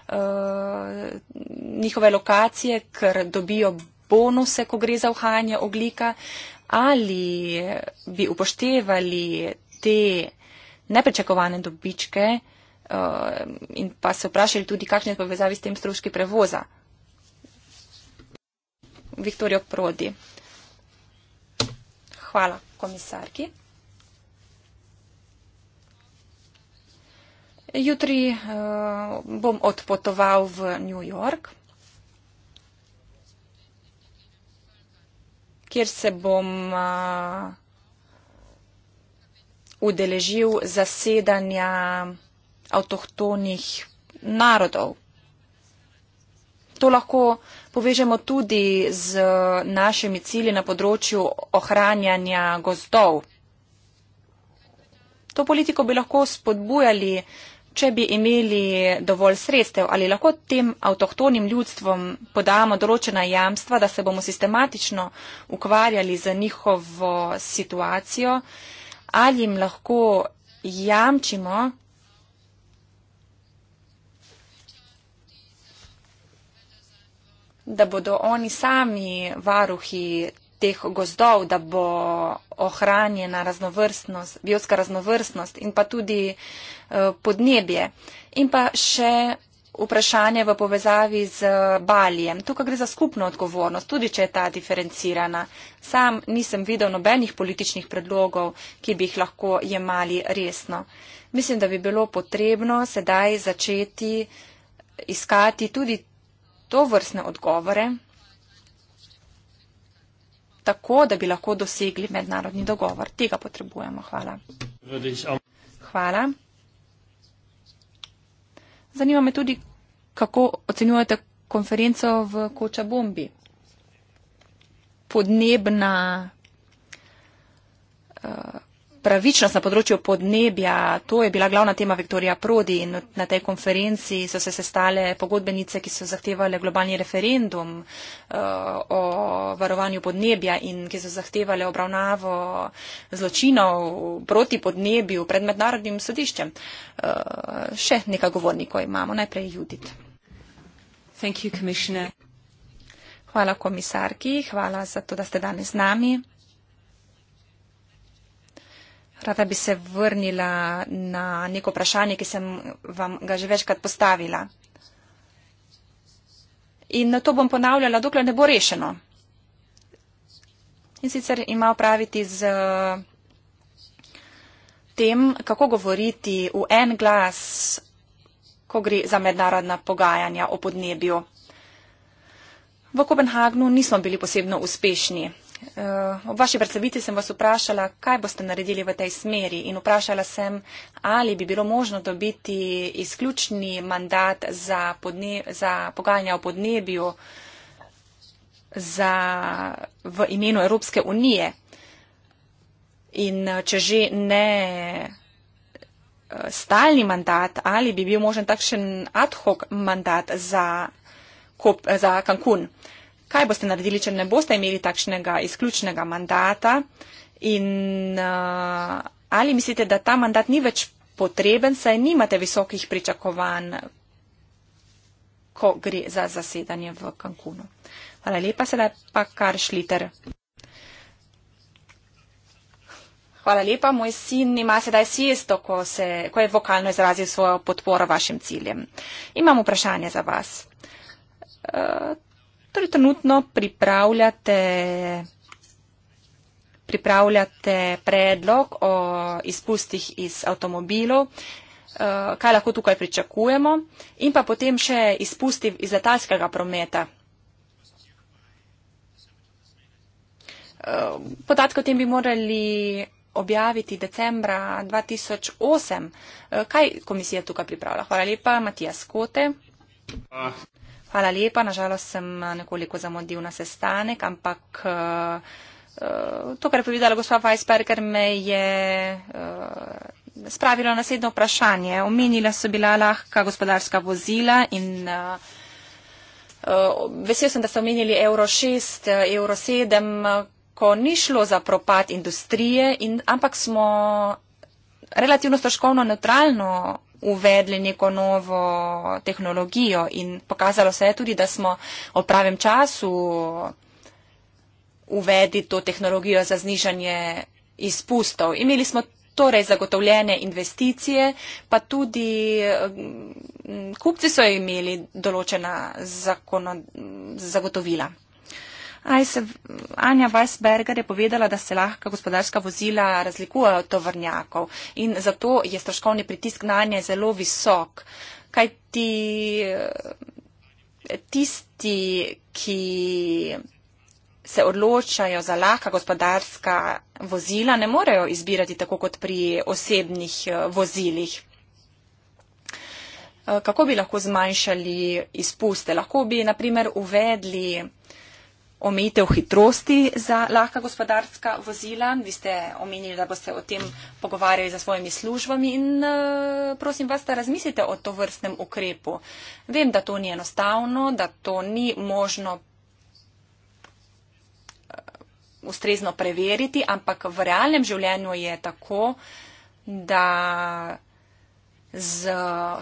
Eh, njihove lokacije, ker dobijo bonuse, ko gre za ohajanje oglika, ali bi upoštevali te nepričakovane dobičke uh, in pa se vprašali tudi, kakšne je povezavi s tem stroški prevoza. Viktorijo Prodi. Hvala komisarki. Jutri eh, bom odpotoval v New York. kjer se bom eh, udeležil zasedanja avtohtonih narodov. To lahko povežemo tudi z eh, našimi cilji na področju ohranjanja gozdov. To politiko bi lahko spodbujali če bi imeli dovolj sredstev, ali lahko tem avtohtonim ljudstvom podamo določena jamstva, da se bomo sistematično ukvarjali z njihovo situacijo, ali jim lahko jamčimo, da bodo oni sami varuhi teh gozdov, da bo ohranjena raznovrstnost, biotska raznovrstnost in pa tudi eh, podnebje. In pa še vprašanje v povezavi z eh, balijem. Tukaj gre za skupno odgovornost, tudi če je ta diferencirana. Sam nisem videl nobenih političnih predlogov, ki bi jih lahko jemali resno. Mislim, da bi bilo potrebno sedaj začeti iskati tudi to vrstne odgovore tako, da bi lahko dosegli mednarodni dogovor. Tega potrebujemo. Hvala. Hvala. Zanima me tudi, kako ocenjujete konferenco v Koča Bombi. Podnebna. Uh, pravičnost na področju podnebja, to je bila glavna tema Viktorija Prodi in na tej konferenci so se sestale pogodbenice, ki so zahtevale globalni referendum uh, o varovanju podnebja in ki so zahtevale obravnavo zločinov proti podnebju pred mednarodnim sodiščem. Uh, še nekaj govornikov imamo, najprej Judit. Hvala komisarki, hvala za to, da ste danes z nami. Rada bi se vrnila na neko vprašanje, ki sem vam ga že večkrat postavila. In na to bom ponavljala, dokler ne bo rešeno. In sicer ima opraviti z tem, kako govoriti v en glas, ko gre za mednarodna pogajanja o podnebju. V Kopenhagnu nismo bili posebno uspešni. Eh, ob vaši predstavitvi sem vas vprašala, kaj boste naredili v tej smeri in vprašala sem, ali bi bilo možno dobiti izključni mandat za, podne, za pogajanja o podnebju za, v imenu Evropske unije. In eh, če že ne eh, stalni mandat, ali bi bil možen takšen ad hoc mandat za, za Cancun kaj boste naredili, če ne boste imeli takšnega izključnega mandata in uh, ali mislite, da ta mandat ni več potreben, saj nimate visokih pričakovanj, ko gre za zasedanje v Cancunu. Hvala lepa, sedaj pa kar šliter. Hvala lepa, moj sin ima sedaj siesto, ko, se, ko je vokalno izrazil svojo podporo vašim ciljem. Imam vprašanje za vas. Uh, Torej, trenutno pripravljate, pripravljate predlog o izpustih iz avtomobilov, eh, kaj lahko tukaj pričakujemo in pa potem še izpusti iz letalskega prometa. Eh, podatke o tem bi morali objaviti decembra 2008. Eh, kaj komisija tukaj pripravlja? Hvala lepa, Matija Skote. Uh. Ah. Hvala lepa, nažalost sem eh, nekoliko zamodil na sestanek, ampak eh, eh, to, kar je povedala gospa Weisberger, me je spravilo naslednjo vprašanje. Omenila so bila lahka gospodarska vozila in vesel sem, da ste omenili Euro 6, Euro 7, ko ni šlo za propad industrije, in, ampak smo relativno stroškovno neutralno uvedli neko novo tehnologijo in pokazalo se je tudi, da smo v pravem času uvedli to tehnologijo za znižanje izpustov. Imeli smo torej zagotovljene investicije, pa tudi hm, kupci so imeli določena zakono, zagotovila. Anja Weisberger je povedala, da se lahko gospodarska vozila razlikujejo od tovrnjakov in zato je stroškovni pritisk na nje zelo visok. Kaj ti eh, tisti, ki se odločajo za lahka gospodarska vozila, ne morejo izbirati tako kot pri osebnih eh, vozilih. Eh, kako bi lahko zmanjšali izpuste? Lahko bi, na primer, uvedli omejitev hitrosti za lahka gospodarska vozila. Vi ste omenili, da boste o tem pogovarjali za svojimi službami in eh, prosim vas, da razmislite o to vrstnem ukrepu. Vem, da to ni enostavno, da to ni možno eh, ustrezno preveriti, ampak v realnem življenju je tako, da z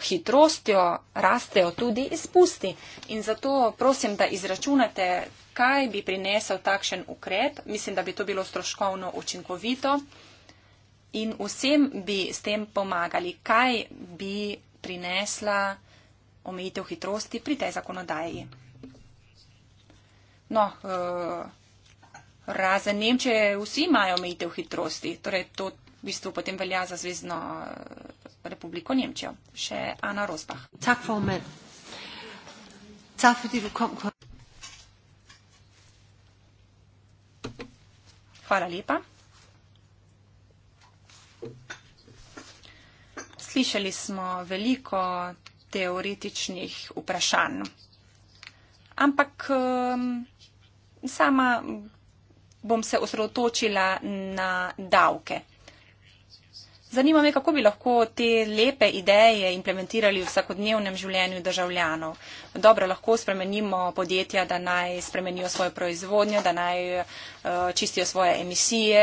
hitrostjo rastejo tudi izpusti. In zato prosim, da izračunate kaj bi prinesel takšen ukrep. Mislim, da bi to bilo stroškovno učinkovito in vsem bi s tem pomagali, kaj bi prinesla omejitev hitrosti pri tej zakonodaji. No, eh, razen Nemčije, vsi imajo omejitev hitrosti, torej to v bistvu potem velja za Zvezdno eh, republiko Nemčijo. Še Ana Rosbach. Tak, Hvala lepa. Slišali smo veliko teoretičnih vprašanj, ampak um, sama bom se osredotočila na davke. Zanima me, kako bi lahko te lepe ideje implementirali v vsakodnevnem življenju državljanov. Dobro, lahko spremenimo podjetja, da naj spremenijo svoje proizvodnje, da naj eh, čistijo svoje emisije,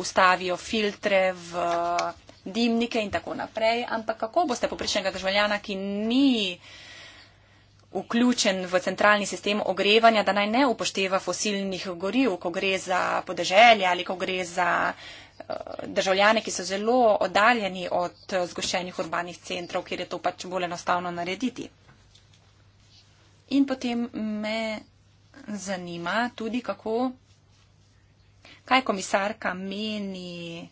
ustavijo filtre v eh, dimnike in tako naprej. Ampak kako boste poprečnega državljana, ki ni vključen v centralni sistem ogrevanja, da naj ne upošteva fosilnih goril, ko gre za podeželje ali ko gre za državljane, ki so zelo oddaljeni od zgošenih urbanih centrov, kjer je to pač bolj enostavno narediti. In potem me zanima tudi, kako, kaj komisarka meni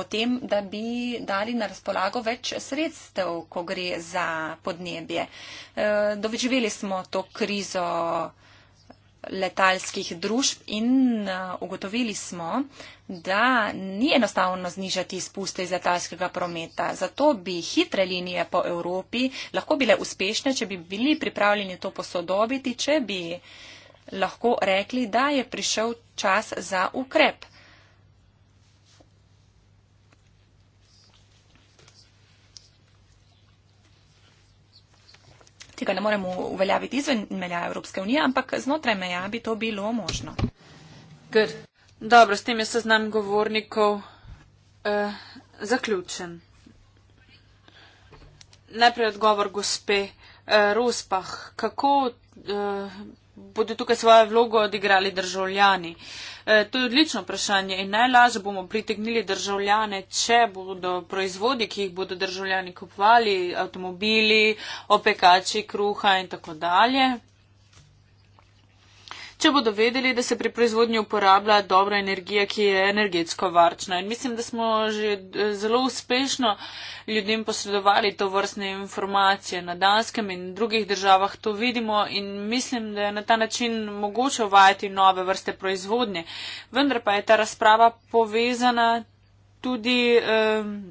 o tem, da bi dali na razpolago več sredstev, ko gre za podnebje. E, Doveživeli smo to krizo letalskih družb in eh, ugotovili smo, da ni enostavno znižati izpuste iz letalskega prometa. Zato bi hitre linije po Evropi lahko bile uspešne, če bi bili pripravljeni to posodobiti, če bi lahko rekli, da je prišel čas za ukrep. tega ne moremo uveljaviti izven meja Evropske unije, ampak znotraj meja bi to bilo možno. Good. Dobro, s tem je seznam govornikov eh, zaključen. Najprej odgovor gospe eh, Rospah. Kako eh, bodo tukaj svojo vlogo odigrali državljani? Eh, Eh, to je odlično vprašanje in najlažje bomo pritegnili državljane, če bodo proizvodi, ki jih bodo državljani kupovali, avtomobili, opekači, kruha in tako dalje, če bodo vedeli, da se pri proizvodnji uporablja dobra energija, ki je energetsko varčna. In mislim, da smo že eh, zelo uspešno ljudem posredovali to vrstne informacije. Na Danskem in drugih državah to vidimo in mislim, da je na ta način mogoče uvajati nove vrste proizvodnje. Vendar pa je ta razprava povezana tudi. Um,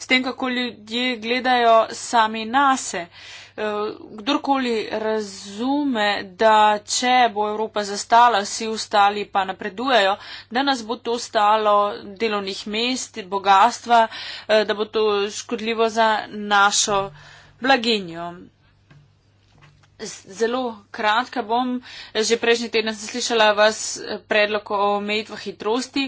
S tem, kako ljudje gledajo sami nase. Uh, Eh, kdorkoli razume, da če bo Evropa zastala, vsi ostali pa napredujejo, da nas bo to stalo delovnih mest, bogatstva, eh, da bo to škodljivo za našo blaginjo. Zelo kratka bom. Že prejšnji teden sem slišala vas predlog o omejitvah hitrosti.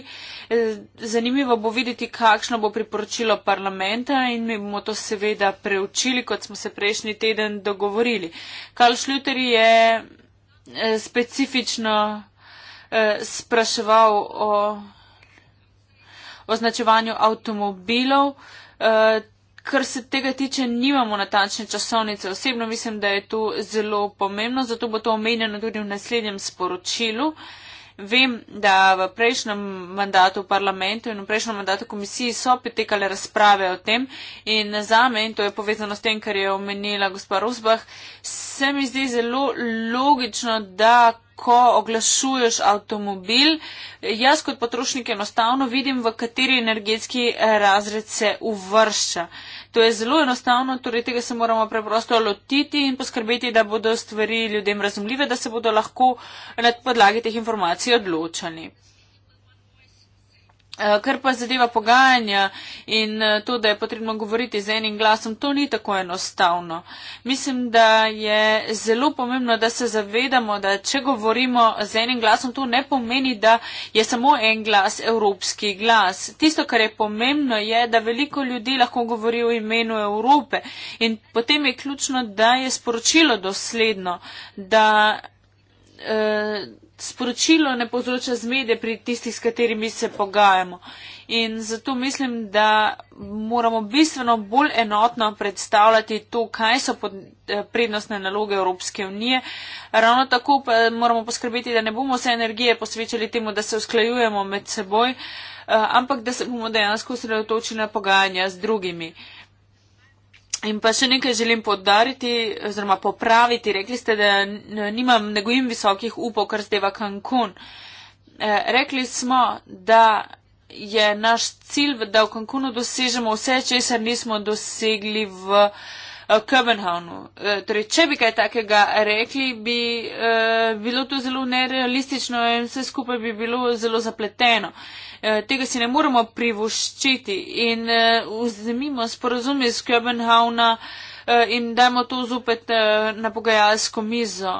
E, zanimivo bo videti, kakšno bo priporočilo parlamenta in mi bomo to seveda preučili, kot smo se prejšnji teden dogovorili. Karl Schluter je e, specifično e, spraševal o označevanju avtomobilov kar se tega tiče, nimamo natančne časovnice. Osebno mislim, da je to zelo pomembno, zato bo to omenjeno tudi v naslednjem sporočilu. Vem, da v prejšnjem mandatu v parlamentu in v prejšnjem mandatu komisiji so potekale razprave o tem in za me, in to je povezano s tem, kar je omenila gospa Rusbah, se mi zdi zelo logično, da ko oglašuješ avtomobil. Jaz kot potrošnik enostavno vidim, v kateri energetski razred se uvršča. To je zelo enostavno, torej tega se moramo preprosto lotiti in poskrbeti, da bodo stvari ljudem razumljive, da se bodo lahko na podlagi teh informacij odločali. Eh, kar pa zadeva pogajanja in eh, to, da je potrebno govoriti z enim glasom, to ni tako enostavno. Mislim, da je zelo pomembno, da se zavedamo, da če govorimo z enim glasom, to ne pomeni, da je samo en glas evropski glas. Tisto, kar je pomembno, je, da veliko ljudi lahko govori v imenu Evrope in potem je ključno, da je sporočilo dosledno, da. Eh, sporočilo ne povzroča zmede pri tistih, s katerimi se pogajamo. In zato mislim, da moramo bistveno bolj enotno predstavljati to, kaj so eh, prednostne naloge Evropske unije. Ravno tako pa moramo poskrbeti, da ne bomo vse energije posvečali temu, da se usklajujemo med seboj, eh, ampak da se bomo dejansko sredotočili na pogajanja z drugimi. In pa še nekaj želim podariti, oziroma popraviti. Rekli ste, da nimam, ne gojim visokih upov, kar zdeva Cancun. E, rekli smo, da je naš cilj, da v Cancunu dosežemo vse, česar nismo dosegli v e, Kopenhavnu. E, torej, če bi kaj takega rekli, bi bilo to zelo nerealistično in vse skupaj bi bilo zelo zapleteno. Eh, tega si ne moremo privoščiti in eh, vzemimo sporozumi iz Köbenhavna eh, in dajmo to zopet na pogajalsko mizo.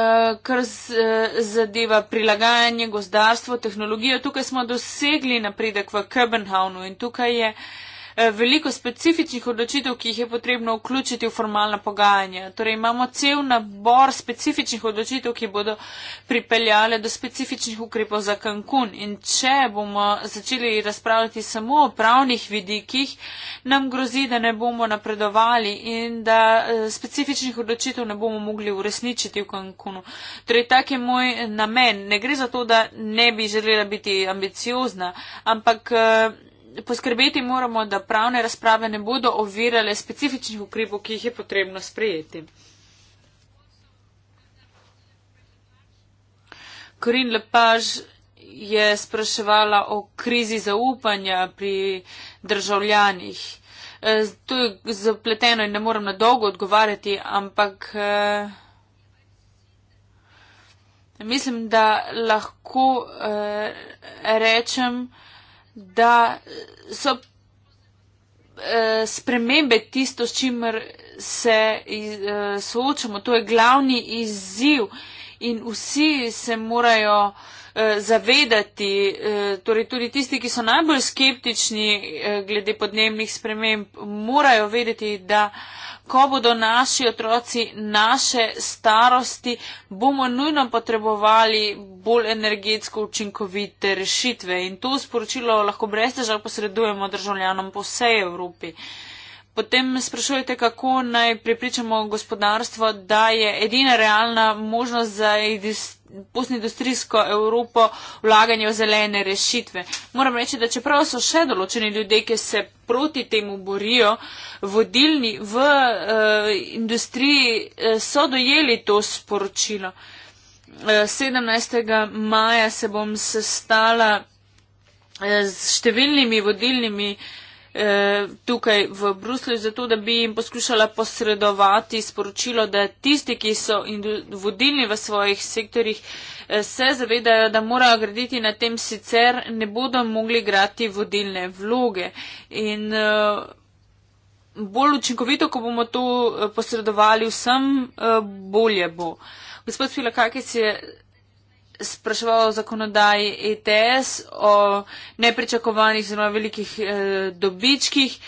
Uh, kar z, zadeva prilagajanje, gozdarstvo, tehnologijo. Tukaj smo dosegli napredek v Köbenhavnu in tukaj je uh, Eh, veliko specifičnih odločitev, ki jih je potrebno vključiti v formalna pogajanja. Torej imamo cel nabor specifičnih odločitev, ki bodo pripeljale do specifičnih ukrepov za Cancun. In če bomo začeli razpravljati samo o pravnih vidikih, nam grozi, da ne bomo napredovali in da eh, specifičnih odločitev ne bomo mogli uresničiti v Cancunu. Torej, tak je moj namen. Ne gre za to, da ne bi želela biti ambiciozna, ampak eh, poskrbeti moramo, da pravne razprave ne bodo ovirale specifičnih ukrepov, ki jih je potrebno sprejeti. Korin Lepaž je spraševala o krizi zaupanja pri državljanih. E, to je zapleteno in ne moram na dolgo odgovarjati, ampak e, mislim, da lahko e, rečem, da so eh, spremembe tisto, s čimer se eh, soočamo. To je glavni izziv in vsi se morajo eh, zavedati, torej tudi tisti, ki so najbolj skeptični glede podnebnih sprememb, morajo vedeti, da ko bodo naši otroci naše starosti, bomo nujno potrebovali bolj energetsko učinkovite rešitve. In to sporočilo lahko brez težav posredujemo državljanom po vsej Evropi. Uh, Potem sprašujete, kako naj prepričamo gospodarstvo, da je edina realna možnost za postindustrijsko Evropo vlaganje v zelene rešitve. Moram reči, da čeprav so še določeni ljudje, ki se proti temu borijo, vodilni v uh, industriji uh, so dojeli to sporočilo. Uh, eh, 17. maja se bom sestala uh, s številnimi vodilnimi. Uh, Eh, tukaj v Bruslju, zato da bi jim poskušala posredovati sporočilo, da tisti, ki so vodilni v svojih sektorjih, eh, se zavedajo, da morajo graditi na tem, sicer ne bodo mogli grati vodilne vloge. In eh, bolj učinkovito, ko bomo to posredovali vsem, bolje bo. Gospod Filakakis je spraševal o zakonodaji ETS, o nepričakovanih zelo velikih eh, dobičkih.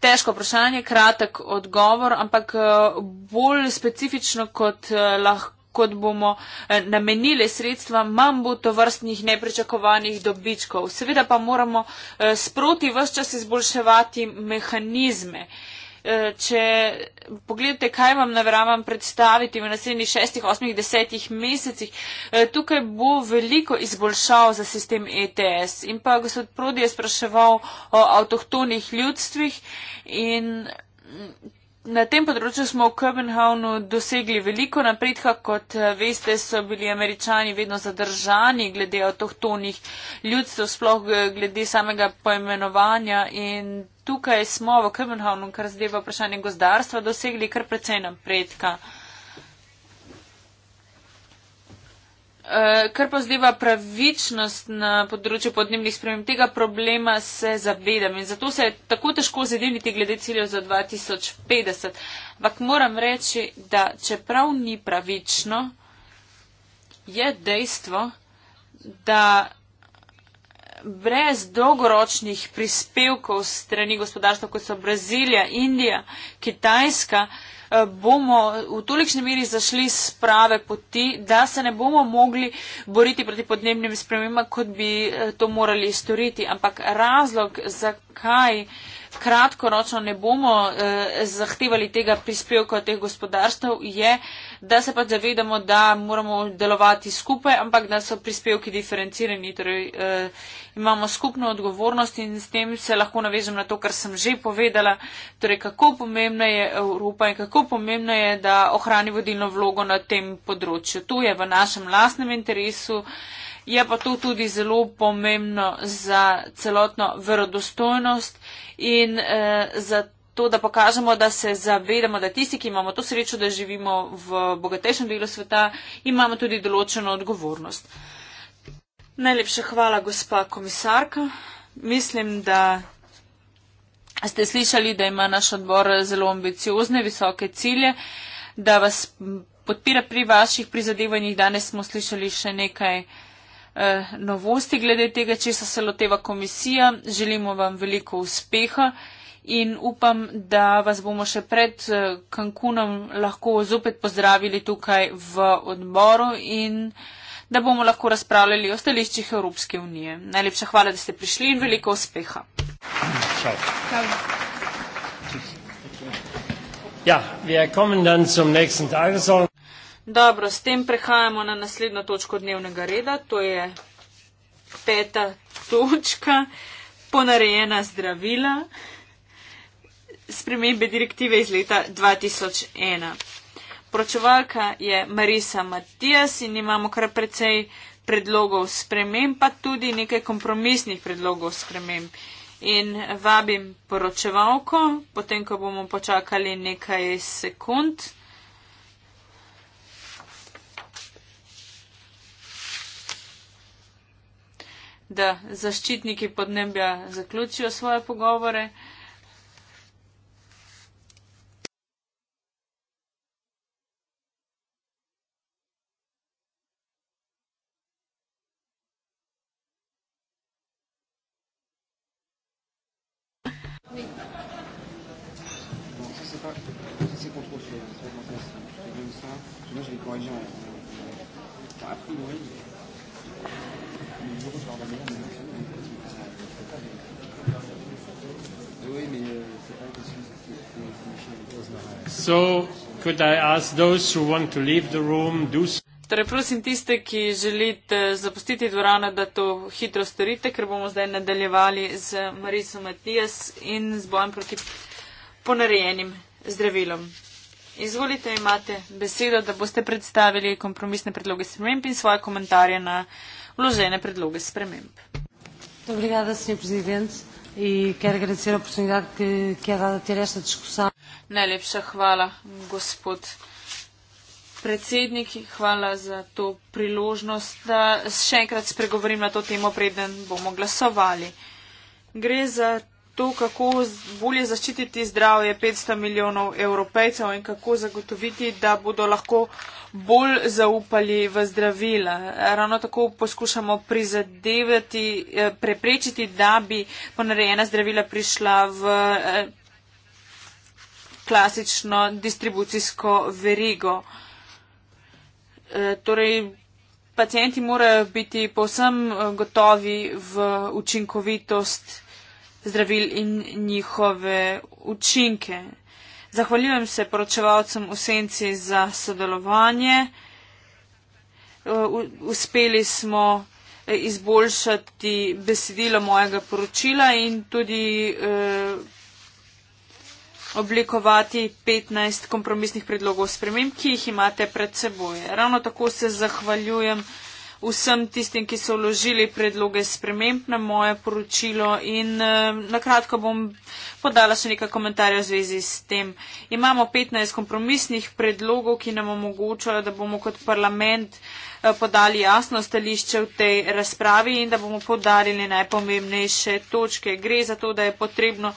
Težko vprašanje, kratek odgovor, ampak eh, bolj specifično, kot, eh, lahko, kot bomo eh, namenili sredstva, manj bo to vrstnih nepričakovanih dobičkov. Seveda pa moramo sproti vse čas izboljševati mehanizme. Eh, Eh, če pogledate, kaj vam naveravam predstaviti v naslednjih šestih, osmih, desetih mesecih, eh, tukaj bo veliko izboljšav za sistem ETS. In pa gospod Prodi je spraševal o avtohtonih ljudstvih in Na tem področju smo v Kopenhavnu dosegli veliko napredka, kot eh, veste, so bili američani vedno zadržani glede avtohtonih ljudstv, sploh eh, glede samega poimenovanja in tukaj smo v Kopenhavnu, kar zdaj v vprašanju gozdarstva, dosegli kar precej napredka. Eh, kar pa zdeva pravičnost na področju podnebnih sprememb, tega problema se zavedam in zato se je tako težko zediniti glede ciljev za 2050. Ampak moram reči, da čeprav ni pravično, je dejstvo, da brez dolgoročnih prispevkov strani gospodarstva, kot so Brazilija, Indija, Kitajska, uh, Eh, bomo v tolikšni meri zašli z prave poti, da se ne bomo mogli boriti proti podnebnim spremembam, kot bi eh, to morali storiti. Ampak razlog, zakaj kratkoročno ne bomo eh, zahtevali tega prispevka od teh gospodarstv, je, eh, da se pa zavedamo, da moramo delovati skupaj, ampak da so prispevki diferencirani. Torej, eh, imamo skupno odgovornost in s tem se lahko navežem na to, kar sem že povedala. Torej, kako pomembna je Evropa in kako pomembno je, da ohrani vodilno vlogo na tem področju. To je v našem lastnem interesu. Je pa to tudi zelo pomembno za celotno verodostojnost in eh, za to, to, da pokažemo, da se zavedamo, da tisti, ki imamo to srečo, da živimo v bogatejšem delu sveta, imamo tudi določeno odgovornost. Najlepša hvala, gospa komisarka. Mislim, da ste slišali, da ima naš odbor zelo ambiciozne, visoke cilje, da vas podpira pri vaših prizadevanjih. Danes smo slišali še nekaj eh, novosti glede tega, če se loteva komisija. Želimo vam veliko uspeha in upam, da vas bomo še pred eh, Cancunom lahko zopet pozdravili tukaj v odboru in da bomo lahko razpravljali o stališčih Evropske unije. Najlepša hvala, da ste prišli in veliko uspeha. Ja, Dobro, s tem prehajamo na naslednjo točko dnevnega reda, to je peta točka, ponarejena zdravila spremembe direktive iz leta 2001. Pročevalka je Marisa Matijas in imamo kar precej predlogov sprememb, pa tudi nekaj kompromisnih predlogov sprememb. In vabim poročevalko, potem, ko bomo počakali nekaj sekund. Da zaščitniki podnebja zaključijo svoje pogovore. could I ask those who want to leave the room do so. Torej, prosim tiste, ki želite zapustiti dvorano, da to hitro storite, ker bomo zdaj nadaljevali z Mariso Matijas in z bojem proti ponarejenim zdravilom. Izvolite, imate besedo, da boste predstavili kompromisne predloge sprememb in svoje komentarje na vložene predloge sprememb. Dobrigada, senjor predsednik, e in ker gre za oportunidad, ki je dala ter esta diskusija. Najlepša hvala, gospod predsednik, hvala za to priložnost, da še enkrat spregovorim na to temo, preden bomo glasovali. Gre za to, kako bolje zaščititi zdravje 500 milijonov evropejcev in kako zagotoviti, da bodo lahko bolj zaupali v zdravila. Ravno tako poskušamo prizadevati, eh, preprečiti, da bi ponarejena zdravila prišla v eh, klasično distribucijsko verigo. E, torej, pacijenti morajo biti povsem e, gotovi v učinkovitost zdravil in njihove učinke. Zahvaljujem se poročevalcem v senci za sodelovanje. E, uspeli smo e, izboljšati besedilo mojega poročila in tudi eh, oblikovati 15 kompromisnih predlogov sprememb, ki jih imate pred seboj. Ravno tako se zahvaljujem vsem tistim, ki so vložili predloge sprememb na moje poročilo in eh, nakratko bom podala še nekaj komentarjev v zvezi s tem. Imamo 15 kompromisnih predlogov, ki nam omogočajo, da bomo kot parlament eh, podali jasno stališče v tej razpravi in da bomo podarili najpomembnejše točke. Gre za to, da je potrebno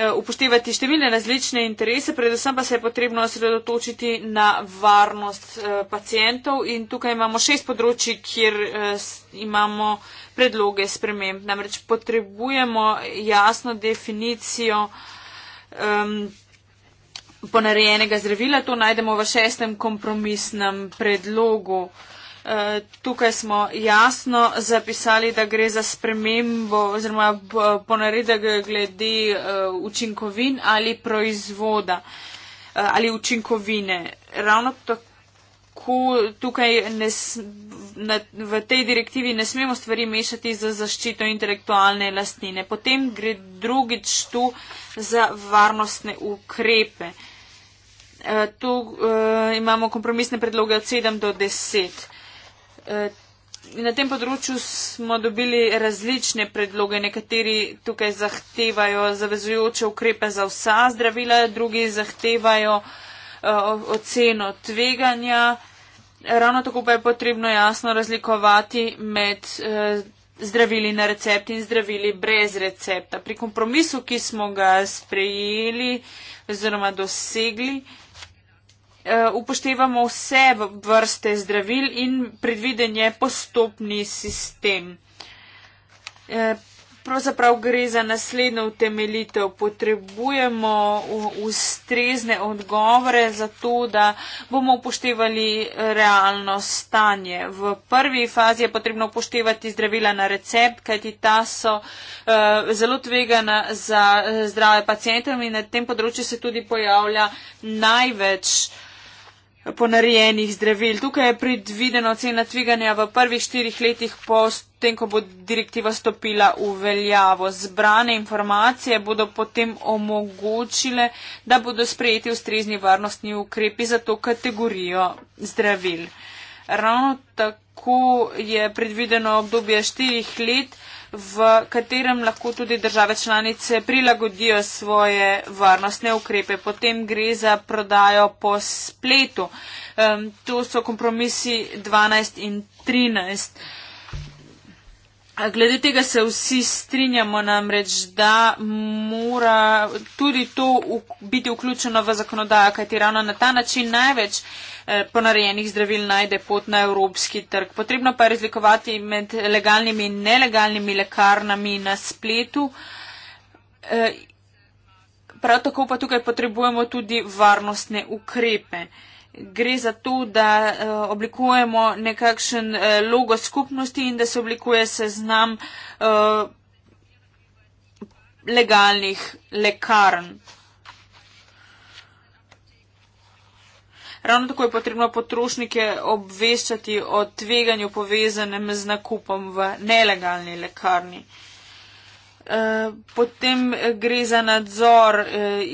Eh, upoštevati številne različne interese, predvsem pa se je potrebno osredotočiti na varnost eh, pacijentov in tukaj imamo šest področji, kjer eh, imamo predloge sprememb. Namreč potrebujemo jasno definicijo um, ponarejenega zdravila, to najdemo v šestem kompromisnem predlogu. Eh, tukaj smo jasno zapisali, da gre za spremembo oziroma eh, ponaredek glede eh, učinkovin ali proizvoda ali učinkovine. Ravno tako tukaj ne, na, v tej direktivi ne smemo stvari mešati za zaščito intelektualne lastnine. Potem gre drugič tu za varnostne ukrepe. Tu uh, imamo kompromisne predloge od 7 do 10. Uh, Eh, na tem področju smo dobili različne predloge. Nekateri tukaj zahtevajo zavezujoče ukrepe za vsa zdravila, drugi zahtevajo eh, oceno tveganja. Ravno tako pa je potrebno jasno razlikovati med eh, zdravili na recept in zdravili brez recepta. Pri kompromisu, ki smo ga sprejeli oziroma dosegli, Eh, upoštevamo vse vrste zdravil in predviden je postopni sistem. Eh, pravzaprav gre za naslednjo utemeljitev. Potrebujemo ustrezne odgovore za to, da bomo upoštevali eh, realno stanje. V prvi fazi je potrebno upoštevati zdravila na recept, kajti ta so uh, zelo tvegana za zdrave pacijentov in na tem področju se tudi pojavlja največ uh, ponarejenih zdravil. Tukaj je predvideno cena tveganja v prvih štirih letih po tem, ko bo direktiva stopila v veljavo. Zbrane informacije bodo potem omogočile, da bodo sprejeti ustrezni varnostni ukrepi za to kategorijo zdravil. Ravno tako je predvideno obdobje štirih let, v katerem lahko tudi države članice prilagodijo svoje varnostne ukrepe. Potem gre za prodajo po spletu. Um, to so kompromisi 12 in 13. Glede tega se vsi strinjamo namreč, da mora tudi to biti vključeno v zakonodajo, kajti ravno na ta način največ uh, Eh, ponarejenih zdravil najde pot na evropski trg. Potrebno pa je razlikovati med legalnimi in nelegalnimi lekarnami na spletu. Eh, prav tako pa tukaj potrebujemo tudi varnostne ukrepe. Gre za to, da eh, oblikujemo nekakšen logo skupnosti in da se oblikuje seznam legalnih lekarn. Ravno tako je potrebno potrošnike obveščati o tveganju povezanem z nakupom v nelegalni lekarni. E, potem gre za nadzor e,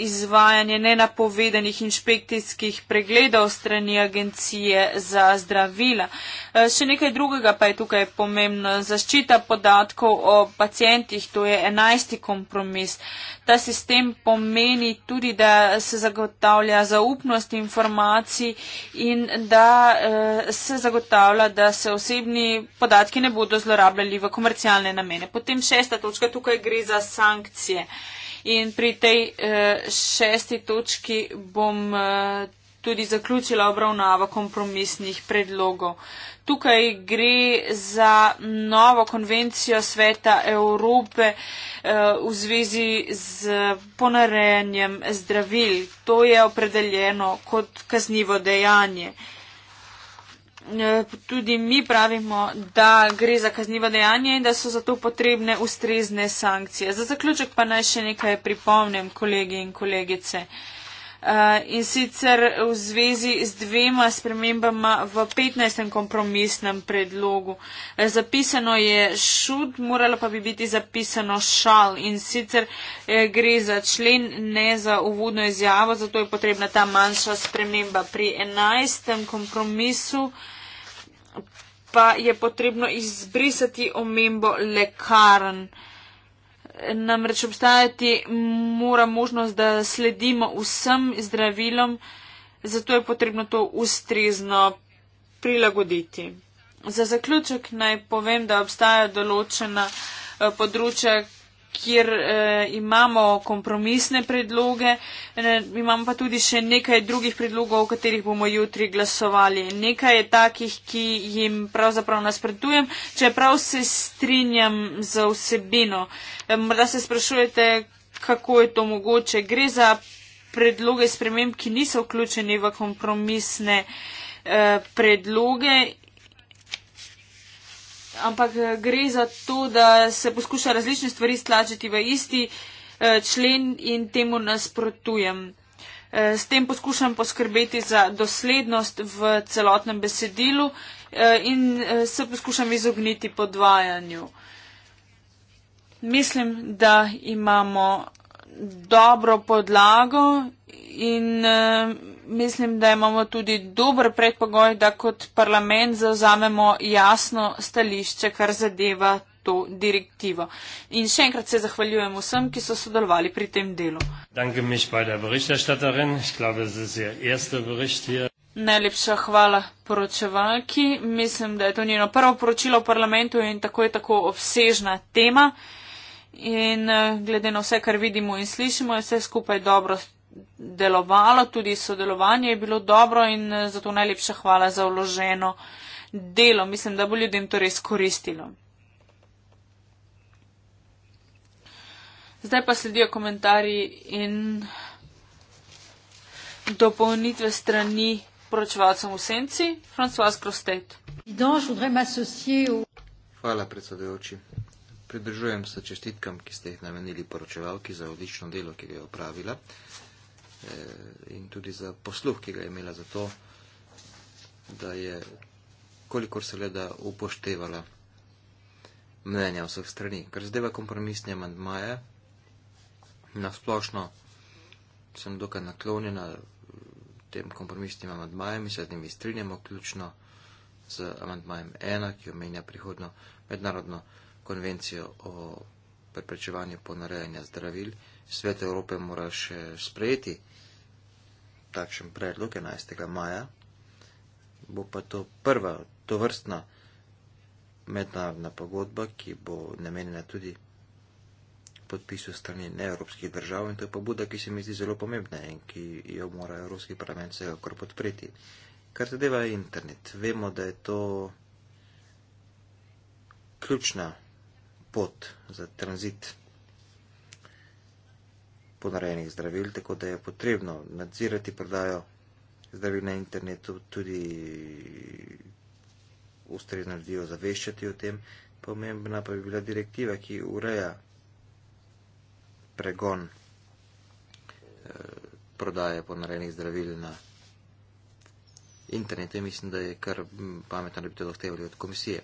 izvajanja nenapovedanih inšpekcijskih pregledov strani agencije za zdravila. E, še nekaj drugega pa je tukaj pomembno. Zaščita podatkov o pacijentih, to je enajsti kompromis. Ta sistem pomeni tudi, da se zagotavlja zaupnost informacij in da eh, se zagotavlja, da se osebni podatki ne bodo zlorabljali v komercialne namene. Potem šesta točka, tukaj gre za sankcije. In pri tej eh, šesti točki bom eh, tudi zaključila obravnava kompromisnih predlogov. Tukaj gre za novo konvencijo Sveta Evrope eh, v zvezi z ponarejanjem zdravil. To je opredeljeno kot kaznivo dejanje. Eh, tudi mi pravimo, da gre za kaznivo dejanje in da so zato potrebne ustrezne sankcije. Za zaključek pa naj še nekaj pripomnim, kolegi in kolegice. Uh, Eh, in sicer v zvezi z dvema spremembama v 15. kompromisnem predlogu. Eh, zapisano je šud, moralo pa bi biti zapisano šal in sicer eh, gre za člen, ne za uvodno izjavo, zato je potrebna ta manjša sprememba. Pri 11. kompromisu pa je potrebno izbrisati omembo lekarn namreč obstajati mora možnost, da sledimo vsem zdravilom, zato je potrebno to ustrezno prilagoditi. Za zaključek naj povem, da obstaja določena eh, področja, kjer eh, imamo kompromisne predloge, eh, imamo pa tudi še nekaj drugih predlogov, o katerih bomo jutri glasovali. Nekaj je takih, ki jim pravzaprav nasprotujem, čeprav se strinjam za vsebino. Eh, morda se sprašujete, kako je to mogoče. Gre za predloge sprememb, ki niso vključeni v kompromisne eh, predloge ampak eh, gre za to, da se poskuša različne stvari stlačiti v isti eh, člen in temu nasprotujem. Eh, s tem poskušam poskrbeti za doslednost v celotnem besedilu in se poskušam izogniti podvajanju. Mislim, da imamo dobro podlago in mislim, da imamo tudi dober predpogoj, da kot parlament zauzamemo jasno stališče, kar zadeva to direktivo. In še enkrat se zahvaljujem vsem, ki so sodelovali pri tem delu. Najlepša hvala poročevalki. Mislim, da je to njeno prvo poročilo v parlamentu in tako je tako obsežna tema. In eh, glede na vse, kar vidimo in slišimo, je vse skupaj dobro delovalo, tudi sodelovanje je bilo dobro in eh, zato najlepša hvala za vloženo delo. Mislim, da bo ljudem to res koristilo. Zdaj pa sledijo komentarji in dopolnitve strani poročevalcem v senci, François Crostet. Hvala, predsedujoči. Pridržujem se čestitkam, ki ste jih namenili poročevalki za odlično delo, ki ga je opravila. Eh, in tudi za posluh, ki ga je imela za to, da je kolikor se le da upoštevala mnenja vseh strani. Kar zadeva kompromisne amandmaje, na splošno sem dokaj naklonjena tem kompromisnim amandmajem in se z njimi strinjamo, ključno z amandmajem 1, ki omenja prihodno mednarodno konvencijo o preprečevanju ponarejanja zdravil. Svet Evrope mora še sprejeti takšen predlog 11. maja. Bo pa to prva tovrstna mednarodna pogodba, ki bo namenjena tudi podpisu strani neevropskih držav in to je pobuda, ki se mi zdi zelo pomembna in ki jo mora Evropski parlament se okor podpreti. Kar zadeva internet, vemo, da je to ključna pot za tranzit ponarejenih zdravil, tako da je potrebno nadzirati prodajo zdravil na internetu, tudi ustrezno ljudi ozaveščati o tem. Pomembna pa bi bila direktiva, ki ureja pregon eh, prodaje ponarejenih zdravil na internetu in mislim, da je kar pametno, da bi to zahtevali od komisije.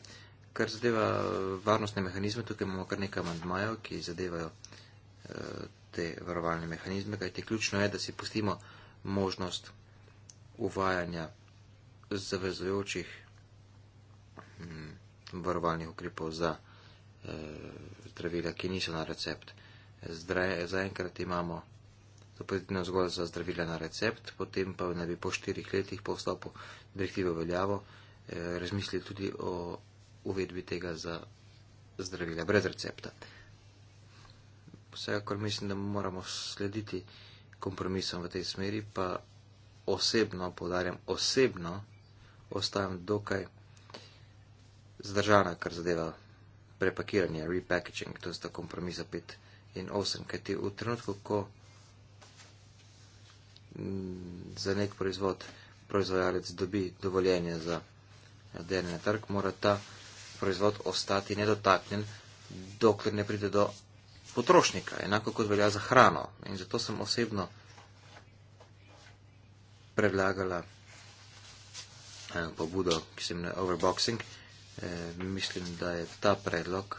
Kar zadeva eh, varnostne mehanizme, tukaj imamo kar nekaj amantmajev, ki zadevajo eh, te varovalne mehanizme, kajte ključno je, da si pustimo možnost uvajanja zavezujočih hm, varovalnih ukrepov za eh, zdravila, ki niso na recept. Zaenkrat imamo zapovedino zgolj za zdravila na recept, potem pa naj bi po štirih letih po vstopu direktive v veljavo eh, razmislili tudi o uvedbi tega za zdravila brez recepta. Eh, Vsekakor mislim, da moramo slediti kompromisom v tej smeri, pa osebno, podarjam osebno, ostajam dokaj zdržana, kar zadeva prepakiranje, repackaging, to sta kompromisa 5 in 8, kajti v trenutku, ko za nek proizvod proizvajalec dobi dovoljenje za delene trg, mora ta proizvod ostati nedotaknjen, dokler ne pride do potrošnika, enako kot velja za hrano. In zato sem osebno predlagala eno eh, pobudo, ki se imenuje overboxing. E, mislim, da je ta predlog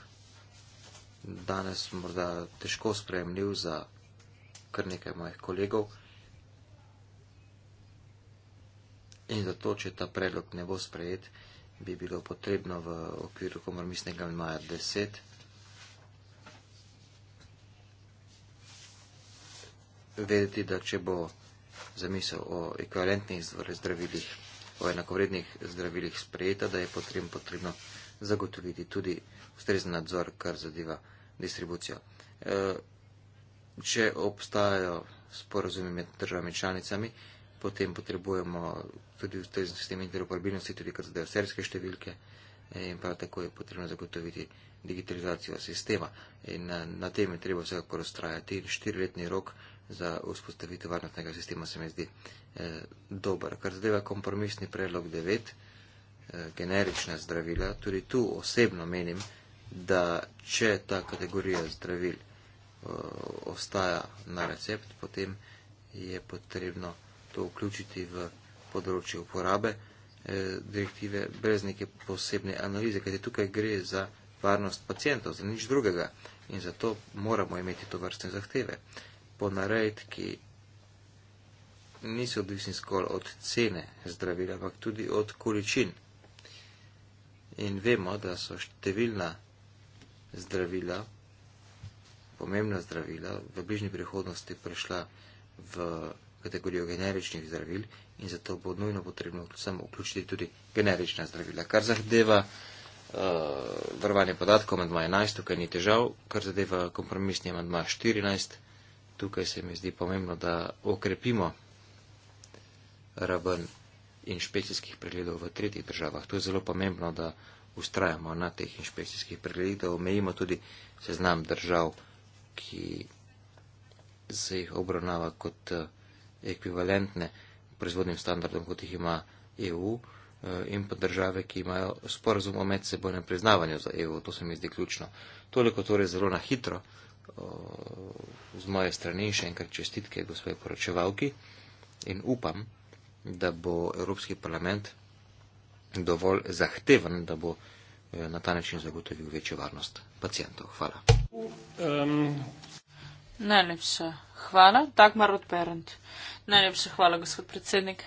danes morda težko sprejemljiv za kar nekaj mojih kolegov. In zato, če ta predlog ne bo sprejet, bi bilo potrebno v okviru komormisnega maja 10 vedeti, da če bo zamisel o ekvivalentnih zdravilih, o enakovrednih zdravilih sprejeta, da je potrebno, potrebno zagotoviti tudi ustrezen nadzor, kar zadeva distribucijo. E, če obstajajo sporozumi med državami članicami, potem potrebujemo tudi ustrezen sistem interoperabilnosti, tudi kar zadeva serijske številke e, in prav tako je potrebno zagotoviti digitalizacijo sistema. In na, e, na tem je treba vsekakor ustrajati in štiriletni rok za vzpostavitev varnostnega sistema se mi zdi eh, dober. Kar zadeva kompromisni predlog 9, eh, generična zdravila, tudi tu osebno menim, da če ta kategorija zdravil eh, ostaja na recept, potem je potrebno to vključiti v področje uporabe eh, direktive brez neke posebne analize, kajti tukaj gre za varnost pacijentov, za nič drugega in zato moramo imeti to vrstne zahteve. Eh, ponarejiti, ki niso odvisni zgolj od cene zdravila, ampak tudi od količin. In vemo, da so številna zdravila, pomembna zdravila, v bližnji prihodnosti prešla v kategorijo generičnih zdravil in zato bo nujno potrebno samo vključiti tudi generična zdravila, kar zahteva uh, eh, varovanje podatkov med 11, tukaj ni težav, kar zadeva kompromisni med 14 tukaj se mi zdi pomembno, da okrepimo raven inšpekcijskih pregledov v tretjih državah. To je zelo pomembno, da ustrajamo na teh inšpekcijskih pregledih, da omejimo tudi seznam držav, ki se jih obravnava kot eh, ekvivalentne proizvodnim standardom, kot jih ima EU eh, in pa države, ki imajo sporazum o medsebojnem priznavanju za EU. To se mi zdi ključno. Toliko torej zelo na hitro. Eh, z moje strani še enkrat čestitke gospodje poročevalki in upam, da bo Evropski parlament dovolj zahteven, da bo eh, na ta način zagotovil večjo varnost pacijentov. Hvala. Um. Najlepša hvala. Dagmar Odperent. Najlepša hvala, gospod predsednik.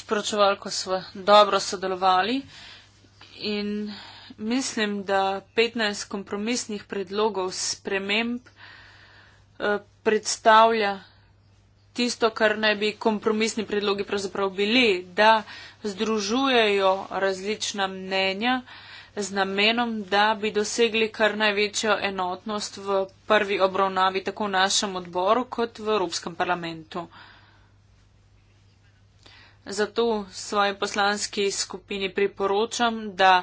Sporočevalko smo dobro sodelovali in mislim, da 15 kompromisnih predlogov sprememb eh, predstavlja tisto, kar naj bi kompromisni predlogi pravzaprav bili, da združujejo različna mnenja z namenom, da bi dosegli kar največjo enotnost v prvi obravnavi tako v našem odboru kot v Evropskem parlamentu. Zato svoji poslanski skupini priporočam, da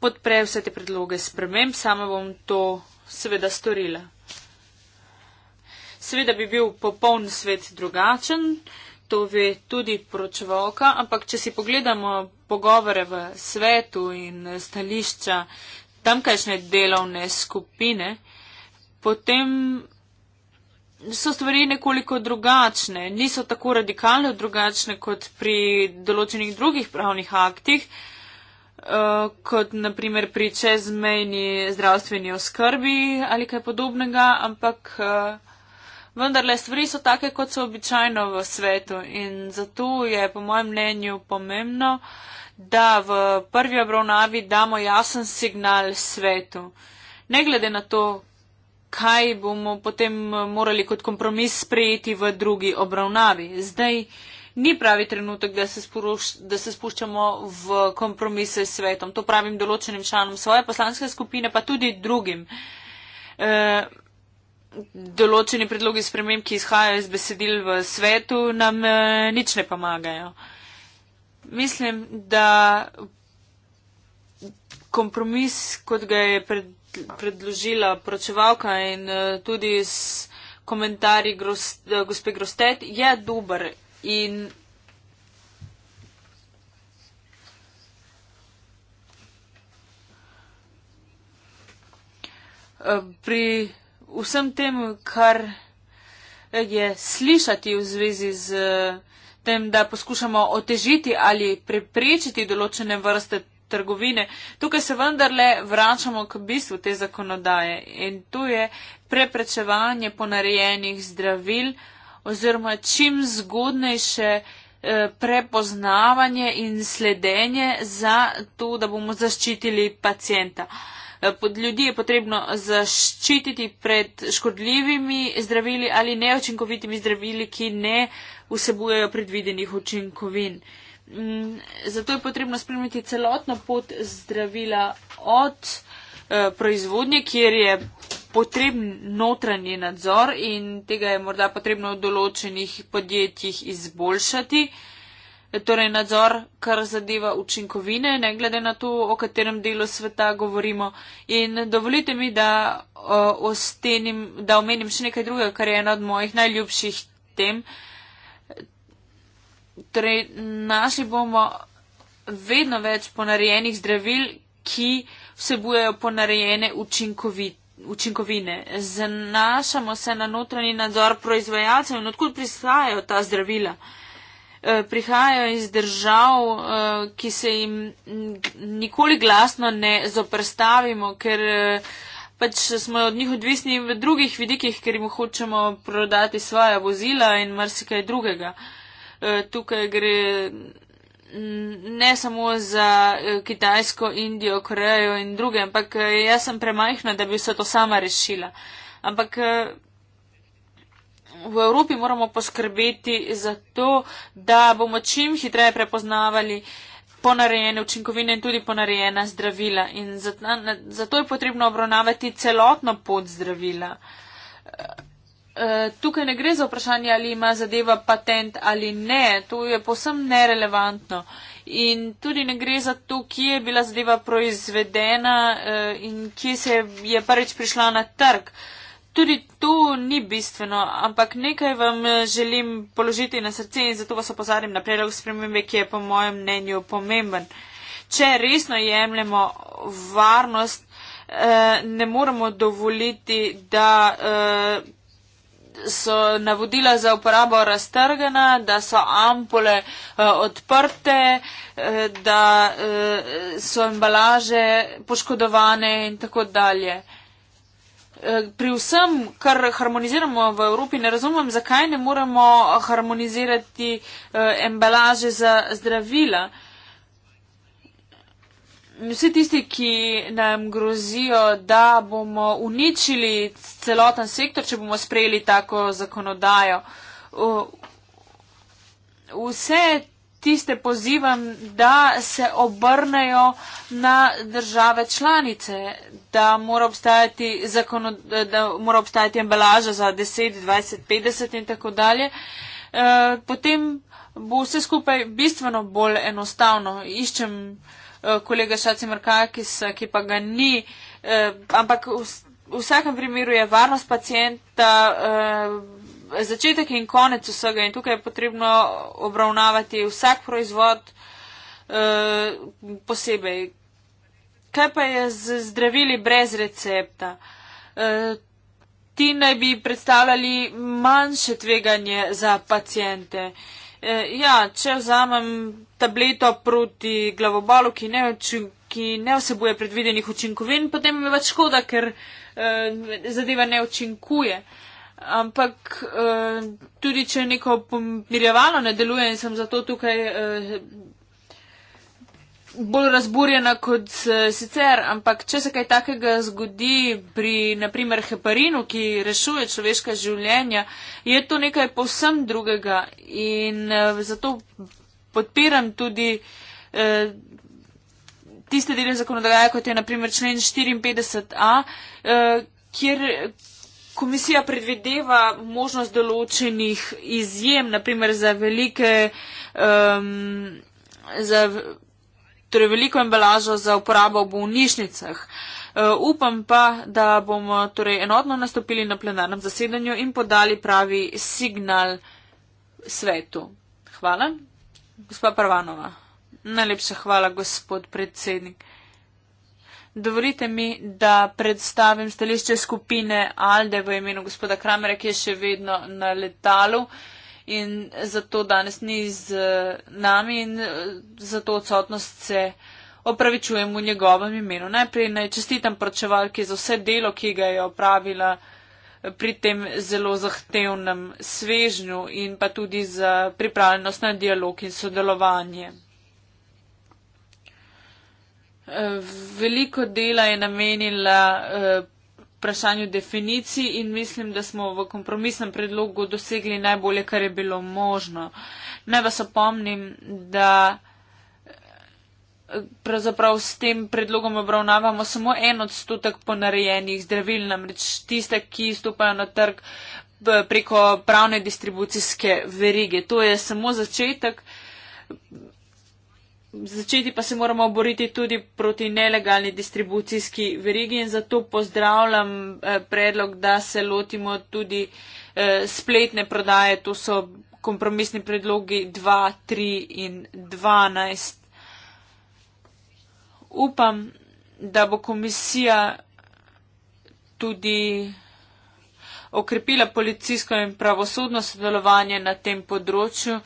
podpre vse te predloge sprememb, sama bom to seveda storila. Seveda bi bil popoln svet drugačen, to ve tudi poročevalka, ampak če si pogledamo pogovore v svetu in stališča tamkajšnje delovne skupine, potem so stvari nekoliko drugačne, niso tako radikalno drugačne kot pri določenih drugih pravnih aktih, Eh, kot naprimer pri čezmejni zdravstveni oskrbi ali kaj podobnega, ampak eh, vendarle stvari so take, kot so običajno v svetu in zato je po mojem mnenju pomembno, da v prvi obravnavi damo jasen signal svetu. Ne glede na to, kaj bomo potem morali kot kompromis sprejeti v drugi obravnavi. Zdaj, ni pravi trenutek, da se, spuruš, da se spuščamo v kompromise s svetom. To pravim določenim članom svoje poslanske skupine, pa tudi drugim. E, določeni predlogi sprememb, ki izhajajo iz besedil v svetu, nam e, nič ne pomagajo. Mislim, da kompromis, kot ga je pred, predložila pročevalka in e, tudi s komentarji gros, gospe Grostet, je dober In pri vsem tem, kar je slišati v zvezi z eh, tem, da poskušamo otežiti ali preprečiti določene vrste trgovine, tukaj se vendarle vračamo k bistvu te zakonodaje in to je preprečevanje ponarejenih zdravil oziroma čim zgodnejše eh, prepoznavanje in sledenje za to, da bomo zaščitili pacijenta. Eh, Ljudje je potrebno zaščititi pred škodljivimi zdravili ali neočinkovitimi zdravili, ki ne vsebujejo predvidenih učinkovin. Mm, zato je potrebno spremljati celotno pot zdravila od eh, proizvodnje, kjer je potreben notranji nadzor in tega je morda potrebno v določenih podjetjih izboljšati. Torej nadzor, kar zadeva učinkovine, ne glede na to, o katerem delu sveta govorimo. In dovolite mi, da, uh, ostenim, da omenim še nekaj drugega, kar je ena od mojih najljubših tem. Torej, našli bomo vedno več ponarejenih zdravil, ki vsebujejo ponarejene učinkovite učinkovine. Zanašamo se na notranji nadzor proizvajalcev in odkud prihajajo ta zdravila. E, prihajajo iz držav, e, ki se jim nikoli glasno ne zoprstavimo, ker e, pač smo od njih odvisni v drugih vidikih, ker jim hočemo prodati svoje vozila in marsikaj drugega. Tukaj gre ne samo za eh, Kitajsko, Indijo, Korejo in druge, ampak eh, jaz sem premajhna, da bi se to sama rešila. Ampak eh, v Evropi moramo poskrbeti za to, da bomo čim hitreje prepoznavali ponarejene učinkovine in tudi ponarejena zdravila. In zato, zato je potrebno obravnavati celotno pot zdravila. Eh, tukaj ne gre za vprašanje, ali ima zadeva patent ali ne, to je posem nerelevantno. In tudi ne gre za to, kje je bila zadeva proizvedena eh, in kje se je prvič prišla na trg. Tudi to ni bistveno, ampak nekaj vam eh, želim položiti na srce in zato vas opozarjam na predlog spremembe, ki je po mojem mnenju pomemben. Če resno jemljemo varnost, ne moremo dovoliti, da so navodila za uporabo raztrgana, da so ampule eh, odprte, eh, da eh, so embalaže poškodovane in tako dalje. Pri vsem, kar harmoniziramo v Evropi, ne razumem, zakaj ne moremo harmonizirati embalaže za zdravila vsi tisti, ki nam grozijo, da bomo uničili celoten sektor, če bomo sprejeli tako zakonodajo. Vse tiste pozivam, da se obrnejo na države članice, da mora obstajati, da mora obstajati embalaža za 10, 20, 50 in tako dalje. E, potem bo vse skupaj bistveno bolj enostavno. Iščem. Eh, kolega Šacimrkakis, eh, ki pa ga ni, eh, ampak v vsakem primeru je varnost pacijenta začetek in konec vsega in tukaj je potrebno obravnavati vsak proizvod posebej. Kaj pa je z zdravili brez recepta? Ti naj bi predstavljali manjše tveganje za pacijente. E, ja, če vzamem tableto proti glavobalu, ki ne, ki ne vsebuje predvidenih učinkovin, potem je več pač škoda, ker eh, zadeva ne učinkuje. Ampak eh, tudi, če neko pomirjevalo ne deluje in sem zato tukaj. Eh, bolj razburjena kot sicer, ampak če se kaj takega zgodi pri, naprimer, heparinu, ki rešuje človeška življenja, je to nekaj povsem drugega in eh, zato podpiram tudi eh, tiste dele zakonodaje, kot je naprimer člen 54a, eh, kjer komisija predvideva možnost določenih izjem, naprimer za velike, um, za torej veliko embalažo za uporabo v bolnišnicah. E, upam pa, da bomo torej enotno nastopili na plenarnem zasedanju in podali pravi signal svetu. Hvala. Gospa Parvanova. Najlepša hvala, gospod predsednik. Dovolite mi, da predstavim stališče skupine Alde v imenu gospoda Kramera, ki je še vedno na letalu. Uh, in zato danes ni z nami in eh, zato odsotnost se opravičujem v njegovem imenu. Najprej naj čestitam pročevalki za vse delo, ki ga je opravila pri tem zelo zahtevnem svežnju in pa tudi za pripravljenost na dialog in sodelovanje. Eh, veliko dela je namenila eh, vprašanju definicij in mislim, da smo v kompromisnem predlogu dosegli najbolje, kar je bilo možno. Naj vas opomnim, da eh, pravzaprav s tem predlogom obravnavamo samo en odstotek ponarejenih zdravil, namreč tiste, ki stopajo na trg preko pravne distribucijske verige. To je samo začetek. Začeti pa se moramo boriti tudi proti nelegalni distribucijski verigi in zato pozdravljam eh, predlog, da se lotimo tudi eh, spletne prodaje. To so kompromisni predlogi 2, 3 in 12. Upam, da bo komisija tudi okrepila policijsko in pravosodno sodelovanje na tem področju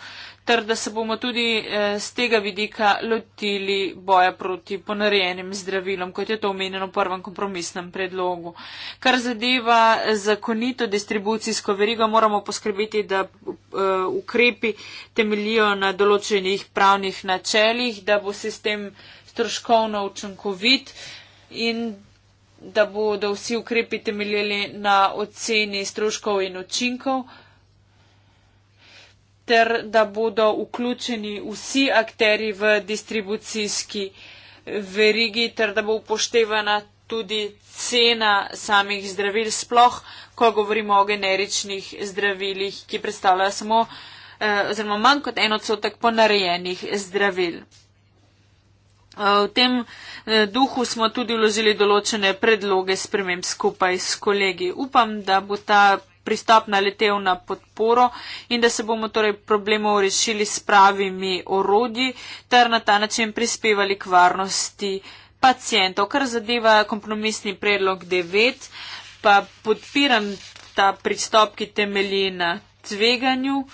ter da se bomo tudi z eh, tega vidika lotili boja proti ponarejenim zdravilom, kot je to omenjeno v prvem kompromisnem predlogu. Kar zadeva eh, zakonito distribucijsko verigo, moramo poskrbeti, da eh, ukrepi temelijo na določenih pravnih načelih, da bo sistem stroškovno učinkovit in da bodo vsi ukrepi temeljili na oceni stroškov in učinkov ter da bodo vključeni vsi akteri v distribucijski verigi ter da bo upoštevana tudi cena samih zdravil, sploh ko govorimo o generičnih zdravilih, ki predstavljajo samo eh, oziroma manj kot en odstotek ponarejenih zdravil. Eh, v tem eh, duhu smo tudi vložili določene predloge spremem skupaj s kolegi. Upam, da bo ta pristop naletel na podporo in da se bomo torej problemov rešili s pravimi orodji ter na ta način prispevali k varnosti pacijentov. Kar zadeva kompromisni predlog 9, pa podpiram ta pristop, ki temelji na tveganju.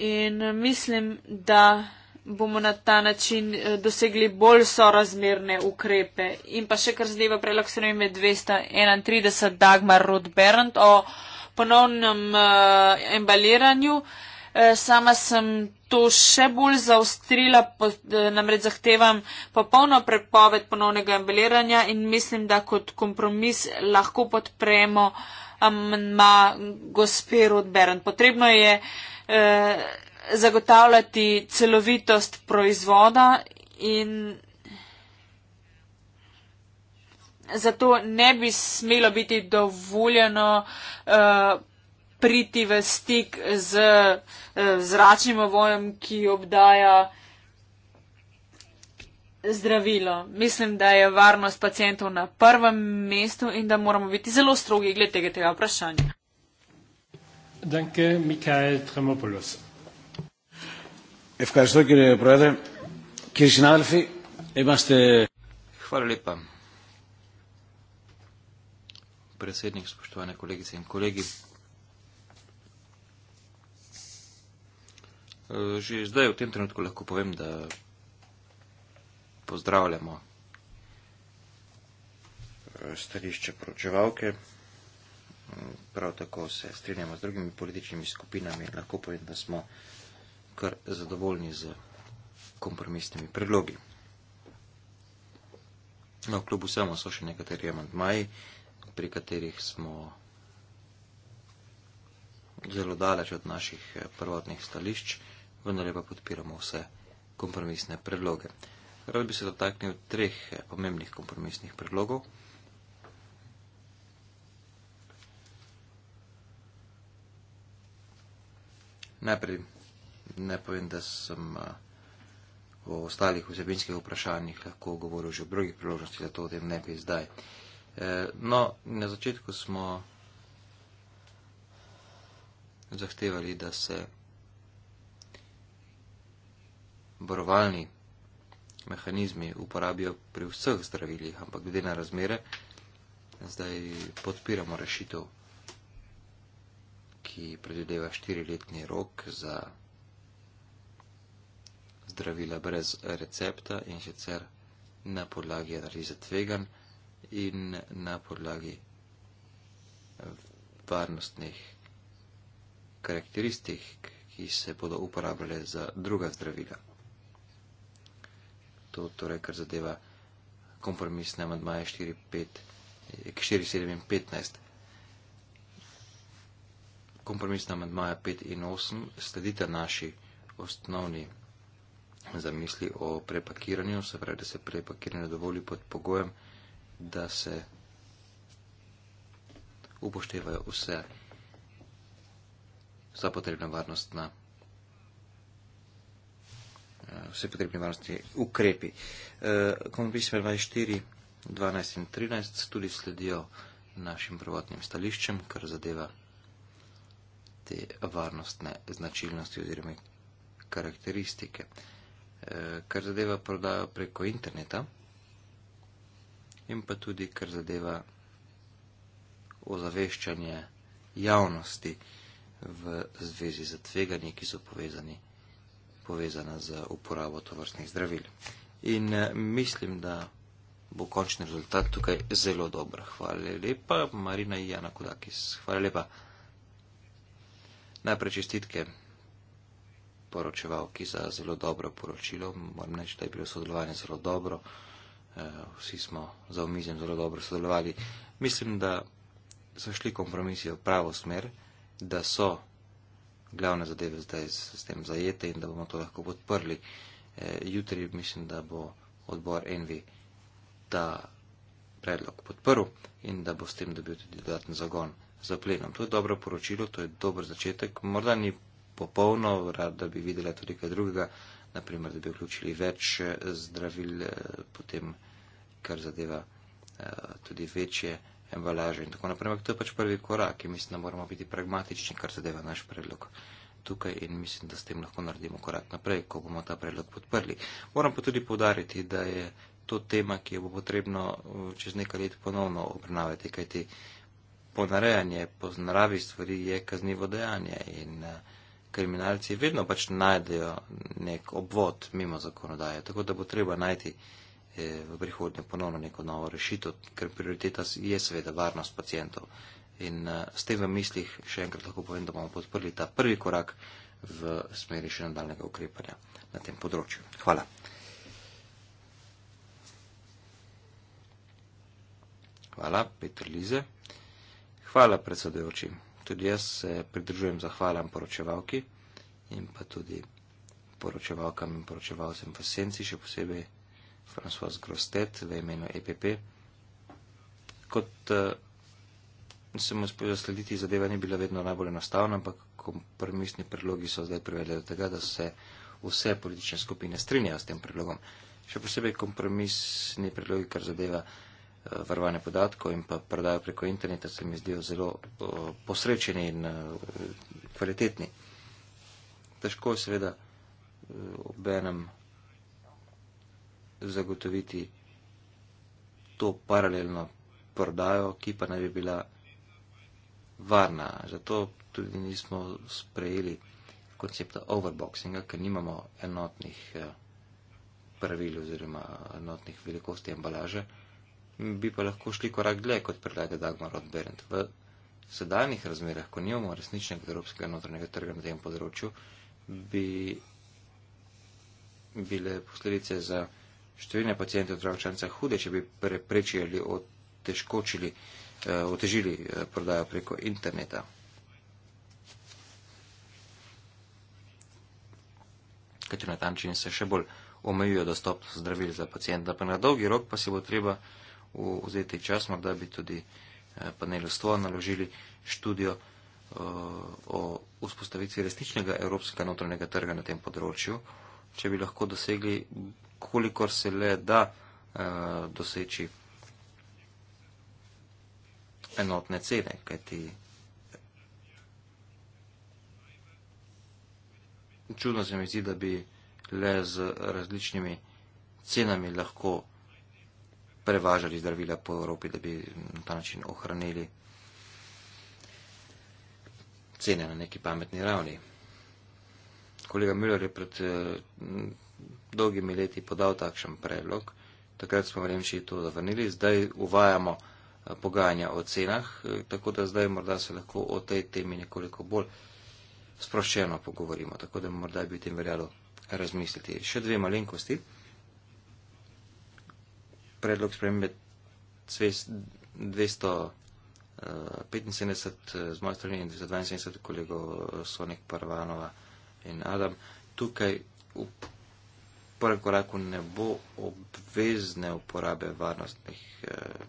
In mislim, da bomo na ta način eh, dosegli bolj sorazmerne ukrepe. In pa še kar zdaj v predlog se nam je 231 Dagmar Rothberndt o ponovnem uh, embaliranju. Eh, sama sem to še bolj zaustrila, namreč zahtevam popolno prepoved ponovnega embeliranja in mislim, da kot kompromis lahko podpremo amma gospe Rodberen. Potrebno je eh, zagotavljati celovitost proizvoda in zato ne bi smelo biti dovoljeno eh, priti v stik z eh, zračnim ovojem, ki obdaja zdravilo. Mislim, da je varnost pacijentov na prvem mestu in da moramo biti zelo strogi glede tega vprašanja. Danke, Mikael Tremopoulos. Hvala lepa. Predsednik, spoštovane kolegice in kolegi. Že zdaj v tem trenutku lahko povem, da pozdravljamo eh, stališče poročevalke. Prav tako se strinjamo z drugimi političnimi skupinami. Lahko povem, da smo kar zadovoljni z kompromisnimi predlogi. No, kljub vsemu so še nekateri amantmaji, pri katerih smo zelo daleč od naših eh, prvotnih stališč, vendar pa podpiramo vse kompromisne predloge. Rad bi se dotaknil treh eh, pomembnih kompromisnih predlogov. Najprej ne povem, da sem eh, o ostalih vsebinskih vprašanjih lahko govoril že v drugih priložnostih, zato o tem ne bi zdaj. Eh, no, na začetku smo zahtevali, da se borovalni mehanizmi uporabijo pri vseh zdravilih, ampak glede na razmere, zdaj podpiramo rešitev, ki predvideva štiriletni rok za zdravila brez recepta in sicer na podlagi analize tvegan in na podlagi varnostnih karakteristik, ki se bodo uporabljale za druga zdravila. To torej, kar zadeva kompromisne amadmaje 4, 5, 4, 7 in 15. Kompromisna amadmaja 5 in 8 sledita naši osnovni zamisli o prepakiranju, se pravi, da se prepakiranje dovoli pod pogojem, da se upoštevajo vse, vsa potrebna varnost na. Eh, vse potrebne varnosti ukrepi. Kompis 24, 12 in 13 tudi sledijo našim prvotnim stališčem, kar zadeva te varnostne značilnosti oziroma karakteristike. Eh, kar zadeva prodajo preko interneta in pa tudi kar zadeva ozaveščanje javnosti v zvezi z tveganji, ki so povezani, povezana z uporabo tovrstnih zdravil. In eh, mislim, da bo končni rezultat tukaj zelo dober. Hvala lepa, Marina Jana Kudakis. Hvala lepa. Najprej čestitke poročevalki za zelo dobro poročilo. Moram reči, da je bilo sodelovanje zelo dobro. Eh, vsi smo za omizjem zelo dobro sodelovali. Mislim, da so šli kompromisi v pravo smer, da so glavne zadeve zdaj s tem zajete in da bomo to lahko podprli. Eh, jutri mislim, da bo odbor Envi ta predlog podprl in da bo s tem dobil tudi dodaten zagon za plenom. To je dobro poročilo, to je dober začetek. Morda ni popolno, rad, da bi videla tudi kaj drugega, naprimer, da bi vključili več eh, zdravil, eh, potem kar zadeva eh, tudi večje embalaže in tako naprej. To je pač prvi korak in mislim, da moramo biti pragmatični, kar zadeva naš predlog tukaj in mislim, da s tem lahko naredimo korak naprej, ko bomo ta predlog podprli. Moram pa tudi povdariti, da je to tema, ki jo bo potrebno čez nekaj let ponovno obravnavati, kajti ponarejanje po naravi stvari je kaznivo dejanje in uh, kriminalci vedno pač najdejo nek obvod mimo zakonodaje. Tako da bo treba najti eh, v prihodnje ponovno neko novo rešitev, ker prioriteta je seveda varnost pacijentov. In eh, s tem v mislih še enkrat lahko povem, da bomo podprli ta prvi korak v smeri še nadaljnega ukrepanja na tem področju. Hvala. Hvala, Petr Lize. Hvala, predsedujoči tudi jaz se pridružujem zahvalam poročevalki in pa tudi poročevalkam in poročevalcem v senci, še posebej François Grostet v imenu EPP. Kot uh, sem uspel zaslediti, zadeva ni bila vedno najbolj enostavna, ampak kompromisni predlogi so zdaj privedli do tega, da se vse politične skupine strinjajo s tem predlogom. Še posebej kompromisni predlogi, kar zadeva uh, Eh, varovanje podatkov in pa predajo preko interneta, se mi zdijo zelo eh, posrečeni in eh, kvalitetni. Težko je seveda obenem zagotoviti to paralelno prodajo, ki pa naj bi bila varna. Zato tudi nismo sprejeli koncepta overboxinga, ker nimamo enotnih pravil oziroma enotnih velikosti embalaže bi pa lahko šli korak dlje, kot predlaga Dagmar od Berend. V sedanjih razmerah, ko nimamo resničnega evropskega notranjega trga na tem področju, bi bile posledice za številne pacijente v zdravčancah hude, če bi preprečili ali otežkočili, eh, otežili eh, prodajo preko interneta. Kajti na ta način se še bolj omejuje dostop zdravil za pacijenta, pa na dolgi rok pa si bo treba vzeti čas, morda bi tudi eh, panelstvo naložili študijo eh, o vzpostavitvi resničnega evropskega notranjega trga na tem področju, če bi lahko dosegli, kolikor se le da eh, doseči enotne cene, kajti čudno se mi zdi, da bi le z različnimi cenami lahko prevažali zdravila po Evropi, da bi na ta način ohranili cene na neki pametni ravni. Kolega Müller je pred eh, dolgimi leti podal takšen predlog, takrat smo v Nemčiji to zavrnili, zdaj uvajamo eh, pogajanja o cenah, eh, tako da zdaj morda se lahko o tej temi nekoliko bolj sproščeno pogovorimo, tako da morda bi tem veljalo razmisliti. Še dve malenkosti predlog spremembe 275 eh, eh, z moje strani in 272 kolegov eh, Sonik Parvanova in Adam. Tukaj v prvem koraku ne bo obvezne uporabe varnostnih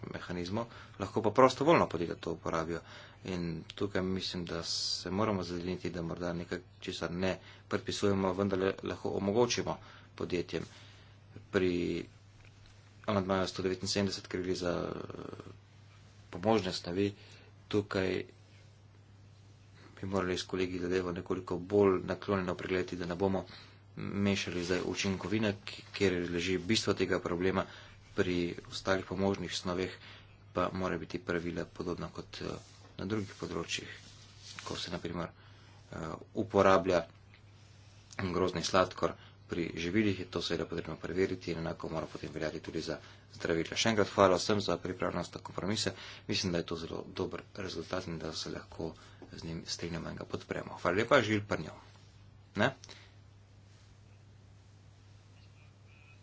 mehanizmov, lahko pa prosto voljno podjetja to uporabijo. In tukaj mislim, da se moramo zadeliti, da morda nekaj, česar ne predpisujemo, vendar lahko omogočimo podjetjem pri amantmaja 179, ker gre za eh, pomožne snovi, tukaj bi morali s kolegi zadevo nekoliko bolj naklonjeno pregledati, da ne bomo mešali zdaj učinkovine, kjer leži bistvo tega problema pri ostalih pomožnih snoveh, pa mora biti pravila podobna kot eh, na drugih področjih, ko se naprimer eh, uporablja grozni sladkor pri živilih, to seveda potrebno preveriti in enako mora potem veljati tudi za zdravila. Še enkrat hvala vsem za pripravljenost na kompromise. Mislim, da je to zelo dober rezultat in da se lahko z njim strinjamo in ga podpremo. Hvala lepa, živil pa njo. Ne?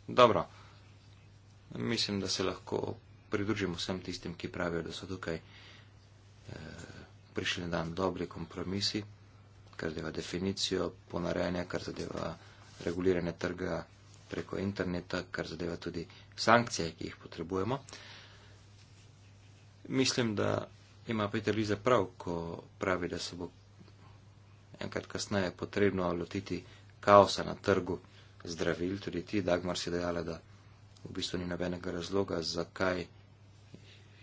Dobro. Mislim, da se lahko pridružimo vsem tistim, ki pravijo, da so tukaj eh, prišli na dan dobri kompromisi, kar zadeva definicijo ponarejanja, kar zadeva reguliranje trga preko interneta, kar zadeva tudi sankcije, ki jih potrebujemo. Mislim, da ima Peter Liza prav, ko pravi, da se bo enkrat kasneje potrebno lotiti kaosa na trgu zdravil. Tudi ti, Dagmar, si dejala, da v bistvu ni nobenega razloga, zakaj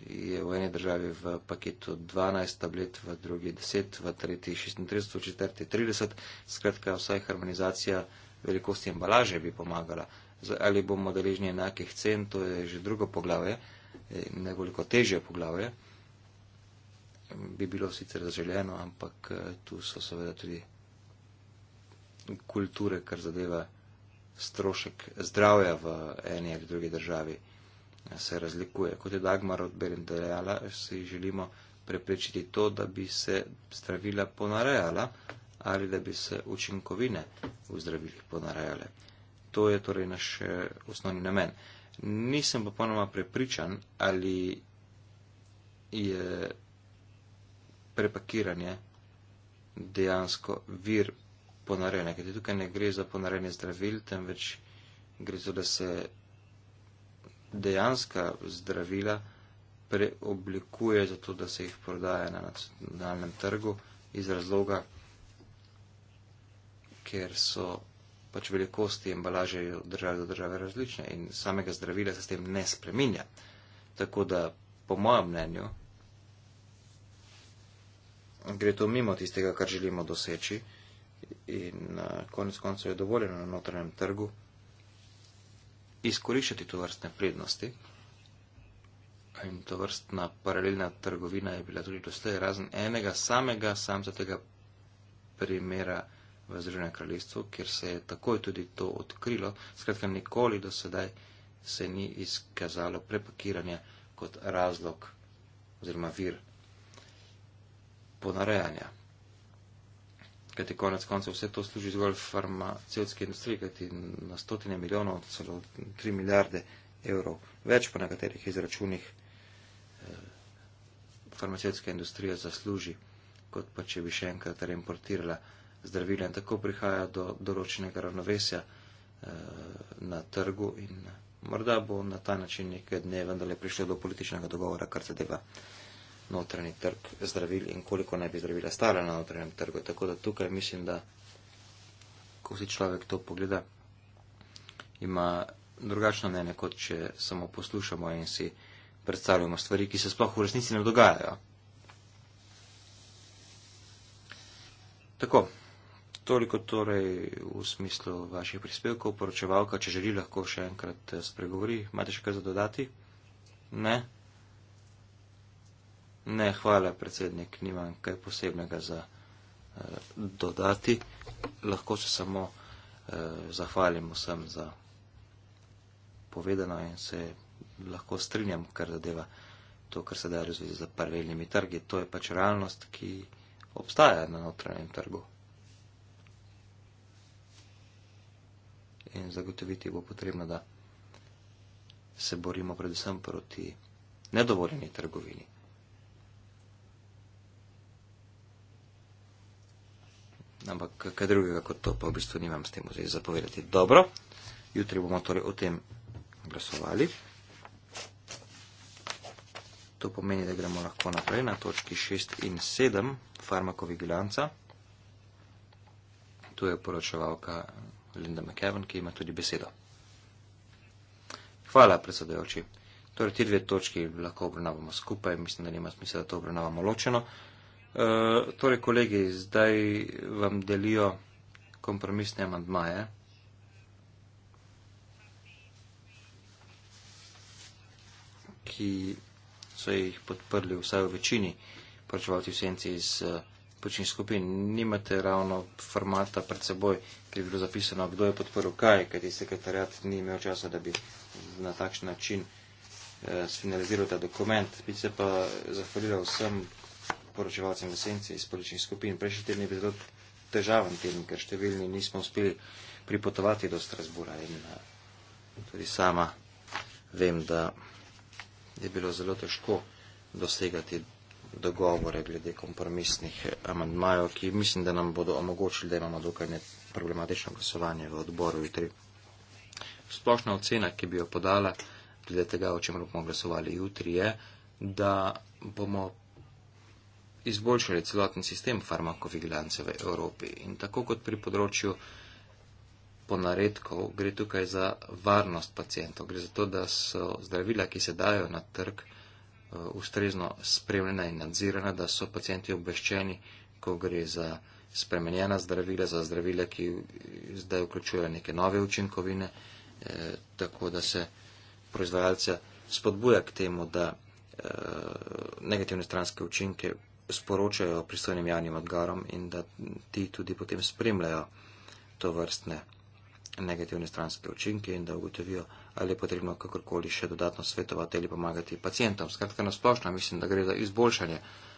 je v eni državi v paketu 12 tablet, v drugi 10, v tretji 36, v četrti 30. Skratka, vsaj harmonizacija velikost embalaže bi pomagala, ali bomo deležni enakih cen, to je že drugo poglavje, eh, nekoliko težje poglavje, bi bilo sicer zaželjeno, ampak eh, tu so seveda tudi kulture, kar zadeva strošek zdravja v eni ali drugi državi, eh, se razlikuje. Kot je Dagmar od Berendeleala, si želimo preprečiti to, da bi se zdravila ponarejala, ali da bi se učinkovine v zdravilih ponarajale. To je torej naš eh, osnovni namen. Nisem popolnoma prepričan, ali je prepakiranje dejansko vir ponarejanja. Ker tukaj ne gre za ponarejanje zdravil, temveč gre za to, da se dejanska zdravila preoblikuje zato, da se jih prodaja na nacionalnem trgu iz razloga, ker so pač velikosti embalaže od države do države različne in samega zdravila se s tem ne spreminja. Tako da, po mojem mnenju, gre to mimo tistega, kar želimo doseči in eh, konec koncev je dovoljeno na notranjem trgu izkoriščati to vrstne prednosti. In to vrstna paralelna trgovina je bila tudi doslej razen enega samega, sam za tega primera v Združenem kraljestvu, kjer se je takoj tudi to odkrilo. Skratka, nikoli do sedaj se ni izkazalo prepakiranje kot razlog oziroma vir ponarejanja. Kajti konec koncev vse to služi zgolj farmacevtski industriji, kajti na stotine milijonov, celo 3 milijarde evrov več po nekaterih izračunih eh, farmacevtska industrija zasluži, kot pa če bi še enkrat reimportirala zdravila in tako prihaja do določenega ravnovesja eh, na trgu in morda bo na ta način nekaj dne vendarle prišlo do političnega dogovora, kar zadeva notranji trg zdravil in koliko naj bi zdravila stala na notranjem trgu. Tako da tukaj mislim, da ko si človek to pogleda, ima drugačno mnenje, kot če samo poslušamo in si predstavljamo stvari, ki se sploh v resnici ne dogajajo. Tako, Toliko torej v smislu vaših prispevkov. Poročevalka, če želi, lahko še enkrat eh, spregovori. Imate še kaj za dodati? Ne? Ne, hvala, predsednik. Nimam kaj posebnega za eh, dodati. Lahko se samo eh, zahvalim vsem za povedano in se lahko strinjam, kar zadeva to, kar se da razvezi za paralelnimi trgi. To je pač realnost, ki obstaja na notranjem trgu. in zagotoviti bo potrebno, da se borimo predvsem proti nedovoljeni trgovini. Ampak kaj drugega kot to, pa v bistvu nimam s tem vzaj zapovedati. Dobro, jutri bomo torej o tem glasovali. To pomeni, da gremo lahko naprej na točki 6 in 7 farmakovigilanca. Tu je poročevalka Linda McKevin, ki ima tudi besedo. Hvala, predsedajoči. Torej, ti dve točki lahko obravnavamo skupaj, mislim, da nima smisla, da to obravnavamo ločeno. E, torej, kolegi, zdaj vam delijo kompromisne amandmaje. ki so jih podprli vsaj v večini poročevalci v senci iz uh, počnih skupin nimate ravno formata pred seboj, ker je bilo zapisano, kdo je podporil kaj, ker je sekretarjat ni imel časa, da bi na takšen način eh, sfinaliziral ta dokument. Bi se pa zahvalila vsem poročevalcem vesenci iz političnih skupin. Prejšnji teden je bil zelo težaven teden, ker številni nismo uspeli pripotovati do Strasbura in eh, tudi sama vem, da je bilo zelo težko dosegati dogovore glede kompromisnih amandmajev, ki mislim, da nam bodo omogočili, da imamo dokaj problematično glasovanje v odboru jutri. Splošna ocena, ki bi jo podala glede tega, o čem bomo glasovali jutri, je, da bomo izboljšali celoten sistem farmakovigilance v Evropi. In tako kot pri področju ponaredkov, gre tukaj za varnost pacijentov, gre za to, da so zdravila, ki se dajo na trg, Eh, ustrezno spremljena in nadzirana, da so pacijenti obveščeni, ko gre za spremenjena zdravila, za zdravila, ki zdaj vključujejo neke nove učinkovine, eh, tako da se proizvajalce spodbuja k temu, da eh, negativne stranske učinke sporočajo pristojnim javnim odgarom in da ti tudi potem spremljajo to vrstne negativne stranske učinke in da ugotovijo, ali je potrebno kakorkoli še dodatno svetovati ali pomagati pacijentom. Skratka, nasplošno mislim, da gre za izboljšanje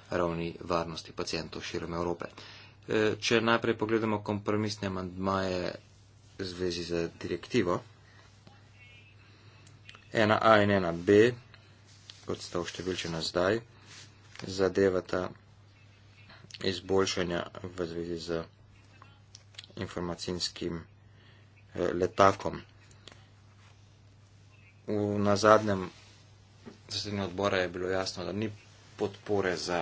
ravni varnosti pacijentov širom Evrope. E, če najprej pogledamo kompromisne mandmaje v zvezi z direktivo 1a in 1b, kot sta oštevilčena zdaj, zadevata izboljšanja v zvezi z informacijskim e, letakom v, na zadnjem zasedanju odbora je bilo jasno, da ni podpore za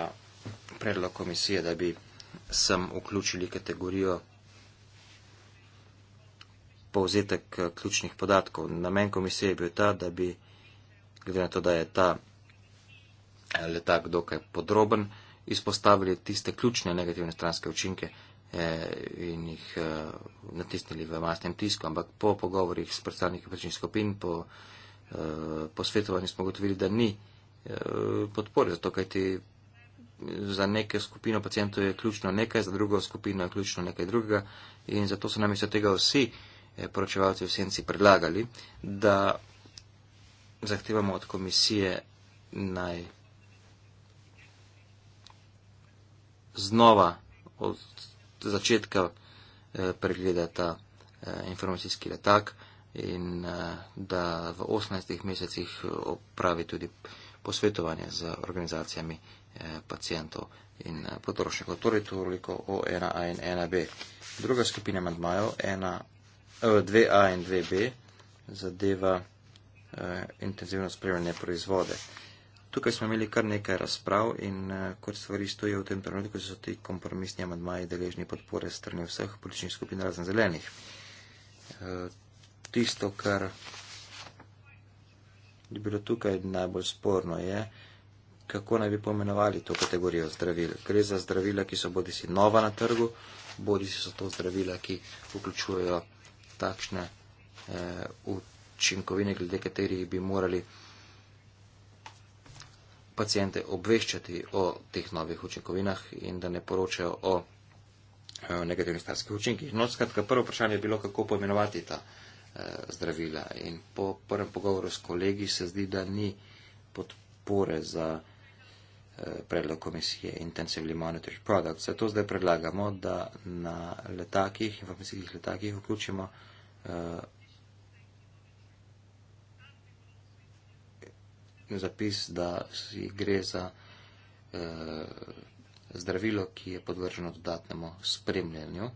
predlog komisije, da bi sem vključili kategorijo povzetek eh, ključnih podatkov. Namen komisije je bil ta, da bi, glede na to, da je ta eh, letak dokaj podroben, izpostavili tiste ključne negativne stranske učinke eh, in jih natisnili v masnem tisku, ampak po pogovorih s predstavniki prečnih skupin, po Eh, posvetovanju smo gotovili, da ni eh, podpore, zato kajti za neke skupino pacijentov je ključno nekaj, za drugo skupino je ključno nekaj drugega in zato so nam iz tega vsi eh, poročevalci v senci predlagali, da zahtevamo od komisije naj znova od začetka pregleda ta informacijski letak in eh, da v 18 mesecih opravi tudi posvetovanje z organizacijami eh, pacijentov in eh, potrošnikov. Torej, toliko o 1A in 1B. Druga skupina mandmajev, 2A in 2B, zadeva intenzivno spremljanje proizvode. Tukaj smo imeli kar nekaj razprav in kot stvari stoje v tem trenutku, so ti kompromisni amadmaji deležni podpore strani vseh političnih skupin razen zelenih tisto, kar je bilo tukaj najbolj sporno, je, kako naj bi pomenovali to kategorijo zdravil. Gre za zdravila, ki so bodisi nova na trgu, bodisi so to zdravila, ki vključujejo takšne eh, učinkovine, glede katerih bi morali pacijente obveščati o teh novih učinkovinah in da ne poročajo o eh, negativnih starskih učinkih. No, skratka, prvo vprašanje je bilo, kako poimenovati ta eh, Eh, zdravila. In po prvem pogovoru s kolegi se zdi, da ni podpore za eh, predlog komisije Intensively Monitored Products. Zato zdaj predlagamo, da na letakih, informacijskih letakih vključimo uh, zapis, da si gre za uh, zdravilo, ki je podvrženo dodatnemu spremljanju. Uh,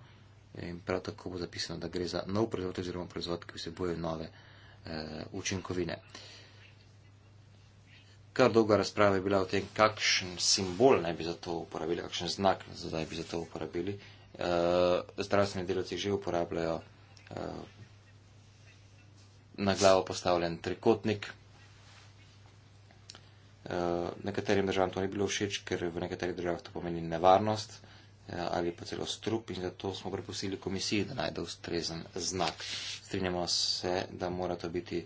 In prav tako bo zapisano, da gre za nov proizvod oziroma proizvod, ki vsebuje nove e, učinkovine. Kar dolga razprava je bila o tem, kakšen simbol naj bi za to uporabili, kakšen znak naj bi za to uporabili. E, zdravstveni delovci že uporabljajo e, na glavo postavljen trikotnik. E, nekaterim državam to ni bilo všeč, ker v nekaterih državah to pomeni nevarnost. E, Eh, ali pa celo strup in zato smo prepustili komisiji, da najde ustrezen znak. Strinjamo se, da mora to biti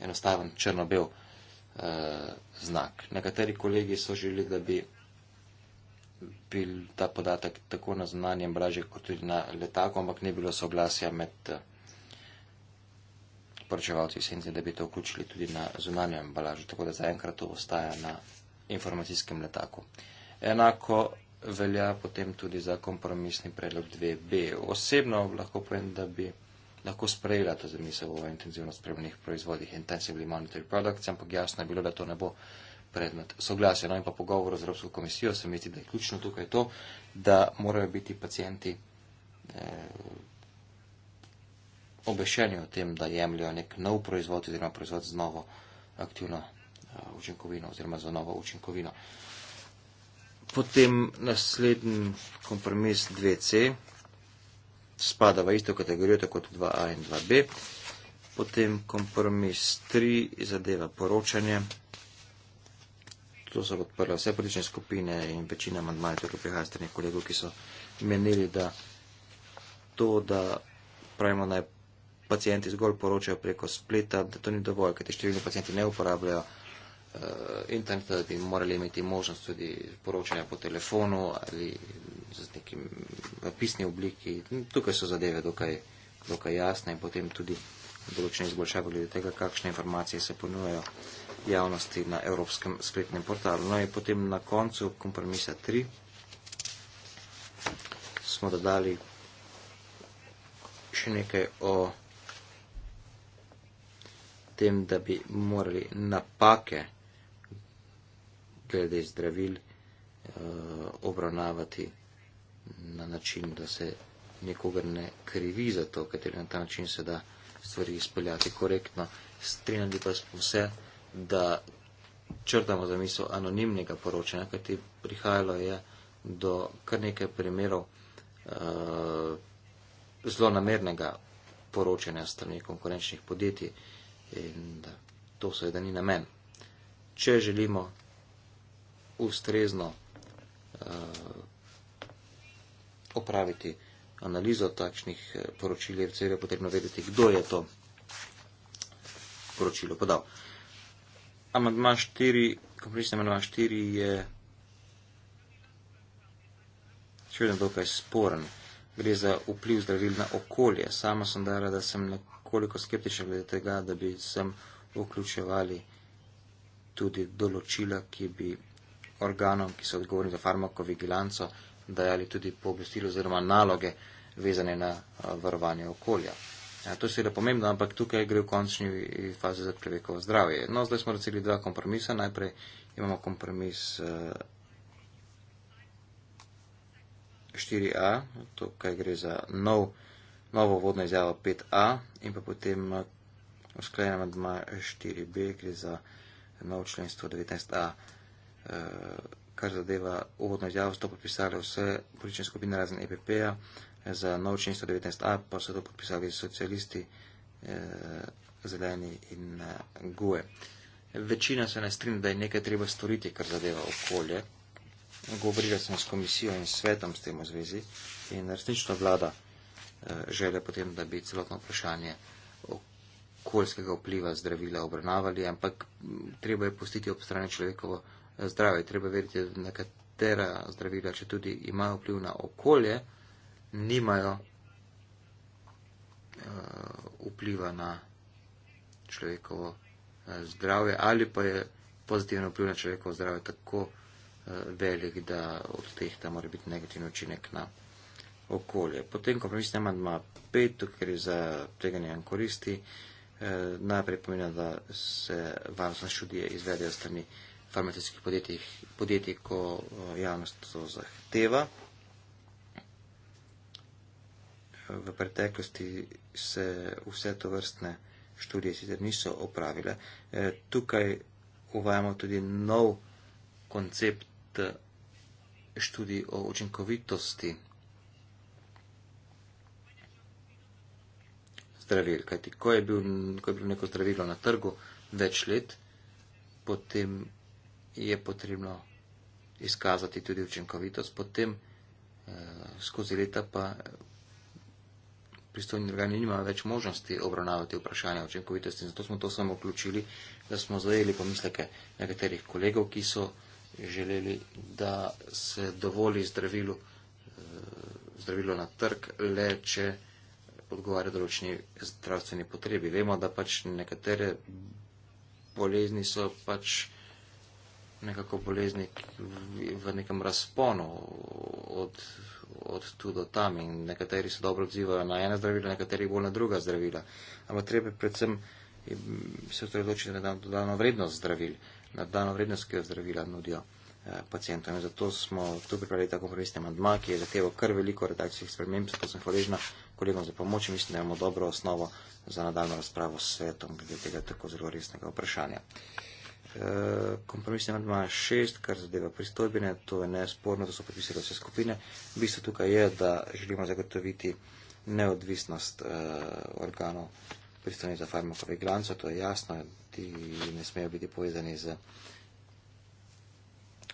enostaven črno-bel eh, znak. Nekateri kolegi so želeli, da bi bil ta podatek tako na znanjem bražje kot tudi na letaku, ampak ni bilo soglasja med eh, poročevalci senci, da bi to vključili tudi na zunanjem balažu, tako da zaenkrat to ostaja na informacijskem letaku. Enako velja potem tudi za kompromisni predlog 2b. Osebno lahko povem, da bi lahko sprejela to zamisel o intenzivno spremljenih proizvodih, intensively monitored products, ampak jasno je bilo, da to ne bo predmet soglasja. No in pa pogovor z Evropsko komisijo se mi zdi, da je ključno tukaj to, da morajo biti pacijenti eh, obešeni o tem, da jemljajo nek nov proizvod oziroma proizvod z novo aktivno eh, učinkovino oziroma za novo učinkovino. Eh, potem naslednji kompromis 2C spada v isto kategorijo, tako kot 2A in 2B. Potem kompromis 3 zadeva poročanje. To so podprle vse politične skupine in večina mandmajev tukaj prihaja strani kolegov, ki so menili, da to, da pravimo naj pacijenti zgolj poročajo preko spleta, da to ni dovolj, ker te številni pacijenti ne uporabljajo Eh, interneta, da bi morali imeti možnost tudi poročanja po telefonu ali z nekim pisni obliki. Tukaj so zadeve dokaj, dokaj jasne in potem tudi določene izboljšave glede tega, kakšne informacije se ponujajo javnosti na evropskem spletnem portalu. No in potem na koncu kompromisa 3 smo dodali še nekaj o tem, da bi morali napake glede zdravil eh, obravnavati na način, da se nikogar ne krivi za to, ker na ta način se da stvari izpeljati korektno. Strinjam pa vse, da črtamo za misel anonimnega poročanja, ker ti prihajalo je do kar nekaj primerov uh, eh, zelo namernega poročanja strani konkurenčnih podjetij in da to seveda ni namen. Če želimo ustrezno uh, opraviti analizo takšnih eh, poročil, jer seveda je potrebno vedeti, kdo je to poročilo podal. Amandma 4, kompromisni amandma 4 je še vedno dokaj sporen. Gre za vpliv zdravil na okolje. Sama sem dala, da sem nekoliko skeptičen glede tega, da bi sem vključevali tudi določila, ki bi organom, ki so odgovorni za farmakovigilanco, dajali tudi pooblastilo oziroma naloge vezane na eh, varovanje okolja. Ja, to je seveda pomembno, ampak tukaj gre v končni fazi za človekovo zdravje. No, zdaj smo recili dva kompromisa. Najprej imamo kompromis 4a, eh, tukaj gre za nov, novo vodno izjavo 5a in pa potem eh, usklajena med 2 4b, gre za nov člen 119a kar zadeva uvodno izjavo, so to podpisali vse politične skupine razen EPP-ja, za novčni 119A pa so to podpisali socialisti, eh, zeleni in eh, GUE. Večina se ne strinja, da je nekaj treba storiti, kar zadeva okolje. Govorila sem s komisijo in svetom s tem v zvezi in resnično vlada eh, želja potem, da bi celotno vprašanje okoljskega vpliva zdravila obravnavali, ampak treba je pustiti ob strani človekovo zdravje. Treba vedeti, da nekatera zdravila, če tudi imajo vpliv na okolje, nimajo uh, vpliva na človekovo uh, zdravje ali pa je pozitiven vpliv na človekovo zdravje tako uh, velik, da od teh ta mora biti negativni učinek na okolje. Potem kompromis ne ima pet, ker je za tega nekaj koristi. Najprej pomeni, da se varnostna študija izvede od strani farmacijskih podjetjih, podjetij, ko eh, javnost to zahteva. V preteklosti se vse to vrstne študije sicer niso opravile. Eh, tukaj uvajamo tudi nov koncept eh, študij o učinkovitosti zdravil. Kajti, ko je bilo neko zdravilo na trgu več let, potem je potrebno izkazati tudi učinkovitost, potem eh, skozi leta pa eh, pristojni organi nimajo več možnosti obravnavati vprašanja učinkovitosti. Zato smo to samo vključili, da smo zajeli pomisleke nekaterih kolegov, ki so želeli, da se dovoli zdravilo, eh, zdravilo na trg, le če odgovarja določni zdravstveni potrebi. Vemo, da pač nekatere bolezni so pač nekako bolezni v nekem razponu od, od tu do tam in nekateri se dobro odzivajo na ena zdravila, nekateri bolj na druga zdravila. Ampak treba predvsem se osredotočiti na dodano vrednost zdravil, na dodano vrednost, ki jo zdravila nudijo eh, pacijentom. In zato smo tu pripravili tako prvistne mandma, ki je zahteval kar veliko redakcijskih sprememb, zato sem hvaležna kolegom za pomoč in mislim, da imamo dobro osnovo za nadaljno razpravo s svetom glede tega tako zelo resnega vprašanja kompromisni nadma šest, kar zadeva pristojbine, to je nesporno, to so podpisali vse skupine. Bistvo tukaj je, da želimo zagotoviti neodvisnost uh, organov pristojnih za farmakove glance, to je jasno, ti ne smejo biti povezani z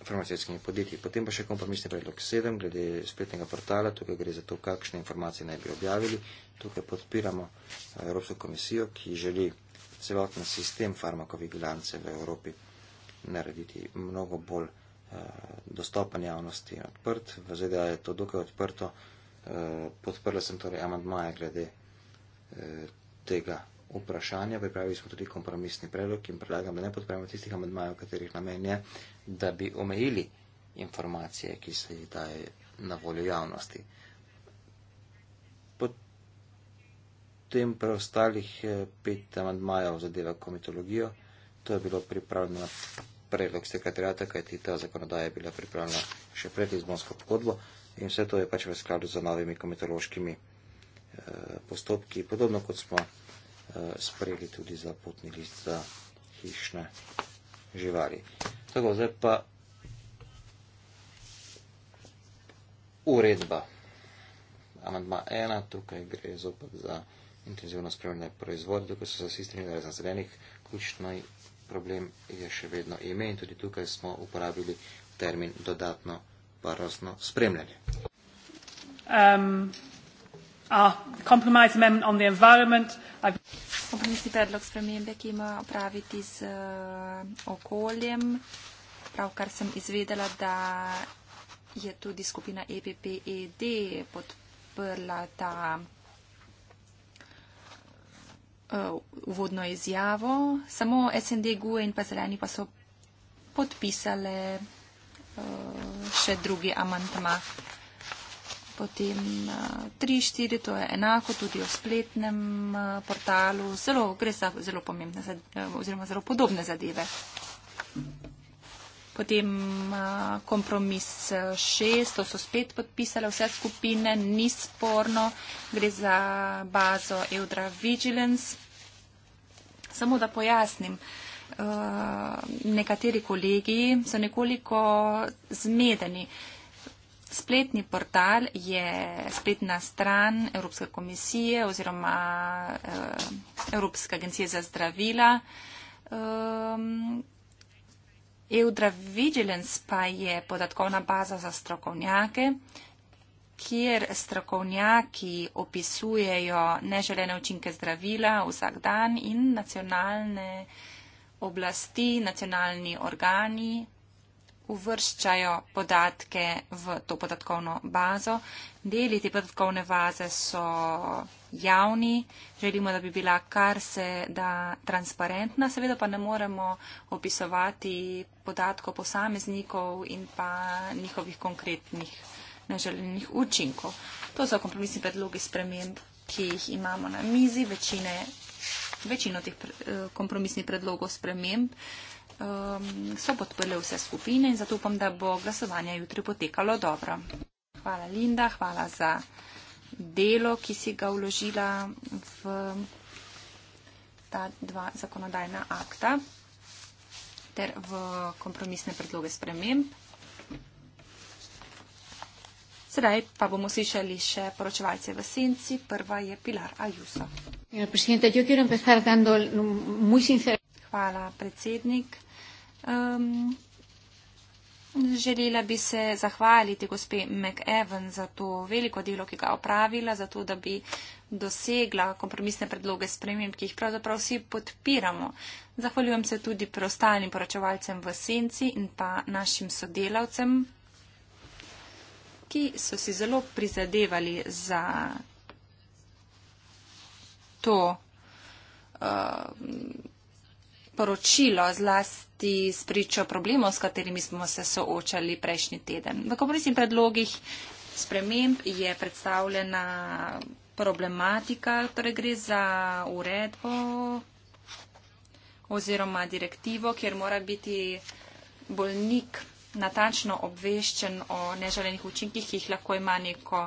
farmacijskimi podjetji. Potem pa še kompromisni predlog 7, glede spletnega portala, tukaj gre za to, kakšne informacije naj bi objavili. Tukaj podpiramo Evropsko komisijo, ki želi celoten sistem farmakovigilance v Evropi narediti mnogo bolj eh, dostopen javnosti in odprt. V ZDA je to dokaj odprto. Eh, podprla sem torej amantmaja glede eh, tega vprašanja. Pripravili smo tudi kompromisni predlog in predlagam, da ne podpremo tistih amantmajev, katerih namen je, da bi omejili informacije, ki se jih daje na voljo javnosti. potem preostalih eh, pet amandmajev zadeva komitologijo. To je bilo pripravljeno na predlog sekretariata, kajti ta zakonodaja je bila pripravljena še pred izbonsko pogodbo in vse to je pač v skladu z novimi komitološkimi eh, postopki, podobno kot smo eh, sprejeli tudi za potni list za hišne živali. Tako, zdaj pa uredba. Amandma 1, tukaj gre zopet za intenzivno spremljanje proizvodnje, tukaj so se vsi strinjali razdeljenih, ključni problem je še vedno ime in tudi tukaj smo uporabili termin dodatno varnostno spremljanje. Um. Kompromisni predlog spremembe, ki ima opraviti z uh, okoljem. Pravkar sem izvedela, da je tudi skupina EPPED podprla ta Eh, uvodno izjavo, samo SND, GUE in pa zeleni pa so podpisale eh, še drugi amantma. Potem 3.4, eh, to je enako tudi o spletnem portalu, zelo, gre za zelo pomembne oziroma zelo podobne zadeve. Mm -hmm. Potem kompromis šest, to so spet podpisale vse skupine, ni sporno, gre za bazo Eudra Vigilance. Samo da pojasnim, nekateri kolegi so nekoliko zmedeni. Spletni portal je spletna stran Evropske komisije oziroma Evropske agencije za zdravila. Eudra Vigilance pa je podatkovna baza za strokovnjake, kjer strokovnjaki opisujejo neželene učinke zdravila vsak dan in nacionalne oblasti, nacionalni organi uvrščajo podatke v to podatkovno bazo. Deli te podatkovne baze so javni, želimo, da bi bila kar se da transparentna, seveda pa ne moremo opisovati podatkov posameznikov in pa njihovih konkretnih neželenih učinkov. To so kompromisni predlogi sprememb, ki jih imamo na mizi. Večine, večino teh eh, kompromisnih predlogov sprememb um, so podprle vse skupine in zato upam, da bo glasovanje jutri potekalo dobro. Hvala Linda, hvala za delo, ki si ga vložila v ta dva zakonodajna akta ter v kompromisne predloge sprememb. Sedaj pa bomo slišali še poročevalce v senci. Prva je Pilar Ajuso. Hvala, predsednik. Um, Želela bi se zahvaliti gospe McEwen za to veliko delo, ki ga opravila, za to, da bi dosegla kompromisne predloge sprememb, ki jih pravzaprav vsi podpiramo. Zahvaljujem se tudi preostalim poročevalcem v senci in pa našim sodelavcem, ki so si zelo prizadevali za to. Uh, poročilo zlasti spričo problemov, s katerimi smo se soočali prejšnji teden. V kompromisnih predlogih sprememb je predstavljena problematika, torej gre za uredbo oziroma direktivo, kjer mora biti bolnik natančno obveščen o neželenih učinkih, ki jih lahko ima neko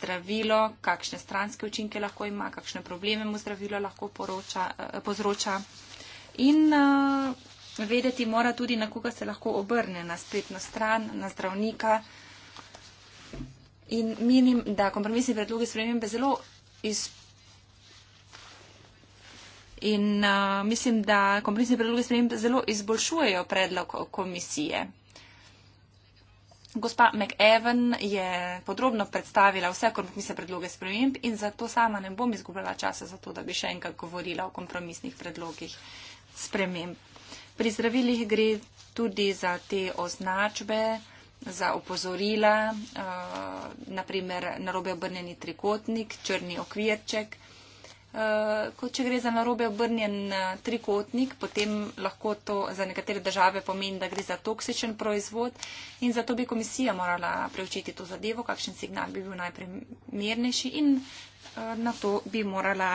zdravilo, kakšne stranske učinke lahko ima, kakšne probleme mu zdravilo lahko poroča, eh, povzroča In uh, vedeti mora tudi, na koga se lahko obrne, na spletno stran, na zdravnika. In menim, da kompromisni predlogi spremembe zelo iz. In uh, mislim, da kompromisni predlogi sprememb zelo izboljšujejo predlog komisije. Gospa McEwen je podrobno predstavila vse kompromisne predloge sprememb in zato sama ne bom izgubljala časa za to, da bi še enkrat govorila o kompromisnih predlogih sprememb. Pri zdravilih gre tudi za te označbe, za opozorila, eh, naprimer narobe obrnjeni trikotnik, črni okvirček. Eh, če gre za narobe obrnjen eh, trikotnik, potem lahko to za nekatere države pomeni, da gre za toksičen proizvod in zato bi komisija morala preučiti to zadevo, kakšen signal bi bil najprimernejši in na to bi morala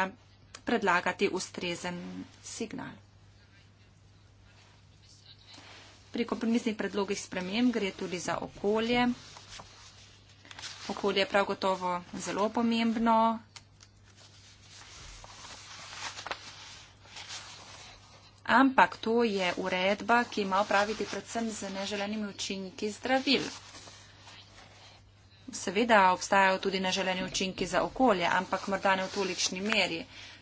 predlagati ustrezen signal. Pri kompromisnih predlogih sprememb gre tudi za okolje. Okolje je prav gotovo zelo pomembno. Ampak to je uredba, ki ima opraviti predvsem z neželenimi učinki zdravil. Seveda obstajajo tudi neželeni učinki za okolje, ampak morda ne v tolikšni meri.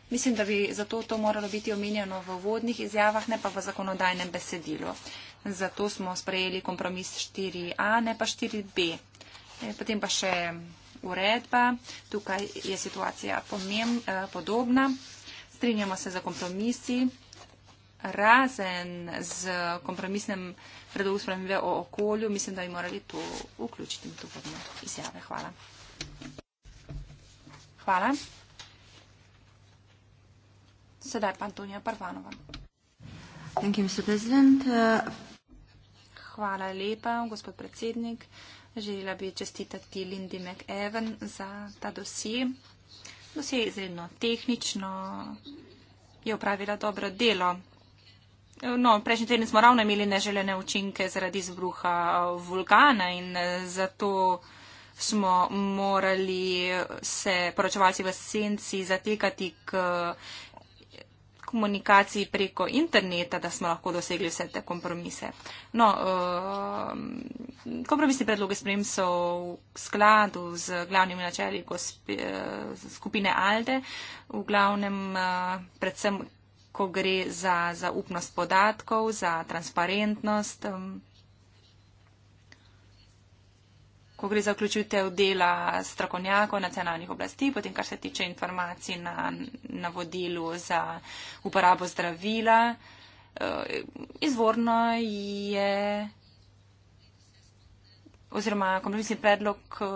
Mislim, da bi zato to moralo biti omenjeno v vodnih izjavah, ne pa v zakonodajnem besedilu. Zato smo sprejeli kompromis 4a, ne pa 4b. E, potem pa še uredba. Tukaj je situacija pomemb, e, podobna. Strinjamo se za kompromisi. Razen z kompromisnem predlogu spremembe o okolju, mislim, da bi morali to vključiti in to podne izjave. Hvala. Hvala. Sedaj pa Antonija Parvanova. Thank you, Mr. President. Uh... Hvala lepa, gospod predsednik. Želela bi čestitati Lindy McEwen za ta dosje. Dosje je izredno tehnično, je upravila dobro delo. No, prejšnji teden smo ravno imeli neželene učinke zaradi izbruha vulkana in eh, zato smo morali se poročevalci v senci zatekati k komunikaciji preko interneta, da smo lahko dosegli vse te kompromise. No, ehm, kompromisni predloge sprem so v skladu z glavnimi načeli eh, skupine ALDE, v glavnem eh, predvsem, ko gre za zaupnost podatkov, za transparentnost. Um, ko gre za vključitev dela strokovnjakov nacionalnih oblasti, potem kar se tiče informacij na, na vodilu za uporabo zdravila, eh, izvorno je oziroma kompromisni predlog eh,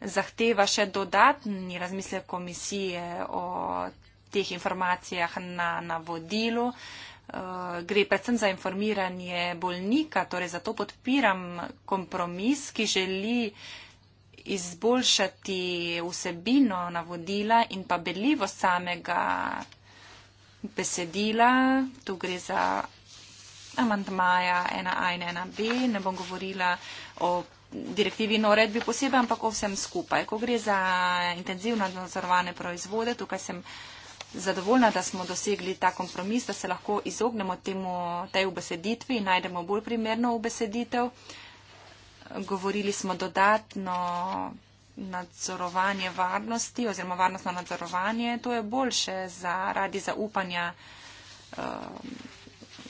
zahteva še dodatni razmislek komisije o teh informacijah na, na vodilu. Uh, Eh, gre predvsem za informiranje bolnika, torej zato podpiram kompromis, ki želi izboljšati vsebino navodila in pa beljivo samega besedila. Tu gre za amantmaja 1a in 1b. Ne bom govorila o direktivi in uredbi posebej, ampak o vsem skupaj. Ko gre za intenzivno nadzorovane proizvode, tukaj sem zadovoljna, da smo dosegli ta kompromis, da se lahko izognemo temu, tej obeseditvi in najdemo bolj primerno obeseditev. Govorili smo dodatno nadzorovanje varnosti oziroma varnostno nadzorovanje. To je boljše za, radi zaupanja. Uh,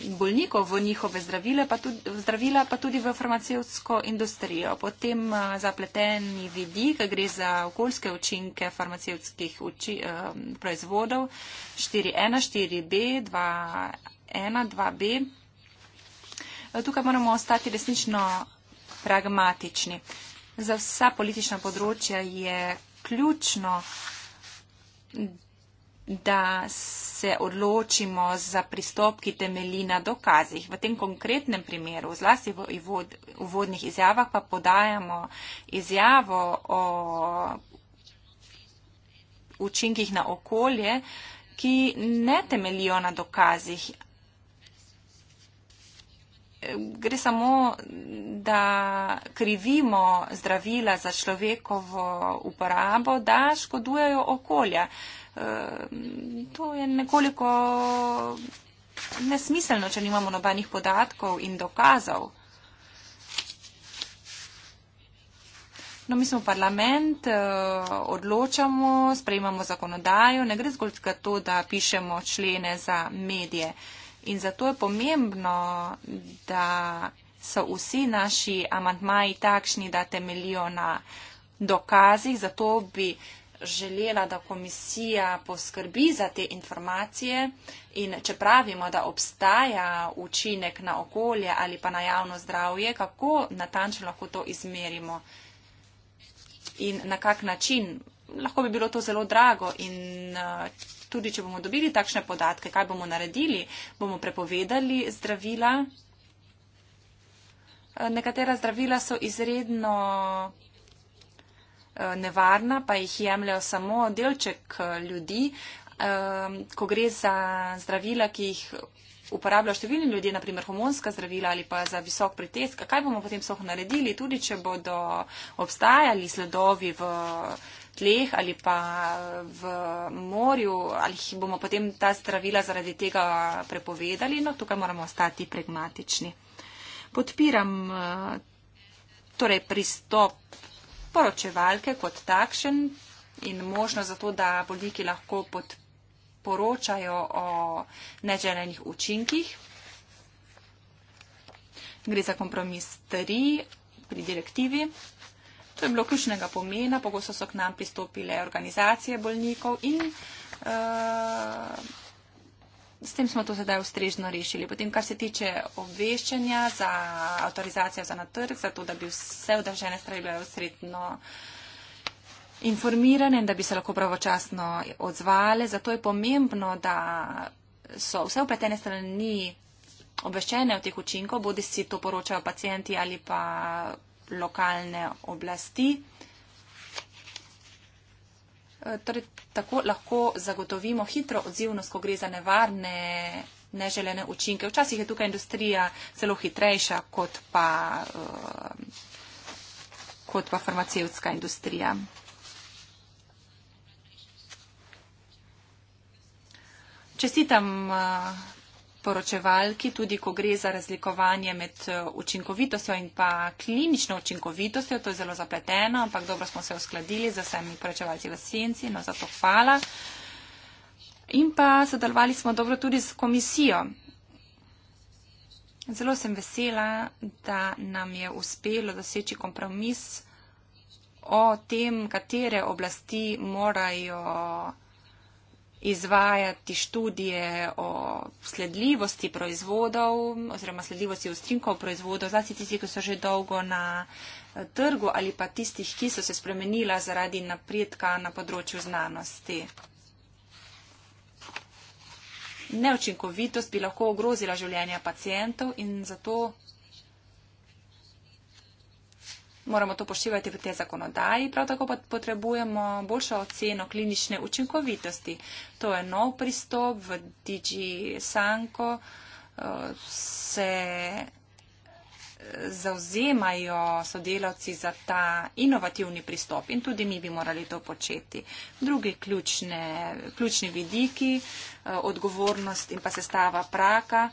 bolnikov v njihove zdravile, pa tudi, zdravila, pa tudi v farmacijsko industrijo. Potem eh, zapleteni vidik, gre za okoljske učinke farmacijskih uči, eh, proizvodov 4.1, 4.B, 2.1, 2.B. Tukaj moramo ostati resnično pragmatični. Za vsa politična področja je ključno, da se odločimo za pristop, ki temelji na dokazih. V tem konkretnem primeru, zlasti v uvodnih izjavah, pa podajamo izjavo o učinkih na okolje, ki ne temelijo na dokazih. Gre samo, da krivimo zdravila za človekovo uporabo, da škodujejo okolja. Ehm, to je nekoliko nesmiselno, če nimamo nobenih podatkov in dokazov. No, mi smo parlament, eh, odločamo, sprejemamo zakonodajo, ne gre zgolj za to, da pišemo člene za medije. In zato je pomembno, da so vsi naši amantmaji takšni, da temelijo na dokazih, zato bi želela, da komisija poskrbi za te informacije in če pravimo, da obstaja učinek na okolje ali pa na javno zdravje, kako natančno lahko to izmerimo in na kak način. Lahko bi bilo to zelo drago in eh, tudi, če bomo dobili takšne podatke, kaj bomo naredili, bomo prepovedali zdravila. Eh, nekatera zdravila so izredno nevarna, pa jih jemljajo samo delček eh, ljudi. Ko gre za zdravila, ki jih uporabljajo številni ljudje, naprimer hormonska zdravila ali pa za visok pritisk, kaj bomo potem soh naredili, tudi če bodo obstajali sledovi v tleh ali pa v morju, ali bomo potem ta zdravila zaradi tega prepovedali, no tukaj moramo ostati pragmatični. Podpiram eh, torej pristop poročevalke kot takšen in možnost za to, da bolniki lahko poročajo o neželenih učinkih. Gre za kompromis 3 pri direktivi. To je bilo ključnega pomena, pogosto so k nam pristopile organizacije bolnikov in uh, S tem smo to sedaj ustrežno rešili. Potem, kar se tiče obveščanja za avtorizacijo za natrg, za to, da bi vse vdržene strani bile ustretno informirane in da bi se lahko pravočasno odzvale. Zato je pomembno, da so vse upletene strani obveščene o teh učinkov, bodi si to poročajo pacijenti ali pa lokalne oblasti. Uh, Eh, torej, tako lahko zagotovimo hitro odzivnost, ko gre za nevarne neželene učinke. Včasih je tukaj industrija celo hitrejša kot pa, uh, kot pa farmacevtska industrija. Čestitam. Uh, poročevalki, tudi ko gre za razlikovanje med eh, učinkovitostjo in pa klinično učinkovitostjo, to je zelo zapleteno, ampak dobro smo se uskladili z vsemi poročevalci v senci, no zato hvala. In pa sodelovali smo dobro tudi s komisijo. Zelo sem vesela, da nam je uspelo doseči kompromis o tem, katere oblasti morajo izvajati študije o sledljivosti proizvodov oziroma sledljivosti ostrinkov proizvodov, zlasti tisti, ki so že dolgo na eh, trgu ali pa tistih, ki so se spremenila zaradi napredka na področju znanosti. Neučinkovitost bi lahko ogrozila življenja pacijentov in zato moramo to poštevati v tej zakonodaji, prav tako pa potrebujemo boljšo oceno klinične učinkovitosti. To je nov pristop v Digi Sanko, eh, se eh, zauzemajo sodelavci za ta inovativni pristop in tudi mi bi morali to početi. Drugi ključne, ključni vidiki, eh, odgovornost in pa sestava praka,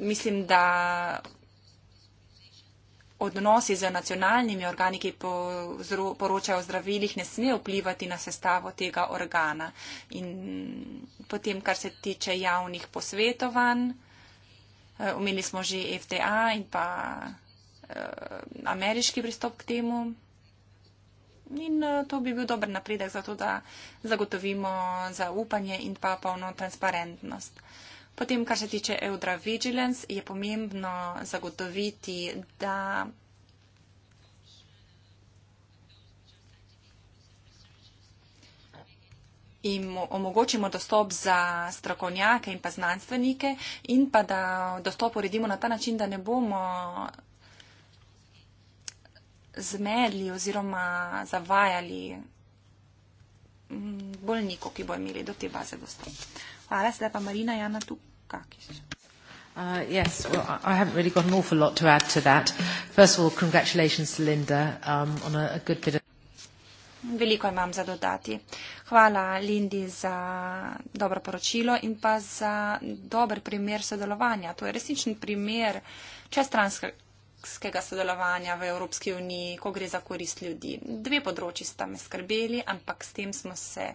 mislim, da odnosi z nacionalnimi organi, ki poročajo o zdravilih, ne sme vplivati na sestavo tega organa. In potem, kar se tiče javnih posvetovanj, eh, omenili smo že FDA in pa eh, ameriški pristop k temu. In eh, to bi bil dober napredek za to, da zagotovimo zaupanje in pa polno transparentnost. Eh, Potem, kar se tiče Eudra Vigilance, je pomembno zagotoviti, da jim omogočimo dostop za strokovnjake in pa znanstvenike in pa da dostop uredimo na ta način, da ne bomo zmedli oziroma zavajali mm, bolnikov, ki bo imeli do te baze dostop. Hvala. Sedaj pa Marina Jana Tukakis. Uh, yes, well, I haven't really got an awful lot to add to that. First of all, congratulations to Linda um, on a, a good bit of. Veliko imam za dodati. Hvala Lindi za dobro poročilo in pa za dober primer sodelovanja. To je resničen primer čestranskega ekonomskega sodelovanja v Evropski uniji, ko gre za korist ljudi. Dve področji sta me skrbeli, ampak s tem smo se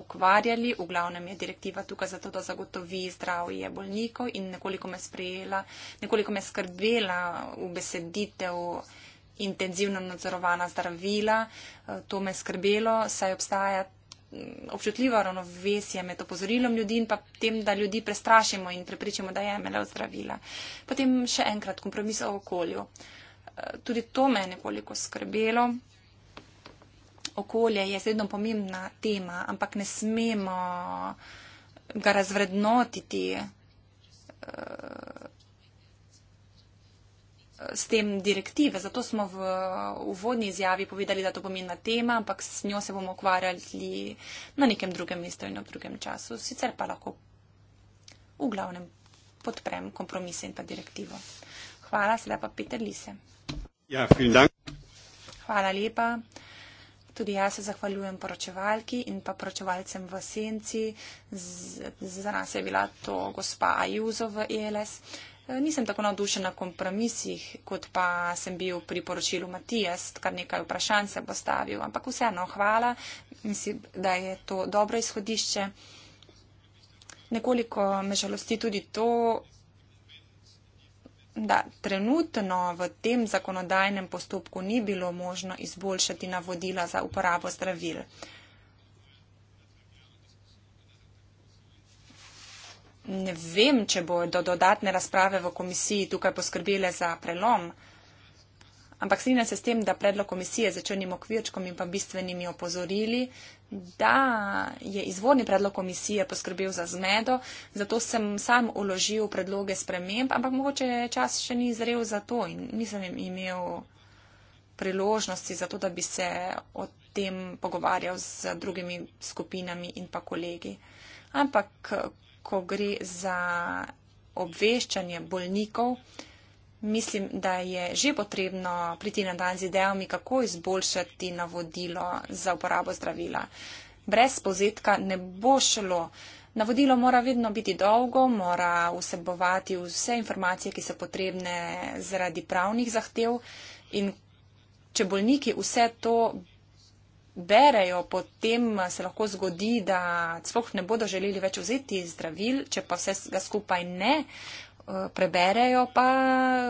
ukvarjali. V glavnem je direktiva tukaj zato, da zagotovi zdravje bolnikov in nekoliko me, sprejela, nekoliko me skrbela v beseditev intenzivno nadzorovana zdravila. To me skrbelo, saj obstajata občutljivo ravnovesje med opozorilom ljudi in pa tem, da ljudi prestrašimo in prepričamo, da je emele zdravila. Potem še enkrat kompromis o okolju. Eh, tudi to me je nekoliko skrbelo. Okolje je sedno pomembna tema, ampak ne smemo ga razvrednotiti. Eh, s tem direktive. Zato smo v uvodni izjavi povedali, da to pomeni na tema, ampak s njo se bomo ukvarjali na nekem drugem mestu in v drugem času. Sicer pa lahko v glavnem podprem kompromise in pa direktivo. Hvala, sedaj pa Peter Lise. Ja, Hvala lepa. Tudi jaz se zahvaljujem poročevalki in pa poročevalcem v Senci. Z, z, za nas je bila to gospa Ajuzo v ELS. Uh, Eh, nisem tako navdušen na kompromisih, kot pa sem bil pri poročilu Matijas, kar nekaj vprašanj se bo stavil, ampak vseeno hvala, mislim, da je to dobro izhodišče. Nekoliko me žalosti tudi to, da trenutno v tem zakonodajnem postopku ni bilo možno izboljšati navodila za uporabo zdravil. Ne vem, če bodo dodatne razprave v komisiji tukaj poskrbele za prelom, ampak strinjam se s tem, da predlog komisije za črnim okvirčkom in pa bistvenimi opozorili, da je izvorni predlog komisije poskrbel za zmedo, zato sem sam uložil predloge sprememb, ampak mogoče čas še ni zrel za to in nisem imel priložnosti za to, da bi se o tem pogovarjal z drugimi skupinami in pa kolegi. Ampak ko gre za obveščanje bolnikov, mislim, da je že potrebno priti na dan z idejami, kako izboljšati navodilo za uporabo zdravila. Brez povzetka ne bo šlo. Navodilo mora vedno biti dolgo, mora vsebovati vse informacije, ki so potrebne zaradi pravnih zahtev in če bolniki vse to berejo, potem se lahko zgodi, da sploh ne bodo želeli več vzeti zdravil, če pa vse ga skupaj ne eh, preberejo, pa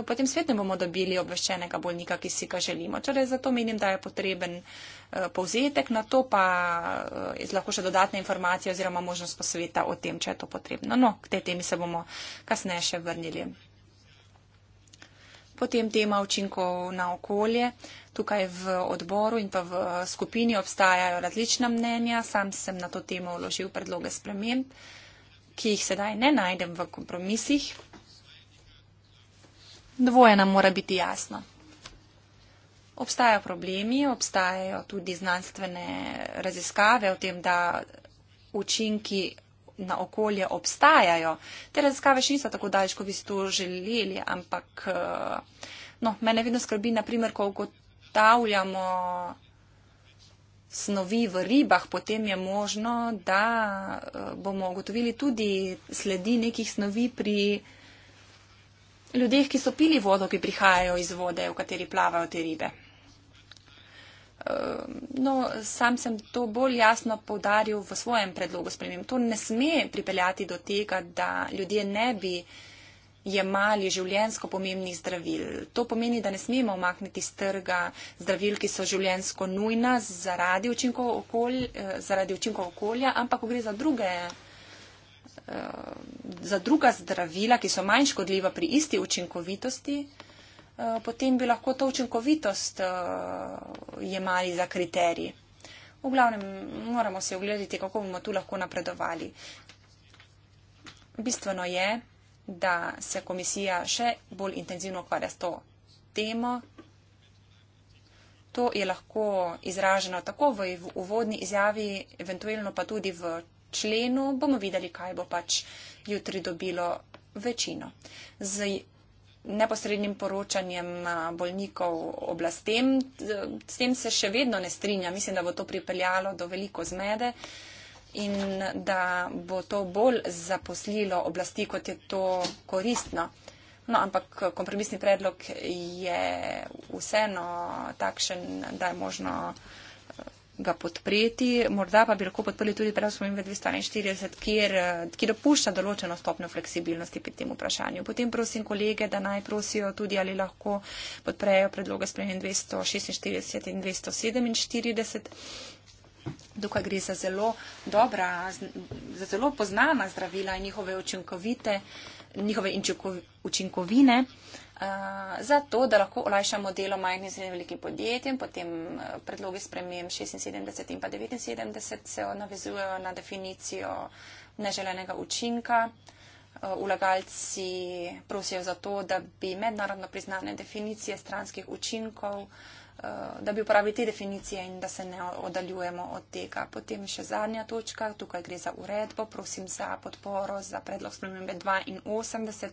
potem svet ne bomo dobili obveščenega bolnika, ki si ga želimo. Torej, zato menim, da je potreben eh, povzetek, na to pa eh, je lahko še dodatne informacije oziroma možnost posveta o tem, če je to potrebno. No, k tej temi se bomo kasneje še vrnili. Potem tema učinkov na okolje. Tukaj v odboru in pa v skupini obstajajo različna mnenja. Sam sem na to temo vložil predloge sprememb, ki jih sedaj ne najdem v kompromisih. Dvoje nam mora biti jasno. Obstajajo problemi, obstajajo tudi znanstvene raziskave o tem, da učinki na okolje obstajajo. Te raziskave še niso tako daleč, kot bi si to želeli, ampak eh, no, mene vedno skrbi, naprimer, ko ugotavljamo snovi v ribah, potem je možno, da eh, bomo ugotovili tudi sledi nekih snovi pri ljudeh, ki so pili vodo, ki prihajajo iz vode, v kateri plavajo te ribe. Eh, no, sam sem to bolj jasno povdaril v svojem predlogu spremem. To ne sme pripeljati do tega, da ljudje ne bi jemali življensko pomembnih zdravil. To pomeni, da ne smemo omakniti z trga zdravil, ki so življensko nujna zaradi učinkov, okolj, eh, zaradi učinkov okolja, ampak ko gre za, druge, eh, za druga zdravila, ki so manj škodljiva pri isti učinkovitosti, Eh, potem bi lahko to učinkovitost eh, jemali za kriterij. V glavnem moramo se ogledati, kako bomo tu lahko napredovali. Bistveno je, da se komisija še bolj intenzivno ukvarja s to temo. To je lahko izraženo tako v uvodni izjavi, eventualno pa tudi v členu. Bomo videli, kaj bo pač jutri dobilo večino. Z neposrednim poročanjem bolnikov oblastem. S tem se še vedno ne strinja. Mislim, da bo to pripeljalo do veliko zmede in da bo to bolj zaposlilo oblasti, kot je to koristno. No, ampak kompromisni predlog je vseeno takšen, da je možno ga podpreti. Morda pa bi lahko podprli tudi prav spomenbe 241, kjer, eh, ki dopušča določeno stopnjo fleksibilnosti pri tem vprašanju. Potem prosim kolege, da naj prosijo tudi, ali lahko podprejo predloge spremen 246 in 247. Tukaj gre za zelo dobra, za zelo poznana zdravila in njihove učinkovite, njihove učinkovine. Uh, Eh, zato, da lahko olajšamo delo majhnim in srednjim velikim podjetjem, potem eh, predlogi spremem 76 in pa 79 se navezujejo na definicijo neželenega učinka. Eh, ulagalci prosijo za to, da bi mednarodno priznane definicije stranskih učinkov, da bi uporabili te definicije in da se ne odaljujemo od tega. Potem še zadnja točka, tukaj gre za uredbo, prosim za podporo za predlog spremembe 82.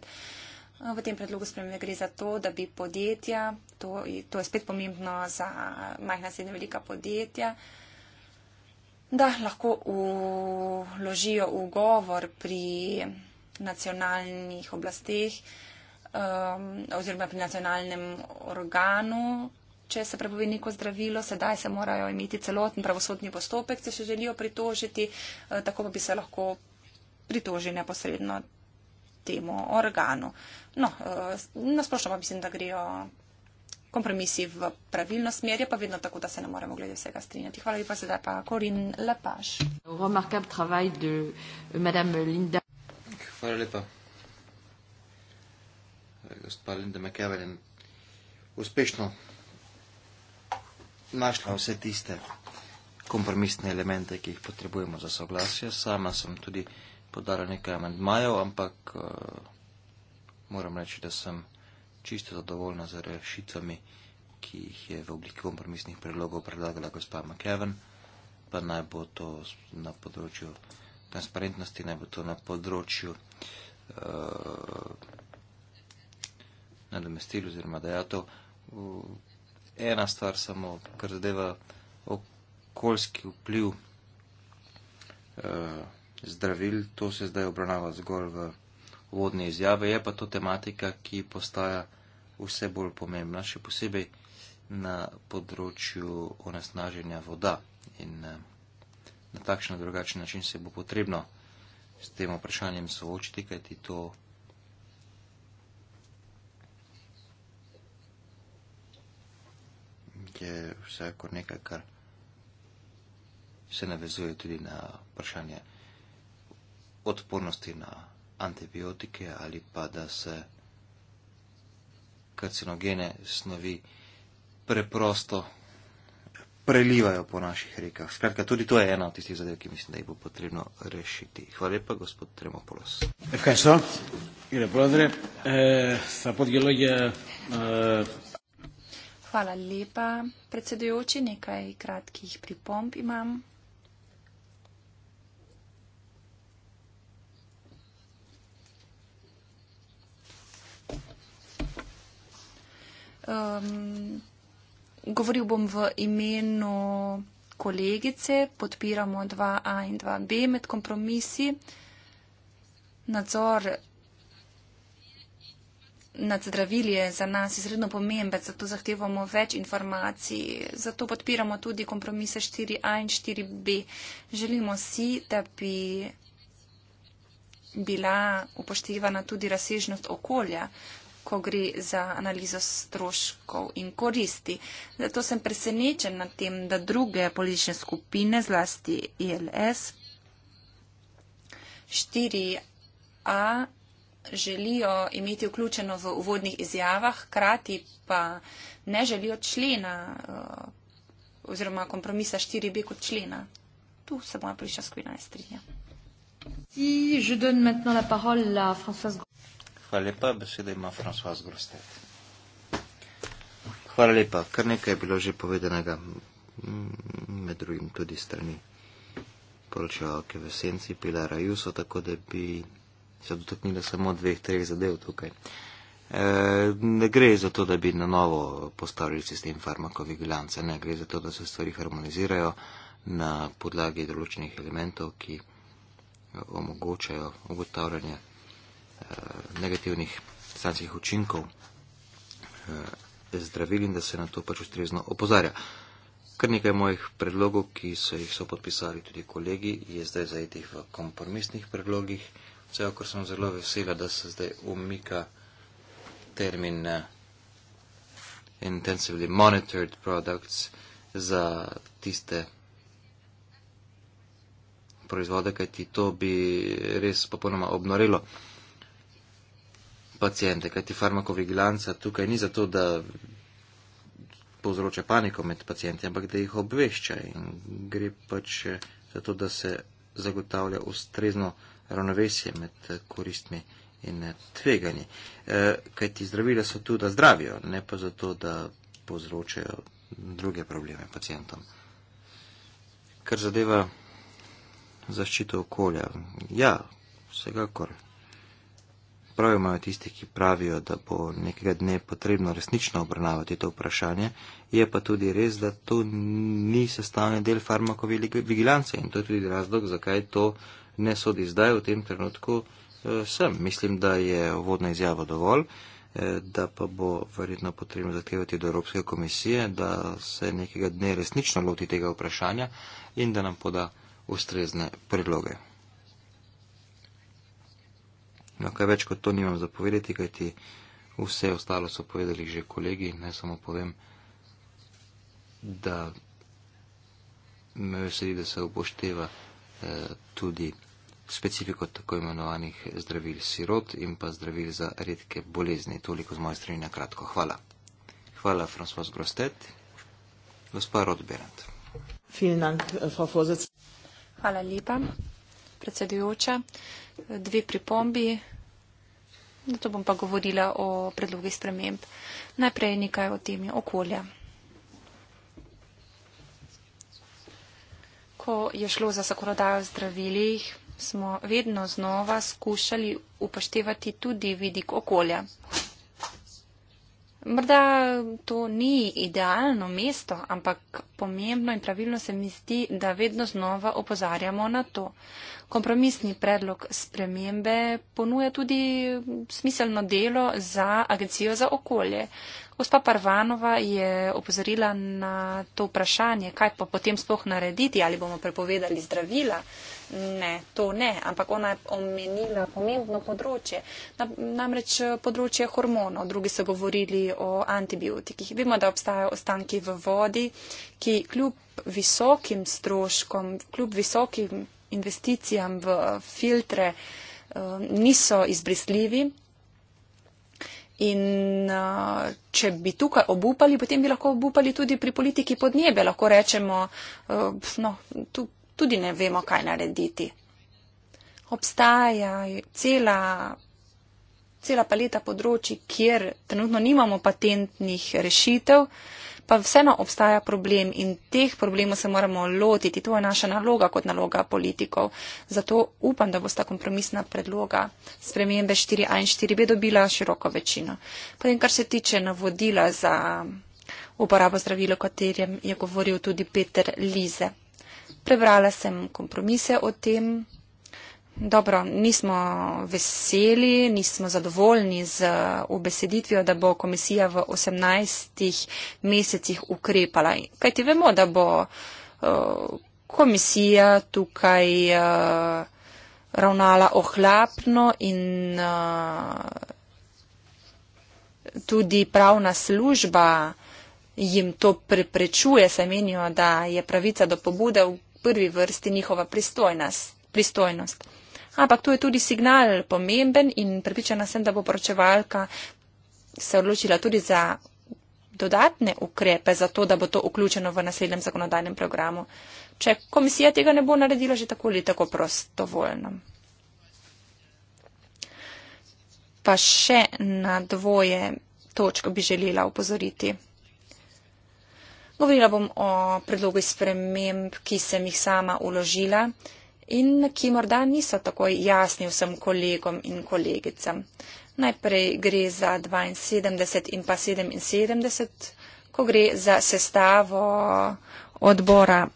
V tem predlogu spremembe gre za to, da bi podjetja, to, to je spet pomembno za majhna srednja velika podjetja, da lahko vložijo ugovor pri nacionalnih oblastih um, oziroma pri nacionalnem organu, če se prepove neko zdravilo. Sedaj se morajo imeti celoten pravosodni postopek, če se želijo pritožiti, eh, tako pa bi se lahko pritožili neposredno temu organu. No, eh, nasplošno pa mislim, da grejo kompromisi v pravilno smer, je pa vedno tako, da se ne moremo glede vsega strinjati. Hvala lepa, sedaj pa Korin Lepaš. Euh, Hvala lepa. Gospa Linda McEveren, uspešno našla vse tiste kompromisne elemente, ki jih potrebujemo za soglasje. Sama sem tudi podala nekaj amendmajev, ampak uh, moram reči, da sem čisto zadovoljna z rešitvami, ki jih je v obliki kompromisnih predlogov predlagala gospa McKevin, pa naj bo to na področju transparentnosti, naj bo to na področju uh, nadomestil oziroma dejatov. Uh, ena stvar samo, kar zadeva okoljski vpliv. Uh, zdravil, to se zdaj obravnava zgolj v vodne izjave, je pa to tematika, ki postaja vse bolj pomembna, še posebej na področju onesnaženja voda. In eh, na takšen ali drugačen način se bo potrebno s tem vprašanjem soočiti, kajti to. Je vsekakor nekaj, kar se navezuje tudi na vprašanje odpornosti na antibiotike ali pa da se karcinogene snovi preprosto prelivajo po naših rekah. Skratka, tudi to je ena od tistih zadev, ki mislim, da jih bo potrebno rešiti. Hvala lepa, gospod Tremopolos. Kaj so? Gre pozdrav. E, sa podgeloge. E. Hvala lepa, predsedujoči. Nekaj kratkih pripomb imam. Um, govoril bom v imenu kolegice, podpiramo 2A in 2B med kompromisi. Nadzor nad zdravili je za nas izredno pomemben, zato zahtevamo več informacij. Zato podpiramo tudi kompromise 4A in 4B. Želimo si, da bi bila upoštevana tudi razsežnost okolja ko gre za analizo stroškov in koristi. Zato sem presenečen nad tem, da druge politične skupine, zlasti ILS, 4A, želijo imeti vključeno v uvodnih izjavah, krati pa ne želijo člena eh, oziroma kompromisa 4B kot člena. Tu se moja priča skupina ne strinja. Si, je donem zdaj besedo Françoise Gros. Hvala lepa. Besedo ima François Grostet. Hvala lepa. Kar nekaj je bilo že povedanega mm, med drugim tudi strani poročevalke v senci Pilara Juso, tako da bi se dotaknila samo dveh, treh zadev tukaj. E, ne gre za to, da bi na novo postavili sistem farmakovigilance, ne gre za to, da se stvari harmonizirajo na podlagi določenih elementov, ki omogočajo ugotavljanje Eh, negativnih stranskih učinkov eh, zdravil in da se na to pač ustrezno opozarja. Kar nekaj mojih predlogov, ki so jih so podpisali tudi kolegi, je zdaj zajetih v kompromisnih predlogih. Vse, kar sem zelo vesela, da se zdaj umika termin eh, intensively monitored products za tiste proizvode, kajti to bi res popolnoma obnorilo paciente, kajti farmakovigilanca tukaj ni zato, da povzroča paniko med pacijenti, ampak da jih obvešča in gre pač eh, zato, da se zagotavlja ustrezno ravnovesje med eh, koristmi in eh, tveganji. Kajti zdravila so tu, da zdravijo, ne pa zato, da povzročajo druge probleme pacijentom. Kar zadeva zaščito okolja. Ja, vsekakor prav imajo tisti, ki pravijo, da bo nekega dne potrebno resnično obravnavati to vprašanje, je pa tudi res, da to ni sestavni del farmakovigilance in to je tudi razlog, zakaj to ne sodi zdaj v tem trenutku eh, sem. Mislim, da je vodna izjava dovolj, eh, da pa bo verjetno potrebno zahtevati od Evropske komisije, da se nekega dne resnično loti tega vprašanja in da nam poda ustrezne predloge. No, kaj več kot to nimam zapovedati, kajti vse ostalo so povedali že kolegi. Naj samo povem, da me veseli, da se upošteva eh, tudi specifiko tako imenovanih zdravil sirot in pa zdravil za redke bolezni. Toliko z moje strani na kratko. Hvala. Hvala, François Grostet. Gospa Rod Berendt. Eh, Hvala lepa predsedujoča, dve pripombi. Zato bom pa govorila o predlogi sprememb. Najprej nekaj o temi okolja. Ko je šlo za zakonodajo o zdravilih, smo vedno znova skušali upoštevati tudi vidik okolja. Morda to ni idealno mesto, ampak pomembno in pravilno se mi zdi, da vedno znova opozarjamo na to. Kompromisni predlog spremembe ponuja tudi smiselno delo za Agencijo za okolje. Gospa Parvanova je opozorila na to vprašanje, kaj pa potem sploh narediti, ali bomo prepovedali zdravila. Ne, to ne, ampak ona je omenila pomembno področje, namreč področje hormonov. Drugi so govorili o antibiotikih. Vemo, da obstajajo ostanki v vodi, ki kljub visokim stroškom, kljub visokim investicijam v filtre eh, niso izbrisljivi, In če bi tukaj obupali, potem bi lahko obupali tudi pri politiki podnebja. Lahko rečemo, no, tudi ne vemo, kaj narediti. Obstaja cela, cela paleta področji, kjer trenutno nimamo patentnih rešitev pa vseeno obstaja problem in teh problemov se moramo lotiti. To je naša naloga kot naloga politikov. Zato upam, da bosta kompromisna predloga spremembe 4a in 4b dobila široko večino. Potem, kar se tiče navodila za uporabo zdravil, o katerem je govoril tudi Peter Lize. Prebrala sem kompromise o tem. Dobro, nismo veseli, nismo zadovoljni z obeseditvijo, eh, da bo komisija v 18 mesecih ukrepala. Kaj ti vemo, da bo uh, komisija tukaj uh, ravnala ohlapno in uh, tudi pravna služba jim to preprečuje, saj menijo, da je pravica do pobude v prvi vrsti njihova pristojnost ampak to je tudi signal pomemben in pripričana sem, da bo poročevalka se odločila tudi za dodatne ukrepe za to, da bo to vključeno v naslednjem zakonodajnem programu, če komisija tega ne bo naredila že tako ali tako prostovoljno. Pa še na dvoje točk bi želela upozoriti. Govorila bom o predlogu sprememb, ki sem jih sama uložila. Uh, in ki morda niso tako jasni vsem kolegom in kolegicam. Najprej gre za 72 in pa 77, ko gre za sestavo odbora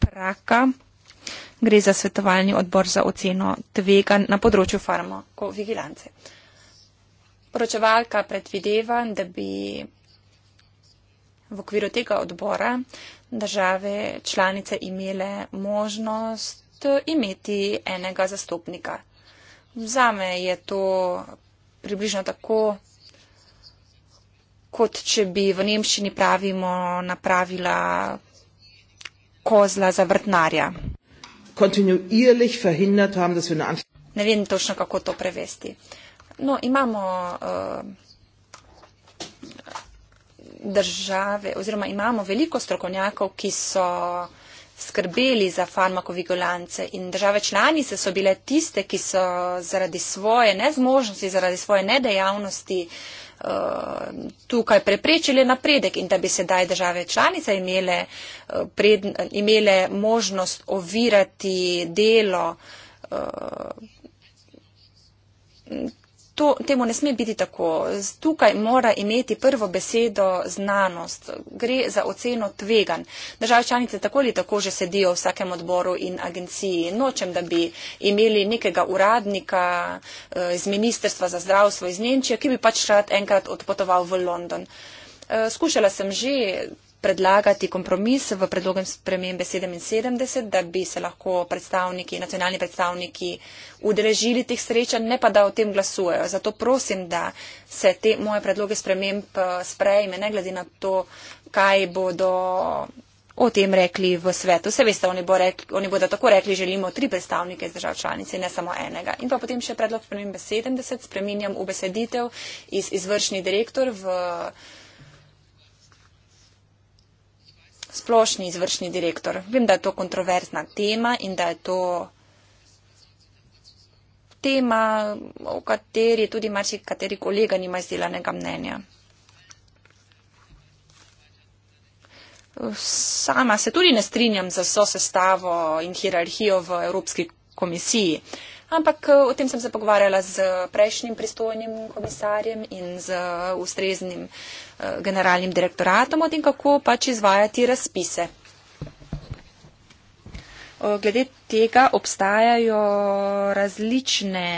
Praka, gre za svetovalni odbor za oceno tvega na področju farmakovigilance. Poročevalka predvideva, da bi v okviru tega odbora države članice imele možnost Eh, imeti enega zastopnika. Zame je to približno tako, kot če bi v Nemščini pravimo napravila kozla za vrtnarja. Ne vem točno, kako to prevesti. No, imamo uh, države oziroma imamo veliko strokovnjakov, ki so skrbeli za farmakovigilance in države članice so bile tiste, ki so zaradi svoje nezmožnosti, zaradi svoje nedejavnosti eh, tukaj preprečili napredek in da bi sedaj države članice imele, eh, pred, imele možnost ovirati delo eh, to, temu ne sme biti tako. Tukaj mora imeti prvo besedo znanost. Gre za oceno tvegan. Države članice tako ali tako že sedijo v vsakem odboru in agenciji. Nočem, da bi imeli nekega uradnika eh, iz Ministrstva za zdravstvo iz Nemčije, ki bi pač rad enkrat odpotoval v London. Eh, skušala sem že predlagati kompromis v predlogem spremembe 77, da bi se lahko predstavniki, nacionalni predstavniki udeležili teh srečanj, ne pa da o tem glasujejo. Zato prosim, da se te moje predloge sprememb eh, sprejme, ne glede na to, kaj bodo o tem rekli v svetu. Vse veste, oni, bo rekli, oni bodo tako rekli, želimo tri predstavnike iz držav članice, ne samo enega. In pa potem še predlog spremembe 70, spreminjam ubeseditev iz izvršni direktor v. splošni izvršni direktor. Vem, da je to kontroverzna tema in da je to tema, o kateri tudi marši kateri kolega nima izdelanega mnenja. Sama se tudi ne strinjam za so sestavo in hierarhijo v Evropski komisiji. Uh, Ampak eh, o tem sem se pogovarjala z prejšnjim pristojnim komisarjem in z ustreznim eh, generalnim direktoratom o tem, kako pač izvajati razpise. Glede tega obstajajo različne.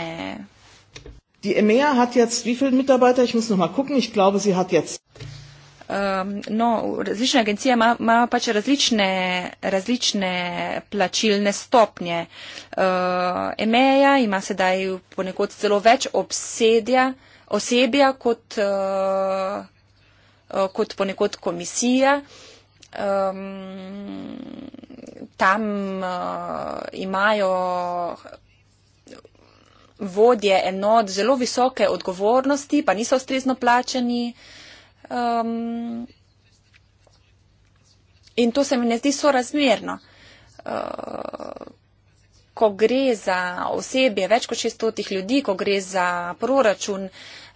Die EMEA hat jetzt, wie viele Mitarbeiter? Ich muss noch mal gucken. Ich glaube, sie hat jetzt. Um, no, različne agencije imajo ma, pač različne, različne plačilne stopnje. Uh, EMEA ima sedaj ponekod celo več obsedja, osebja kot, uh, kot ponekod komisija. Um, tam uh, imajo vodje enot zelo visoke odgovornosti, pa niso ustrezno plačani. Uh, Um, in to se mi ne zdi sorazmerno. Uh, ko gre za osebje več kot 600 ljudi, ko gre za proračun,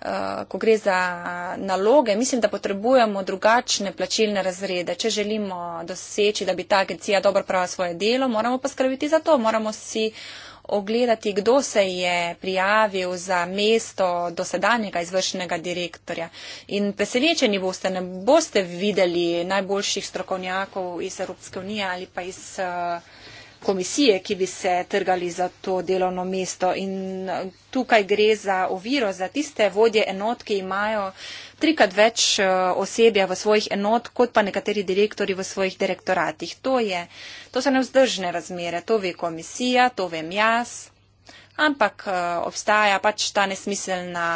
uh, ko gre za naloge, mislim, da potrebujemo drugačne plačilne razrede. Če želimo doseči, da bi ta agencija dobro prava svoje delo, moramo poskrbiti za to, moramo si uh, ogledati, kdo se je prijavil za mesto dosedanjega izvršnega direktorja. In presenečeni boste, ne boste videli najboljših strokovnjakov iz Evropske unije ali pa iz uh, komisije, ki bi se trgali za to delovno mesto. In eh, tukaj gre za oviro za tiste vodje enot, ki imajo trikrat več eh, osebja v svojih enot, kot pa nekateri direktori v svojih direktoratih. To, je, to so nevzdržne razmere, to ve komisija, to vem jaz, ampak eh, obstaja pač ta nesmiselna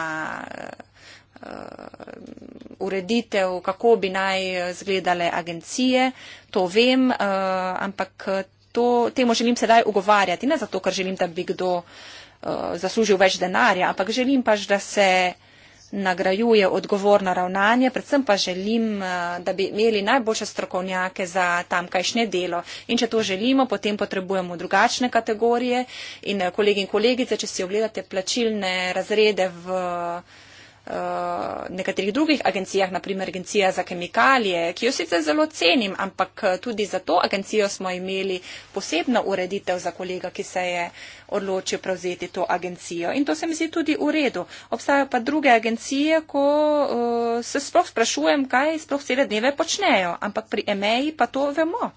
ureditev, kako bi naj zgledale agencije. To vem, ampak to, temu želim sedaj ugovarjati, ne zato, ker želim, da bi kdo uh, zaslužil več denarja, ampak želim pač, da se nagrajuje odgovorno ravnanje, predvsem pa želim, uh, da bi imeli najboljše strokovnjake za tamkajšnje delo. In če to želimo, potem potrebujemo drugačne kategorije. In uh, kolegi in kolegice, če si ogledate plačilne razrede v Eh, nekaterih drugih agencijah, naprimer Agencija za kemikalije, ki jo sicer zelo cenim, ampak eh, tudi za to agencijo smo imeli posebno ureditev za kolega, ki se je odločil prevzeti to agencijo. In to se mi zdi tudi v redu. Obstajajo pa druge agencije, ko uh, se sploh sprašujem, kaj sploh cele dneve počnejo, ampak pri EMEI pa to vemo.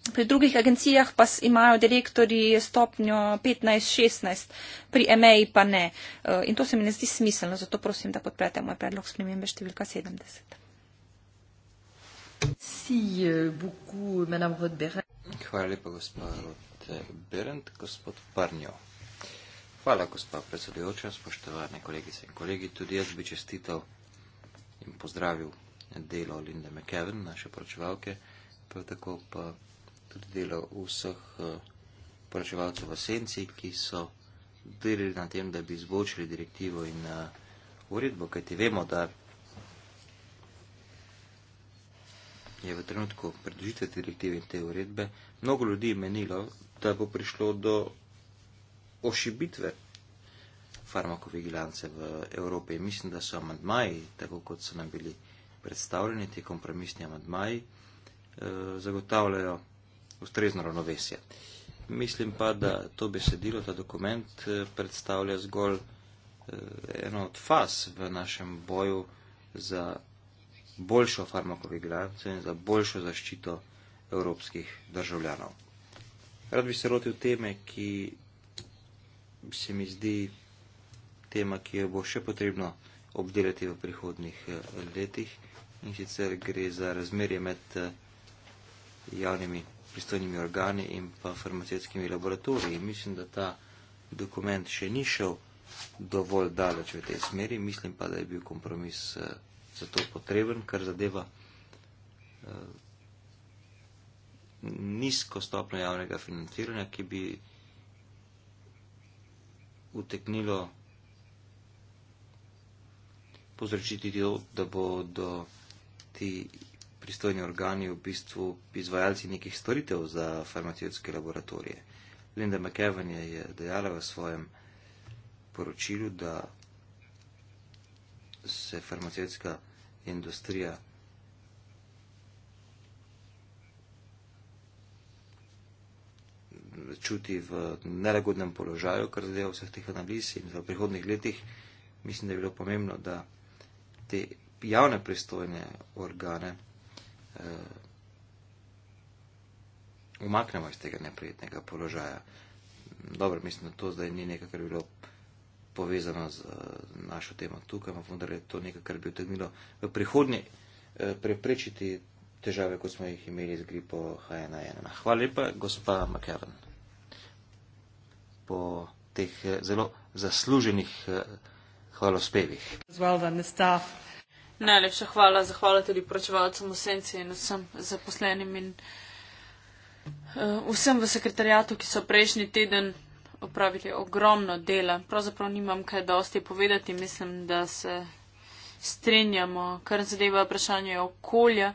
Pri drugih agencijah pa imajo direktori stopnjo 15-16, pri MEI pa ne. Eh, in to se mi ne zdi smiselno, zato prosim, da podprete moj predlog spremembe številka 70. Eh, Hvala lepa, gospod Berend, gospod Parnjo. Hvala, gospa predsedujoča, spoštovane kolegice in kolegi. Tudi jaz bi čestital in pozdravil delo Linde McKevin, naše poročevalke, prav tako pa tudi delo vseh eh, poročevalcev v senci, ki so delili na tem, da bi izboljšali direktivo in eh, uredbo, kajti vemo, da je v trenutku predložitve direktive in te uredbe mnogo ljudi menilo, da bo prišlo do ošibitve farmakovigilance v Evropi. Mislim, da so amadmaji, tako kot so nam bili predstavljeni, te kompromisni amadmaji, eh, zagotavljajo ustrezno ravnovesje. Mislim pa, da to besedilo, ta dokument eh, predstavlja zgolj eh, eno od faz v našem boju za boljšo farmakovigilanco in za boljšo zaščito evropskih državljanov. Rad bi se lotil teme, ki se mi zdi tema, ki jo bo še potrebno obdelati v prihodnih eh, letih in sicer gre za razmerje med javnimi pristojnimi organi in pa farmacijskimi laboratoriji. Mislim, da ta dokument še ni šel dovolj daleč v tej smeri, mislim pa, da je bil kompromis uh, za to potreben, kar zadeva uh, nizko stopno javnega financiranja, ki bi uteknilo povzročiti to, da bodo ti pristojni organi v bistvu izvajalci nekih storitev za farmacijske laboratorije. Linda McEwan je dejala v svojem poročilu, da se farmacijska industrija čuti v nelagodnem položaju, kar zadeva vseh teh analiz in v prihodnih letih mislim, da je bilo pomembno, da te javne pristojne organe Eh, umaknemo iz tega neprijetnega položaja. Dobro, mislim, da to zdaj ni nekaj, kar bi bilo povezano z eh, našo temo tukaj, ampak vendar je to nekaj, kar bi utegnilo v prihodnje eh, preprečiti težave, kot smo jih imeli z gripo HN1. Hvala lepa, gospa McKevin. Po teh zelo zasluženih hvalospevih. As well than the staff. Najlepša hvala, zahvala tudi pročevalcem v senci in vsem zaposlenim in uh, vsem v sekretarijatu, ki so prejšnji teden opravili ogromno dela. Pravzaprav nimam kaj dosti povedati, mislim, da se strinjamo, kar zadeva vprašanje okolja.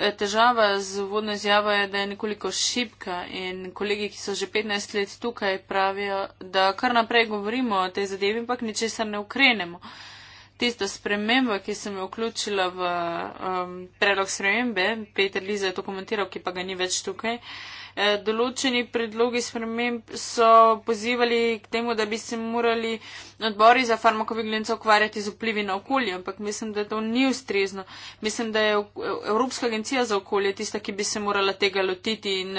Eh, težava z vodno izjavo je, da je nekoliko šipka in kolegi, ki so že 15 let tukaj, pravijo, da kar naprej govorimo o tej zadevi, ampak ničesar ne ukrenemo. Uh, tisto spremembo, ki sem jo vključila v um, predlog spremembe, Peter Liza je to komentiral, ki pa ga ni več tukaj. Uh, Eh, določeni predlogi sprememb so pozivali k temu, da bi se morali odbori za farmakovigilance ukvarjati z vplivi na okolje, ampak mislim, da to ni ustrezno. Mislim, da je Evropska agencija za okolje tista, ki bi se morala tega lotiti in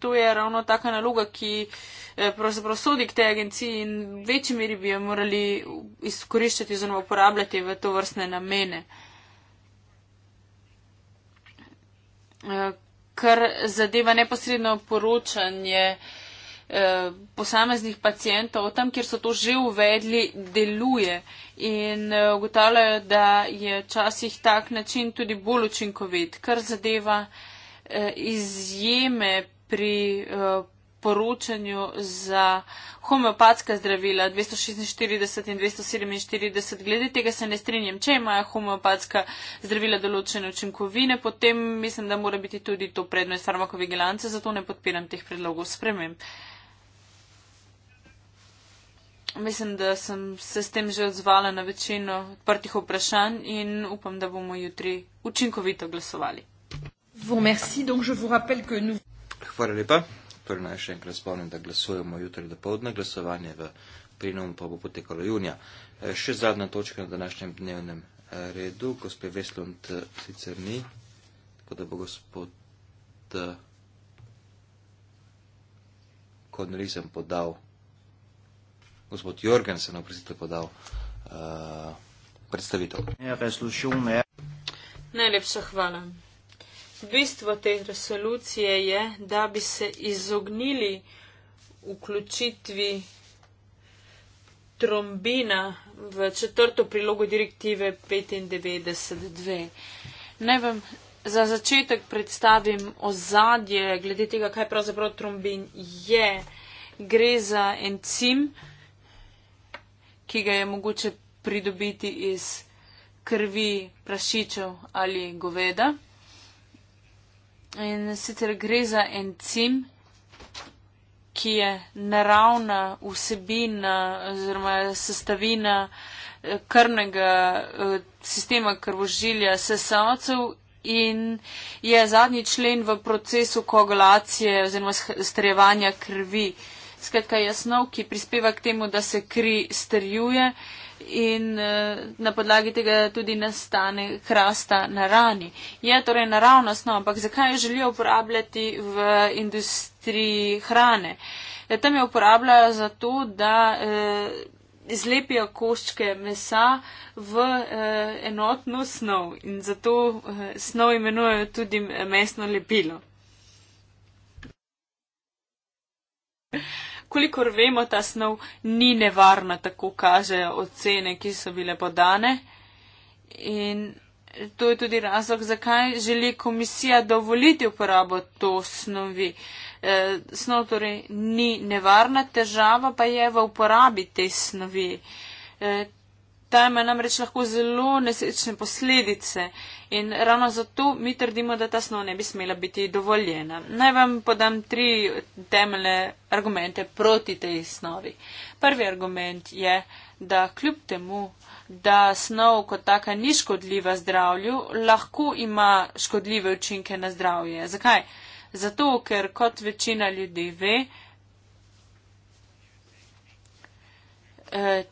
to je ravno taka naloga, ki eh, pravzaprav sodi k tej agenciji in v večji meri bi jo morali izkoriščati oziroma uporabljati v to vrstne namene. Eh, kar zadeva neposredno poročanje eh, posameznih pacijentov, tam, kjer so to že uvedli, deluje in eh, ugotavljajo, da je včasih tak način tudi bolj učinkovit, kar zadeva eh, izjeme pri poročanju za homeopatska zdravila 246 in 247. Glede tega se ne strinjam. Če imajo homeopatska zdravila določene učinkovine, potem mislim, da mora biti tudi to prednost farmakovigilance, zato ne podpiram teh predlogov spremem. Mislim, da sem se s tem že odzvala na večino odprtih vprašanj in upam, da bomo jutri učinkovito glasovali. Vom merci, donc je vous rappelle que nous. Hvala lepa. Prvi torej naj še enkrat spomnim, da glasujemo jutri do povdne, glasovanje v plenumu pa bo potekalo junija. E, še zadnja točka na današnjem dnevnem e, redu, gospe Veslund e, sicer ni, tako da bo gospod Konrizem podal, gospod Jorgen se na predstavitev podal ja, uh, predstavitev. Ja. Najlepša hvala bistvo te resolucije je, da bi se izognili vključitvi trombina v četrto prilogo direktive 95.2. Naj vam za začetek predstavim ozadje glede tega, kaj pravzaprav trombin je. Gre za encim, ki ga je mogoče pridobiti iz krvi prašičev ali goveda. In sicer gre za encim, ki je naravna vsebina oziroma sestavina eh, krvnega eh, sistema krvožilja sesalcev in je zadnji člen v procesu koagulacije oziroma strjevanja krvi. Skratka, je snov, ki prispeva k temu, da se kri strjuje in eh, na podlagi tega tudi nastane krasta na rani. Je torej naravna snov, ampak zakaj jo želijo uporabljati v industriji hrane? Eh, tam jo uporabljajo zato, da eh, izlepijo koščke mesa v enotno snov in zato snov imenujejo tudi mesno lepilo kolikor vemo, ta snov ni nevarna, tako kažejo ocene, ki so bile podane. In to je tudi razlog, zakaj želi komisija dovoliti uporabo to snovi. E, snov torej ni nevarna, težava pa je v uporabi te snovi. E, Ta ima namreč lahko zelo nesrečne posledice in ravno zato mi trdimo, da ta snov ne bi smela biti dovoljena. Naj vam podam tri temeljne argumente proti tej snovi. Prvi argument je, da kljub temu, da snov kot taka ni škodljiva zdravju, lahko ima škodljive učinke na zdravje. Zakaj? Zato, ker kot večina ljudi ve, eh,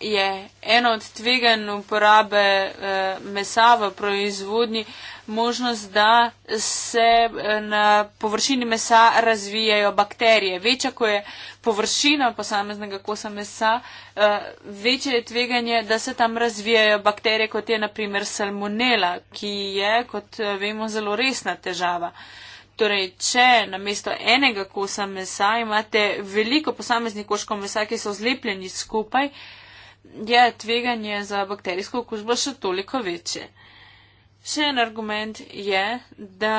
je eno od tvegan uporabe eh, mesa v proizvodnji možnost, da se eh, na površini mesa razvijajo bakterije. Večja, ko je površina posameznega kosa mesa, eh, večje je tveganje, da se tam razvijajo bakterije, kot je naprimer salmonela, ki je, kot eh, vemo, zelo resna težava. Torej, če namesto enega kosa mesa imate veliko posameznih koškov mesa, ki so zlepljeni skupaj, je tveganje za bakterijsko okužbo še toliko večje. Še en argument je, da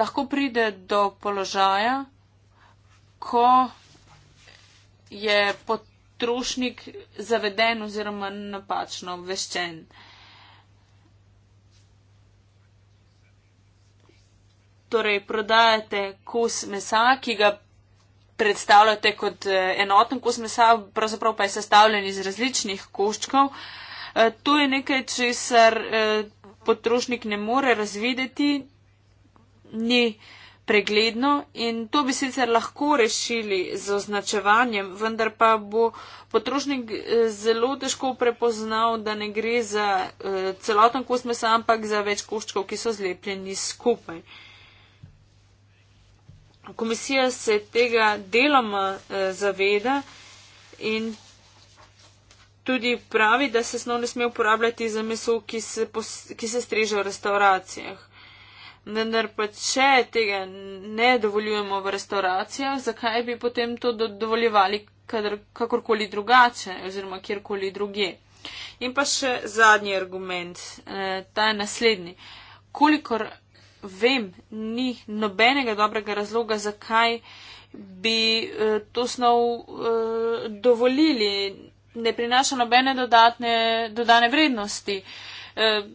lahko pride do položaja, ko je potrošnik zaveden oziroma napačno obveščen. Torej, prodajate kos mesa, ki ga predstavljate kot eh, enoten kos mesa, pravzaprav pa je sestavljen iz različnih koščkov. Eh, to je nekaj, česar eh, potrošnik ne more razvideti, ni pregledno in to bi sicer lahko rešili z označevanjem, vendar pa bo potrošnik zelo težko prepoznal, da ne gre za celoten kos mesa, ampak za več koščkov, ki so zlepljeni skupaj komisija se tega deloma eh, zaveda in tudi pravi, da se snov ne sme uporabljati za meso, ki se, pos, ki se streže v restauracijah. Vendar pa če tega ne dovoljujemo v restauracijah, zakaj bi potem to do, dovoljevali kadar, kakorkoli drugače oziroma kjerkoli druge? In pa še zadnji argument, eh, ta je naslednji. Kolikor vem, ni nobenega dobrega razloga, zakaj bi uh, to snov uh, dovolili. Ne prinaša nobene dodatne, dodane vrednosti. Uh,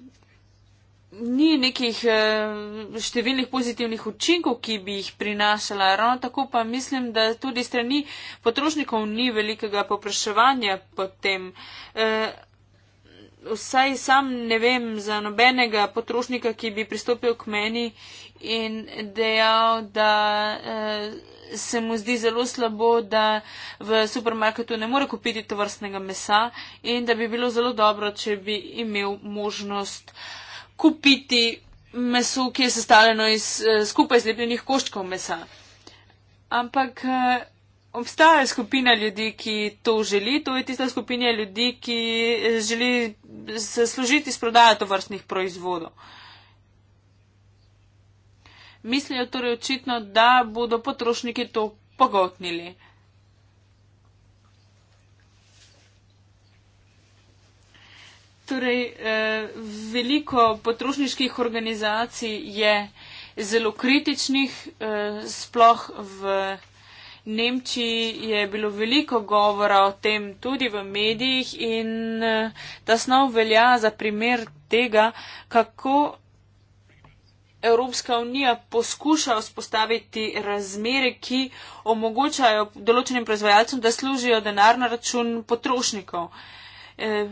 Ni nekih številnih pozitivnih učinkov, ki bi jih prinašala. Ravno tako pa mislim, da tudi strani potrošnikov ni velikega popraševanja potem vsaj sam ne vem za nobenega potrošnika, ki bi pristopil k meni in dejal, da eh, se mu zdi zelo slabo, da v supermarketu ne more kupiti tovrstnega mesa in da bi bilo zelo dobro, če bi imel možnost kupiti meso, ki je sestavljeno iz eh, skupaj zlepljenih koščkov mesa. Ampak. Eh, Obstaja skupina ljudi, ki to želi, to je tista skupina ljudi, ki eh, želi zaslužiti s prodajo tovrstnih proizvodov. Mislijo torej očitno, da bodo potrošniki to pogotnili. Torej, eh, veliko potrošniških organizacij je zelo kritičnih, eh, sploh v. Nemčiji je bilo veliko govora o tem tudi v medijih in eh, ta snov velja za primer tega, kako Evropska unija poskuša vzpostaviti razmere, ki omogočajo določenim proizvajalcem, da služijo denar na račun potrošnikov. Eh,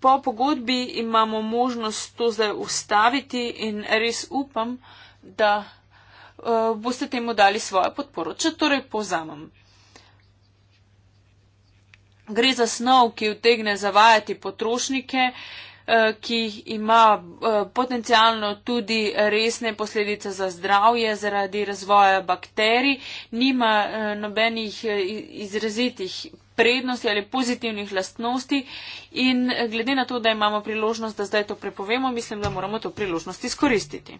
po pogodbi imamo možnost to zdaj ustaviti in res upam, da. Eh, boste temu dali svojo podporo. Če torej povzamem. Gre za snov, ki vtegne zavajati potrošnike, eh, ki ima eh, potencialno tudi resne posledice za zdravje zaradi razvoja bakterij, nima nobenih izrazitih prednosti ali pozitivnih lastnosti in glede na to, da imamo priložnost, da zdaj to prepovemo, mislim, da moramo to priložnost izkoristiti.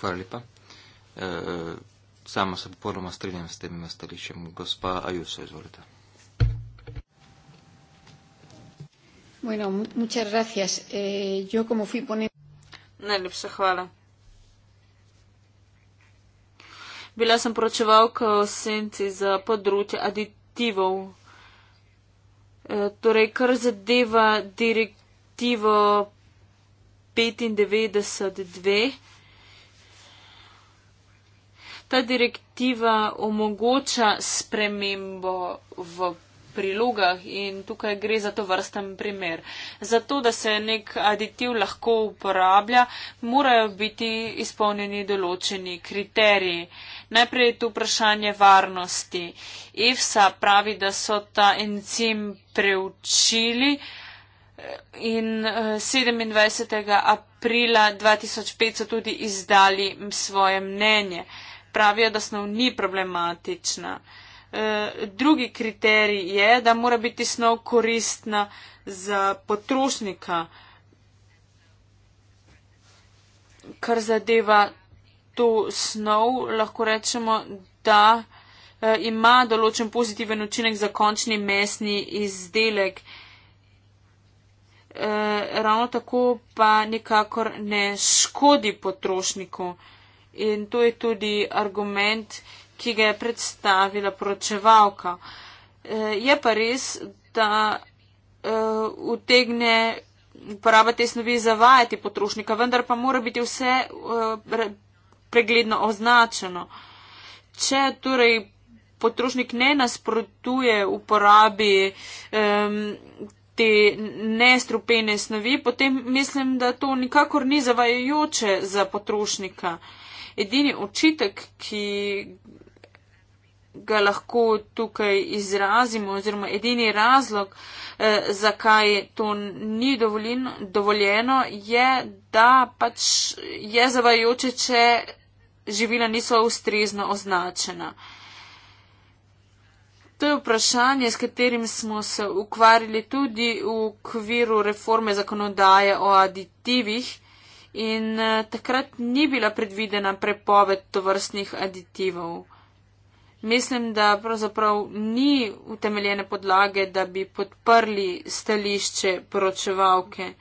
Hvala lepa. E, sama se poroma strinjam s tem stališčem. Gospa Ajuso, izvolite. Bueno, muchas gracias. Eh, yo como fui poniendo. Najlepša hvala. Bila sem poročevalka v senci za področje aditivov. E, torej, kar zadeva direktivo 95.2. Ta direktiva omogoča spremembo v prilogah in tukaj gre za to vrsten primer. Zato, da se nek aditiv lahko uporablja, morajo biti izpolnjeni določeni kriteriji. Najprej je tu vprašanje varnosti. EFSA pravi, da so ta encim preučili eh, in 27. Eh, aprila 2005 so tudi izdali svoje mnenje. Pravijo, da snov ni problematična. Eh, drugi kriterij je, da mora biti snov koristna za potrošnika, kar zadeva to snov, lahko rečemo, da eh, ima določen pozitiven učinek za končni mesni izdelek. E, ravno tako pa nikakor ne škodi potrošniku. In to je tudi argument, ki ga je predstavila poročevalka. E, je pa res, da e, utegne uporaba te snovi zavajati potrošnika, vendar pa mora biti vse e, pregledno označeno. Če torej potrošnik ne nasprotuje uporabi um, te nestrupene snovi, potem mislim, da to nikakor ni zavajajoče za potrošnika. Edini očitek, ki ga lahko tukaj izrazimo, oziroma edini razlog, eh, zakaj to ni dovoljeno, dovoljeno, je, da pač je zavajajoče, če živila niso ustrezno označena. To je vprašanje, s katerim smo se ukvarjali tudi v okviru reforme zakonodaje o aditivih in eh, takrat ni bila predvidena prepoved tovrstnih aditivov. Mislim, da pravzaprav ni utemeljene podlage, da bi podprli stališče poročevalke.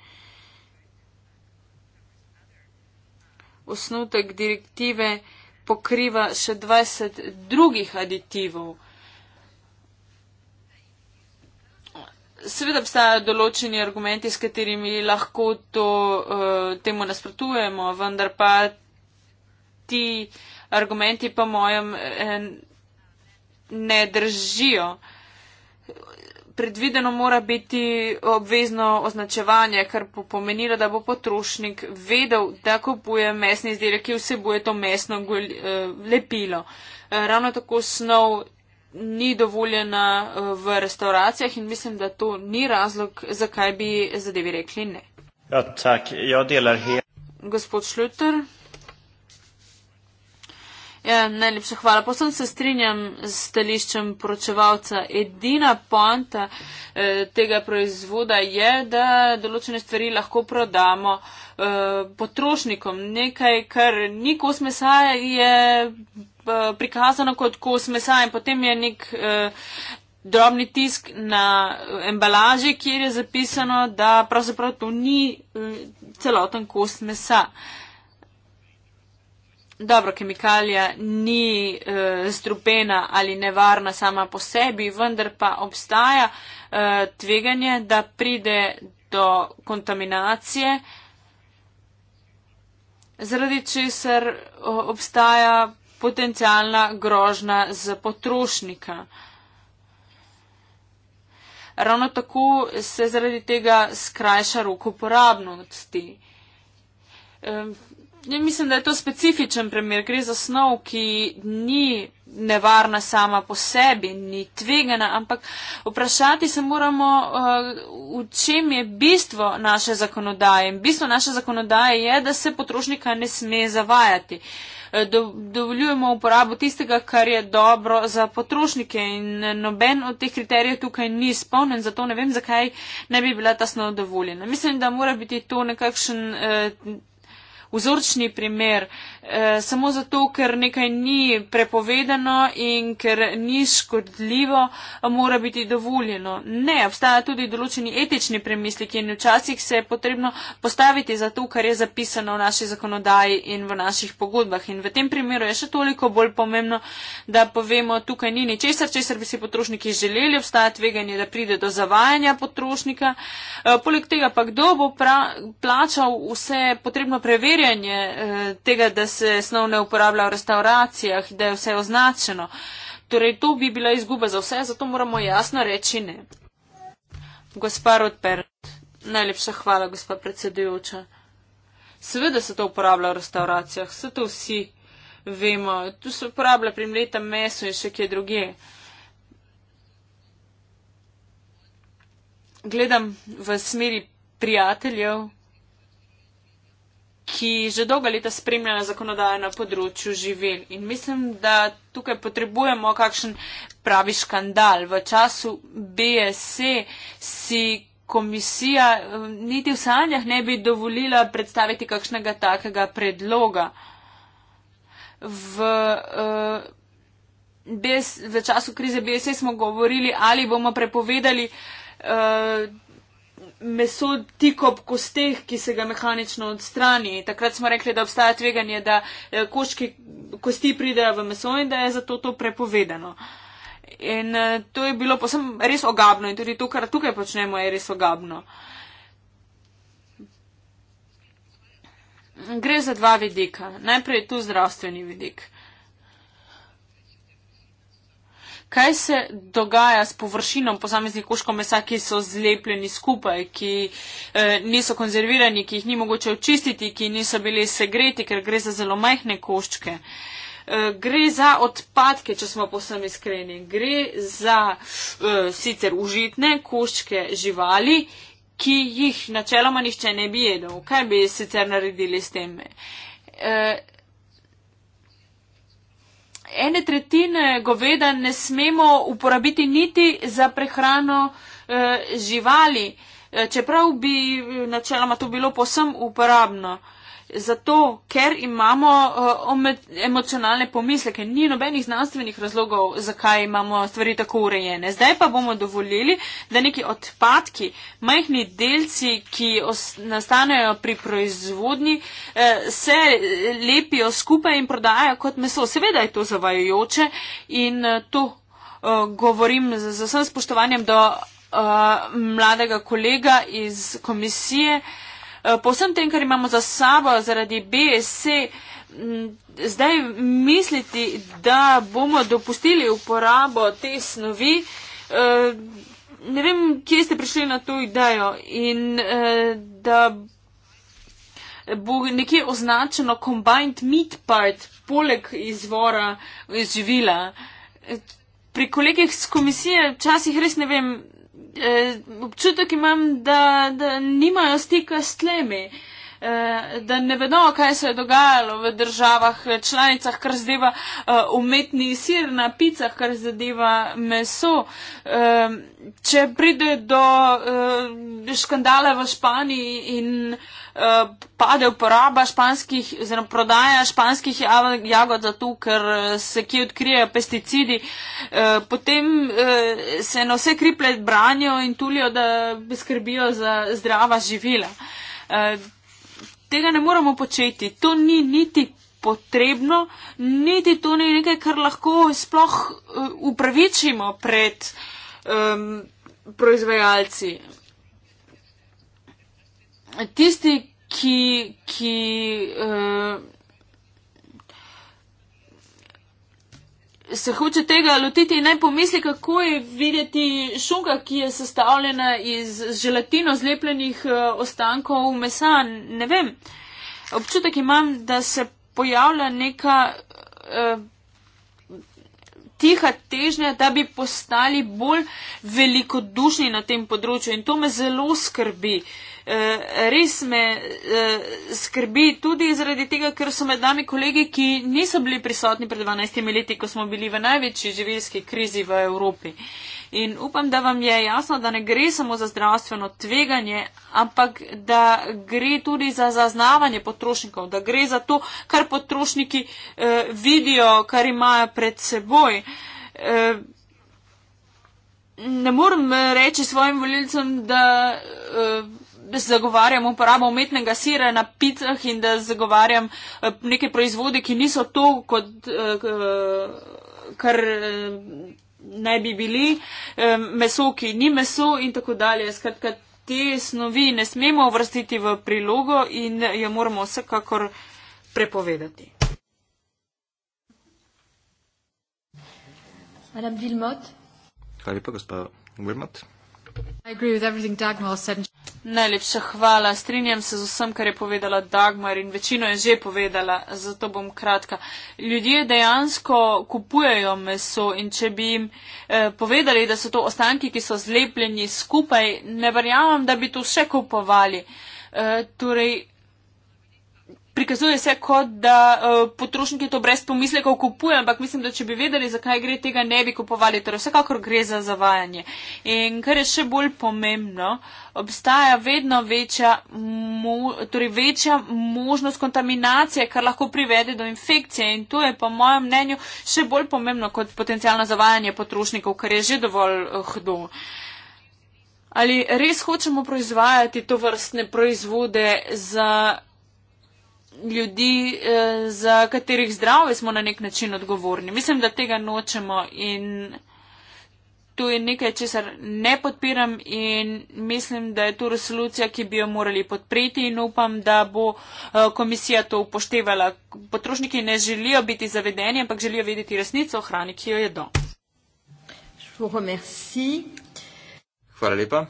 osnutek direktive pokriva še 20 drugih aditivov. Seveda obstajajo določeni argumenti, s katerimi lahko to, eh, temu nasprotujemo, vendar pa ti argumenti po mojem eh, ne držijo predvideno mora biti obvezno označevanje, kar bo pomenilo, da bo potrošnik vedel, da kupuje mesni izdelek, ki vsebuje to mesno eh, lepilo. Eh, ravno tako snov ni dovoljena eh, v restauracijah in mislim, da to ni razlog, zakaj bi zadevi rekli ne. Ja, tak, ja, Gospod Šluter. Ja, najlepša hvala. Posem se strinjam s stališčem poročevalca. Edina poanta eh, tega proizvoda je, da določene stvari lahko prodamo eh, potrošnikom. Nekaj, kar ni kos mesa, je eh, prikazano kot kos mesa in potem je nek. Eh, Drobni tisk na embalaži, kjer je zapisano, da pravzaprav to ni eh, celoten kost mesa. Uh, Dobro, kemikalija ni e, eh, strupena ali nevarna sama po sebi, vendar pa obstaja e, tveganje, da pride do kontaminacije, zaradi česar obstaja potencijalna grožna z potrošnika. Ravno tako se zaradi tega skrajša rok uporabnosti. Ne, ja, mislim, da je to specifičen primer. Gre za snov, ki ni nevarna sama po sebi, ni tvegana, ampak vprašati se moramo, eh, v čem je bistvo naše zakonodaje. Bistvo naše zakonodaje je, da se potrošnika ne sme zavajati. Eh, do, dovoljujemo uporabo tistega, kar je dobro za potrošnike in noben od teh kriterijev tukaj ni spomnen, zato ne vem, zakaj ne bi bila ta snov dovoljena. Mislim, da mora biti to nekakšen. Eh, vzorčni primer, eh, samo zato, ker nekaj ni prepovedano in ker ni škodljivo, eh, mora biti dovoljeno. Ne, obstaja tudi določeni etični premislik in včasih se je potrebno postaviti za to, kar je zapisano v naši zakonodaji in v naših pogodbah. In v tem primeru je še toliko bolj pomembno, da povemo, tukaj ni ničesar, česar bi si potrošniki želeli, obstaja tveganje, da pride do zavajanja potrošnika. Eh, poleg tega pa kdo bo pra, plačal vse potrebno preveriti, širjenje eh, tega, da se snov ne uporablja v restauracijah, da je vse označeno. Torej, to bi bila izguba za vse, zato moramo jasno reči ne. Gospa Rodpert, najlepša hvala, gospa predsedujoča. Seveda se to uporablja v restauracijah, se to vsi vemo. Tu se uporablja pri mletem mesu in še kje druge. Gledam v smeri prijateljev, ki že dolga leta spremljajo zakonodajo na področju živil. In mislim, da tukaj potrebujemo kakšen pravi škandal. V času BSC e si komisija eh, niti v sanjah ne bi dovolila predstaviti kakšnega takega predloga. V, uh, eh, bes, v času krize BSE smo govorili, ali bomo prepovedali uh, meso tik ob kosteh, ki se ga mehanično odstrani. Takrat smo rekli, da obstaja tveganje, da eh, koški kosti pridejo v meso in da je zato to prepovedano. In eh, to je bilo posem res ogabno in tudi to, kar tukaj počnemo, je res ogabno. Gre za dva vidika. Najprej je tu zdravstveni vidik. kaj se dogaja s površino posameznih koškov mesa, ki so zlepljeni skupaj, ki eh, niso konzervirani, ki jih ni mogoče očistiti, ki niso bili segreti, ker gre za zelo majhne koščke. Eh, gre za odpadke, če smo posem iskreni. Gre za eh, sicer užitne koščke živali, ki jih načeloma nišče ne bi jedel. Kaj bi sicer naredili s tem? Eh, ene tretjine goveda ne smemo uporabiti niti za prehrano eh, živali, eh, čeprav bi eh, načeloma to bilo posem uporabno zato, ker imamo uh, emocionalne pomisleke, ni nobenih znanstvenih razlogov, zakaj imamo stvari tako urejene. Zdaj pa bomo dovolili, da neki odpadki, majhni delci, ki nastanejo pri proizvodni, uh, eh, se eh, lepijo skupaj in prodajajo kot meso. Seveda je to zavajojoče in uh, to uh, govorim z, z vsem spoštovanjem do. Uh, mladega kolega iz komisije, uh, Eh, po vsem tem, kar imamo za sabo zaradi BSC, zdaj misliti, da bomo dopustili uporabo te snovi, eh, ne vem, kje ste prišli na to idejo in eh, da bo nekje označeno combined meat part poleg izvora živila. Pri kolegih z komisije včasih res ne vem, eh, občutek imam, da, da nimajo stika s tlemi, eh, da ne vedo, kaj se je dogajalo v državah, članicah, kar zadeva eh, umetni sir na picah, kar zadeva meso. Eh, če pride do eh, škandale v Španiji in eh, pade uporaba španskih, oziroma prodaja španskih jagod zato, ker eh, se kje odkrijejo pesticidi. Eh, potem eh, se na vse kriple branijo in tulijo, da skrbijo za zdrava živila. Tega ne moramo početi. To ni niti potrebno, niti to ni nekaj, kar lahko sploh upravičimo pred um, proizvajalci tisti, ki, ki uh, se hoče tega lotiti, naj pomisli, kako je videti šunka, ki je sestavljena iz želatino zlepljenih uh, ostankov mesa. Ne vem, občutek imam, da se pojavlja neka. Uh, tiha težnja, da bi postali bolj velikodušni na tem področju in to me zelo skrbi. Eh, res me eh, skrbi tudi zaradi tega, ker so med nami kolegi, ki niso bili prisotni pred 12 leti, ko smo bili v največji življenjski krizi v Evropi. In upam, da vam je jasno, da ne gre samo za zdravstveno tveganje, ampak da gre tudi za zaznavanje potrošnikov, da gre za to, kar potrošniki eh, vidijo, kar imajo pred seboj. Eh, ne morem eh, reči svojim voljivcem, eh, da zagovarjam uporabo umetnega sira na pitah in da zagovarjam neke proizvode, ki niso to, kot, kar ne bi bili, meso, ki ni meso in tako dalje. Skratka, te snovi ne smemo vrstiti v prilogo in jo moramo vsekakor prepovedati. Madame Vilmot. Hvala lepa, gospod Vilmot. Najlepša hvala. Strinjam se z vsem, kar je povedala Dagmar in večino je že povedala, zato bom kratka. Ljudje dejansko kupujejo meso in če bi jim eh, povedali, da so to ostanki, ki so zlepljeni skupaj, ne verjamem, da bi to še kupovali. Eh, torej, prikazuje se, kot da uh, potrošniki to brez pomislekov kupujejo, ampak mislim, da če bi vedeli, zakaj gre, tega ne bi kupovali. Torej, vsekakor gre za zavajanje. In kar je še bolj pomembno, obstaja vedno večja, mo torej večja možnost kontaminacije, kar lahko privede do infekcije. In to je, po mojem mnenju, še bolj pomembno kot potencijalno zavajanje potrošnikov, kar je že dovolj eh, hdo. Ali res hočemo proizvajati to vrstne proizvode za ljudi, eh, za katerih zdravje smo na nek način odgovorni. Mislim, da tega nočemo in tu je nekaj, česar ne podpiram in mislim, da je tu resolucija, ki bi jo morali podpreti in upam, da bo eh, komisija to upoštevala. Potrošniki ne želijo biti zavedeni, ampak želijo vedeti resnico o hrani, ki jo jedo. Hvala lepa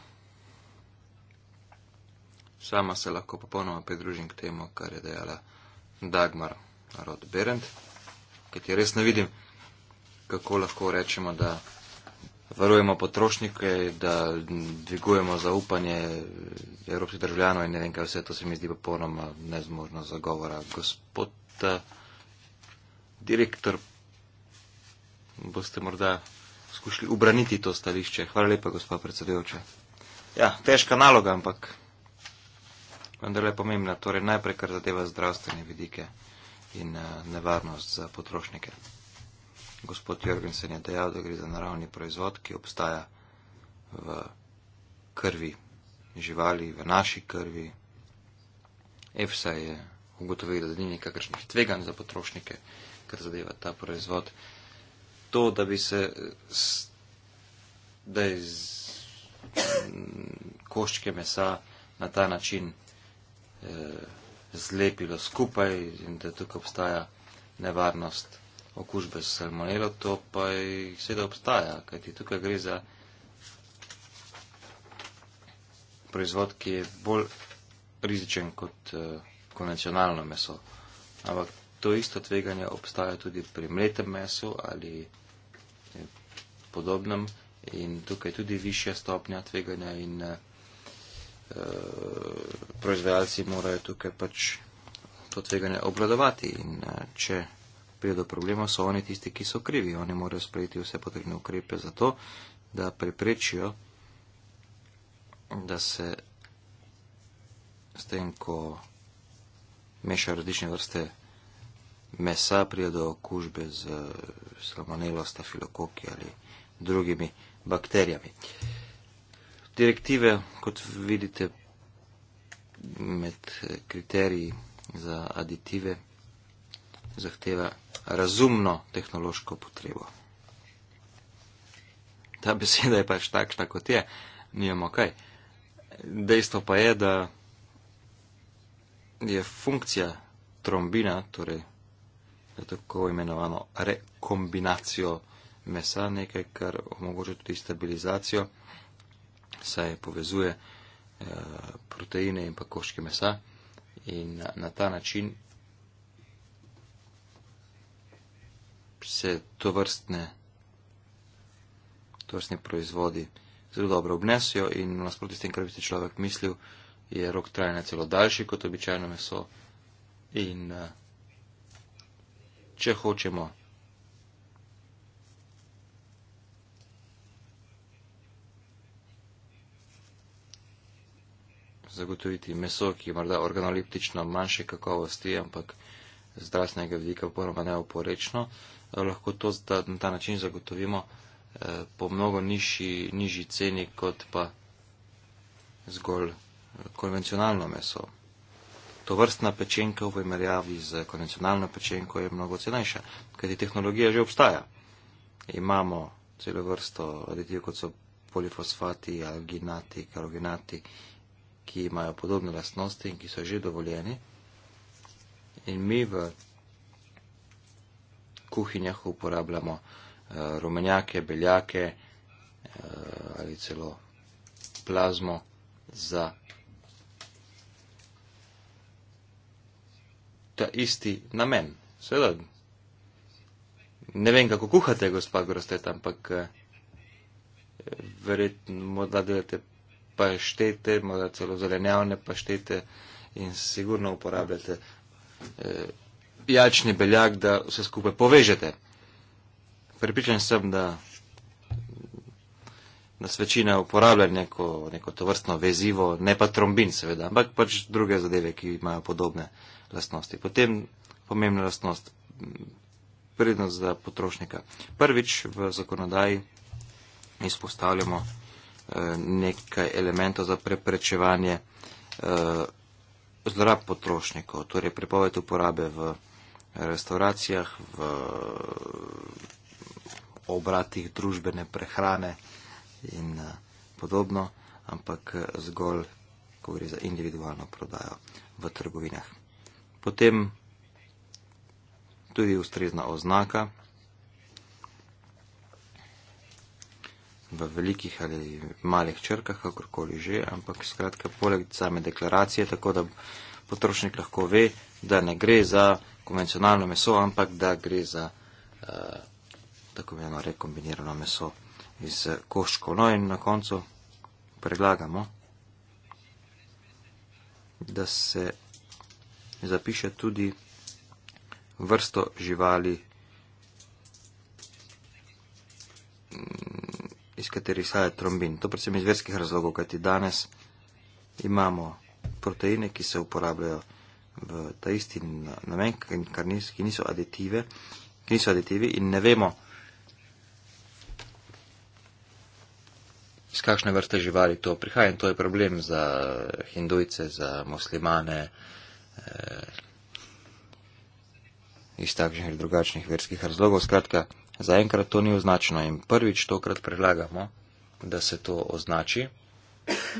sama se lahko popolnoma pridružim k temu, kar je dejala Dagmar Rodberend, ker je res ne vidim, kako lahko rečemo, da varujemo potrošnike, da dvigujemo zaupanje evropskih državljanov in ne vem, kaj vse to se mi zdi popolnoma nezmožno zagovora. Gospod eh, direktor, boste morda skušali ubraniti to stališče. Hvala lepa, gospod predsedujoča. Ja, težka naloga, ampak vendar je pomembna, torej najprej kar zadeva zdravstvene vidike in eh, nevarnost za potrošnike. Gospod Jorgensen je dejal, da gre za naravni proizvod, ki obstaja v krvi živali, v naši krvi. EFSA je ugotovil, da ni nekakršnih tveganj za potrošnike, kar zadeva ta proizvod. To, da bi se, da je mm, koščke mesa na ta način Eh, zlepilo skupaj in da tukaj obstaja nevarnost okužbe s salmonelo, to pa jih seveda obstaja, kajti tukaj gre za proizvod, ki je bolj rizičen kot eh, konvencionalno meso. Ampak to isto tveganje obstaja tudi pri mletem mesu ali eh, podobnem in tukaj tudi višja stopnja tveganja in Eh, proizvajalci morajo tukaj pač to tveganje obvladovati in eh, če prije do problema, so oni tisti, ki so krivi. Oni morajo sprejeti vse potrebne ukrepe za to, da preprečijo, da se s tem, ko mešajo različne vrste mesa, prije do okužbe z salmonelo, stafilokoki ali drugimi bakterijami. Uh, direktive, kot vidite, med kriteriji za aditive zahteva razumno tehnološko potrebo. Ta beseda je pač takšna, kot je, nijamo kaj. Dejstvo pa je, da je funkcija trombina, torej tako imenovano rekombinacijo mesa, nekaj, kar omogoča tudi stabilizacijo saj povezuje eh, proteine in pa koške mesa in na ta način se to vrstne, to vrstne proizvodi zelo dobro obnesijo in nasproti s tem, kar bi si človek mislil, je rok trajanja celo daljši kot običajno meso in eh, če hočemo zagotoviti meso, ki je morda organoleptično manjše kakovosti, ampak zdravstvenega vidika poroma neoporečno, lahko to na ta način zagotovimo eh, po mnogo nižji, nižji ceni kot pa zgolj eh, konvencionalno meso. To vrstna pečenka v primerjavi z konvencionalno pečenko je mnogo cenejša, kajti tehnologija že obstaja. Imamo celo vrsto aditivov, kot so polifosfati, alginati, karoginati, uh, ki imajo podobne lastnosti in ki so že dovoljeni. In mi v kuhinjah uporabljamo uh, rumenjake, beljake uh, ali celo plazmo za ta isti namen. Seveda, ne vem, kako kuhate, gospod Grostet, ampak uh, verjetno morda delate paštete, morda celo zelenjavne paštete in sigurno uporabljate eh, jačni beljak, da vse skupaj povežete. Pripričan sem, da nas večina uporablja neko, neko to vrstno vezivo, ne pa trombin seveda, ampak pač druge zadeve, ki imajo podobne lastnosti. Potem pomembna lastnost, prednost za potrošnika. Prvič v zakonodaji izpostavljamo, Eh, nekaj elementov za preprečevanje eh, zlorab potrošnikov, torej prepoved uporabe v restauracijah, v obratih družbene prehrane in eh, podobno, ampak zgolj, ko gre za individualno prodajo v trgovinah. Potem tudi ustrezna oznaka. v velikih ali malih črkah, kakorkoli že, ampak skratka, poleg same deklaracije, tako da potrošnik lahko ve, da ne gre za konvencionalno meso, ampak da gre za uh, tako imeno rekombinirano meso iz eh, koščko. No in na koncu predlagamo, da se zapiše tudi vrsto živali iz katerih saja trombin. To predvsem iz verskih razlogov, kajti danes imamo proteine, ki se uporabljajo v ta isti namen, ki niso aditive, ki niso aditivi in ne vemo, iz kakšne vrste živali to prihaja in to je problem za hindujce, za muslimane, eh, iz takšnih ali drugačnih verskih razlogov. Skratka, Zaenkrat to ni označeno in prvič tokrat predlagamo, da se to označi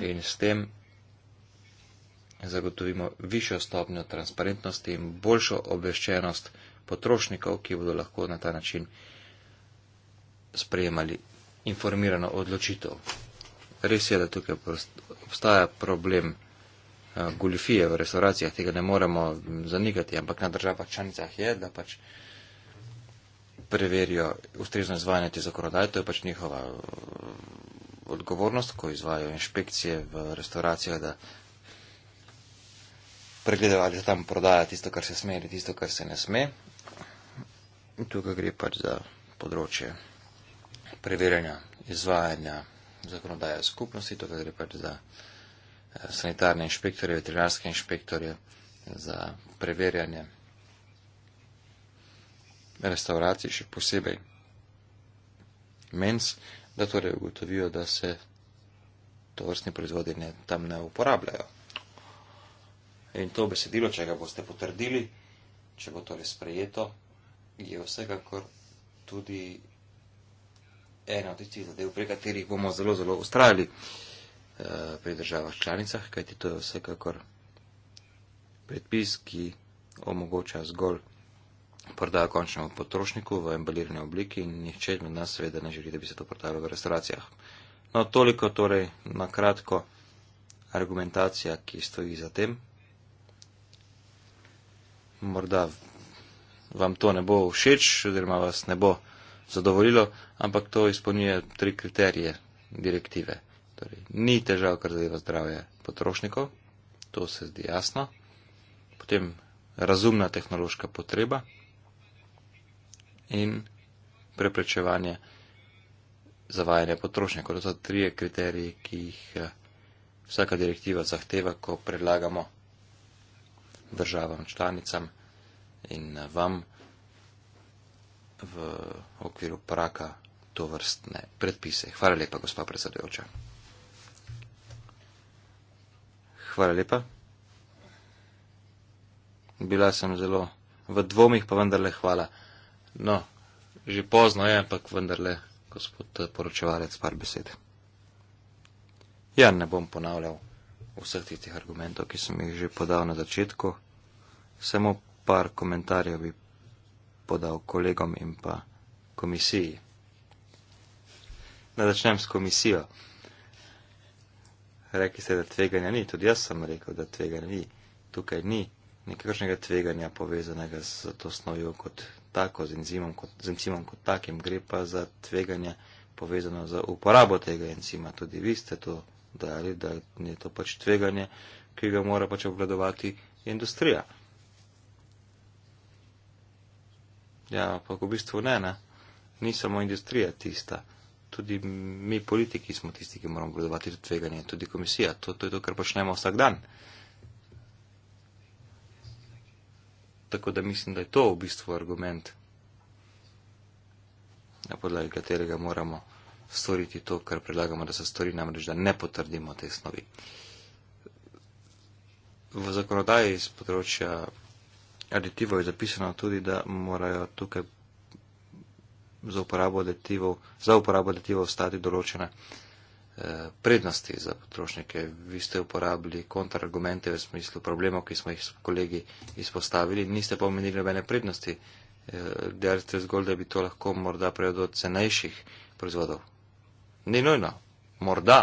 in s tem zagotovimo višjo stopnjo transparentnosti in boljšo obveščenost potrošnikov, ki bodo lahko na ta način sprejemali informirano odločitev. Res je, da tukaj obstaja problem eh, goljufije v restauracijah, tega ne moremo zanikati, ampak na državah članicah je, da pač preverijo ustrezno izvajanje te zakonodaje, to je pač njihova eh, odgovornost, ko izvajo inšpekcije v restauracijo, da pregledajo, ali se tam prodaja tisto, kar se sme ali tisto, kar se ne sme. In tukaj gre pač za področje preverjanja izvajanja zakonodaje skupnosti, tukaj gre pač za eh, sanitarne inšpektorje, veterinarske inšpektorje, za preverjanje restauraciji še posebej. Mens, da torej ugotovijo, da se to vrstni proizvodi ne, tam ne uporabljajo. In to besedilo, če ga boste potrdili, če bo torej sprejeto, je vsekakor tudi ena od tistih zadev, pri katerih bomo zelo, zelo ustrajali eh, pri državah članicah, kajti to je vsekakor predpis, ki omogoča zgolj prodajo končnemu potrošniku v embalirani obliki in nihče med nas seveda ne želi, da bi se to prodajalo v restauracijah. No, toliko torej na kratko argumentacija, ki stoji za tem. Morda vam to ne bo všeč, oziroma vas ne bo zadovoljilo, ampak to izpolnjuje tri kriterije direktive. Torej, ni težav, kar zadeva zdravje potrošnikov, to se zdi jasno. Potem razumna tehnološka potreba in preprečevanje zavajanja potrošnja. To so tri kriterije, ki jih eh, vsaka direktiva zahteva, ko predlagamo državam, članicam in eh, vam v okviru praka to vrstne predpise. Hvala lepa, gospa predsedujoča. Hvala lepa. Bila sem zelo v dvomih, pa vendarle hvala. No, že pozno je, ampak vendarle, gospod eh, poročevalec, par besed. Ja, ne bom ponavljal vseh tih argumentov, ki sem jih že podal na začetku, samo par komentarjev bi podal kolegom in pa komisiji. Naj začnem s komisijo. Rekli ste, da tveganja ni, tudi jaz sem rekel, da tveganja ni. Tukaj ni nekakšnega tveganja povezanega z to snovjo, kot tako, z enzimom kot, z enzimom kot takim, gre pa za tveganje povezano z uporabo tega enzima. Tudi vi ste to dali, da je to pač tveganje, ki ga mora pač obvladovati industrija. Ja, pa v bistvu ne, ne. Ni samo industrija tista. Tudi mi politiki smo tisti, ki moramo obvladovati to tveganje. Tudi komisija. To, to je to, kar počnemo vsak dan. tako da mislim, da je to v bistvu argument, na podlagi katerega moramo storiti to, kar predlagamo, da se stori, namreč da ne potrdimo te snovi. V zakonodaji iz področja aditivov je zapisano tudi, da morajo tukaj za uporabo aditivov, za uporabo aditivov stati določene Eh, prednosti za potrošnike. Vi ste uporabili kontrargumente v smislu problemov, ki smo jih s kolegi izpostavili, niste pa omenili nobene prednosti. Eh, dejali ste zgolj, da bi to lahko morda prejel do cenejših proizvodov. Ni nujno, morda,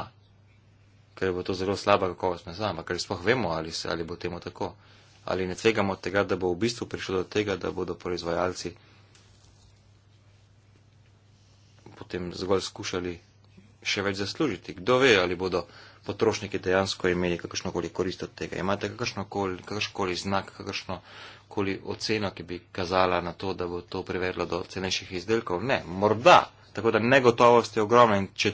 ker bo to zelo slaba kakovost mesa, ampak ker sploh vemo, ali, se, ali bo temu tako. Ali ne tvegamo tega, da bo v bistvu prišlo do tega, da bodo proizvajalci potem zgolj skušali še več zaslužiti. Kdo ve, ali bodo potrošniki dejansko imeli kakšno koli korist od tega. Imate kakšno koli znak, kakšno koli oceno, ki bi kazala na to, da bo to privedlo do cenejših izdelkov? Ne, morda. Tako da negotovost je ogromna in če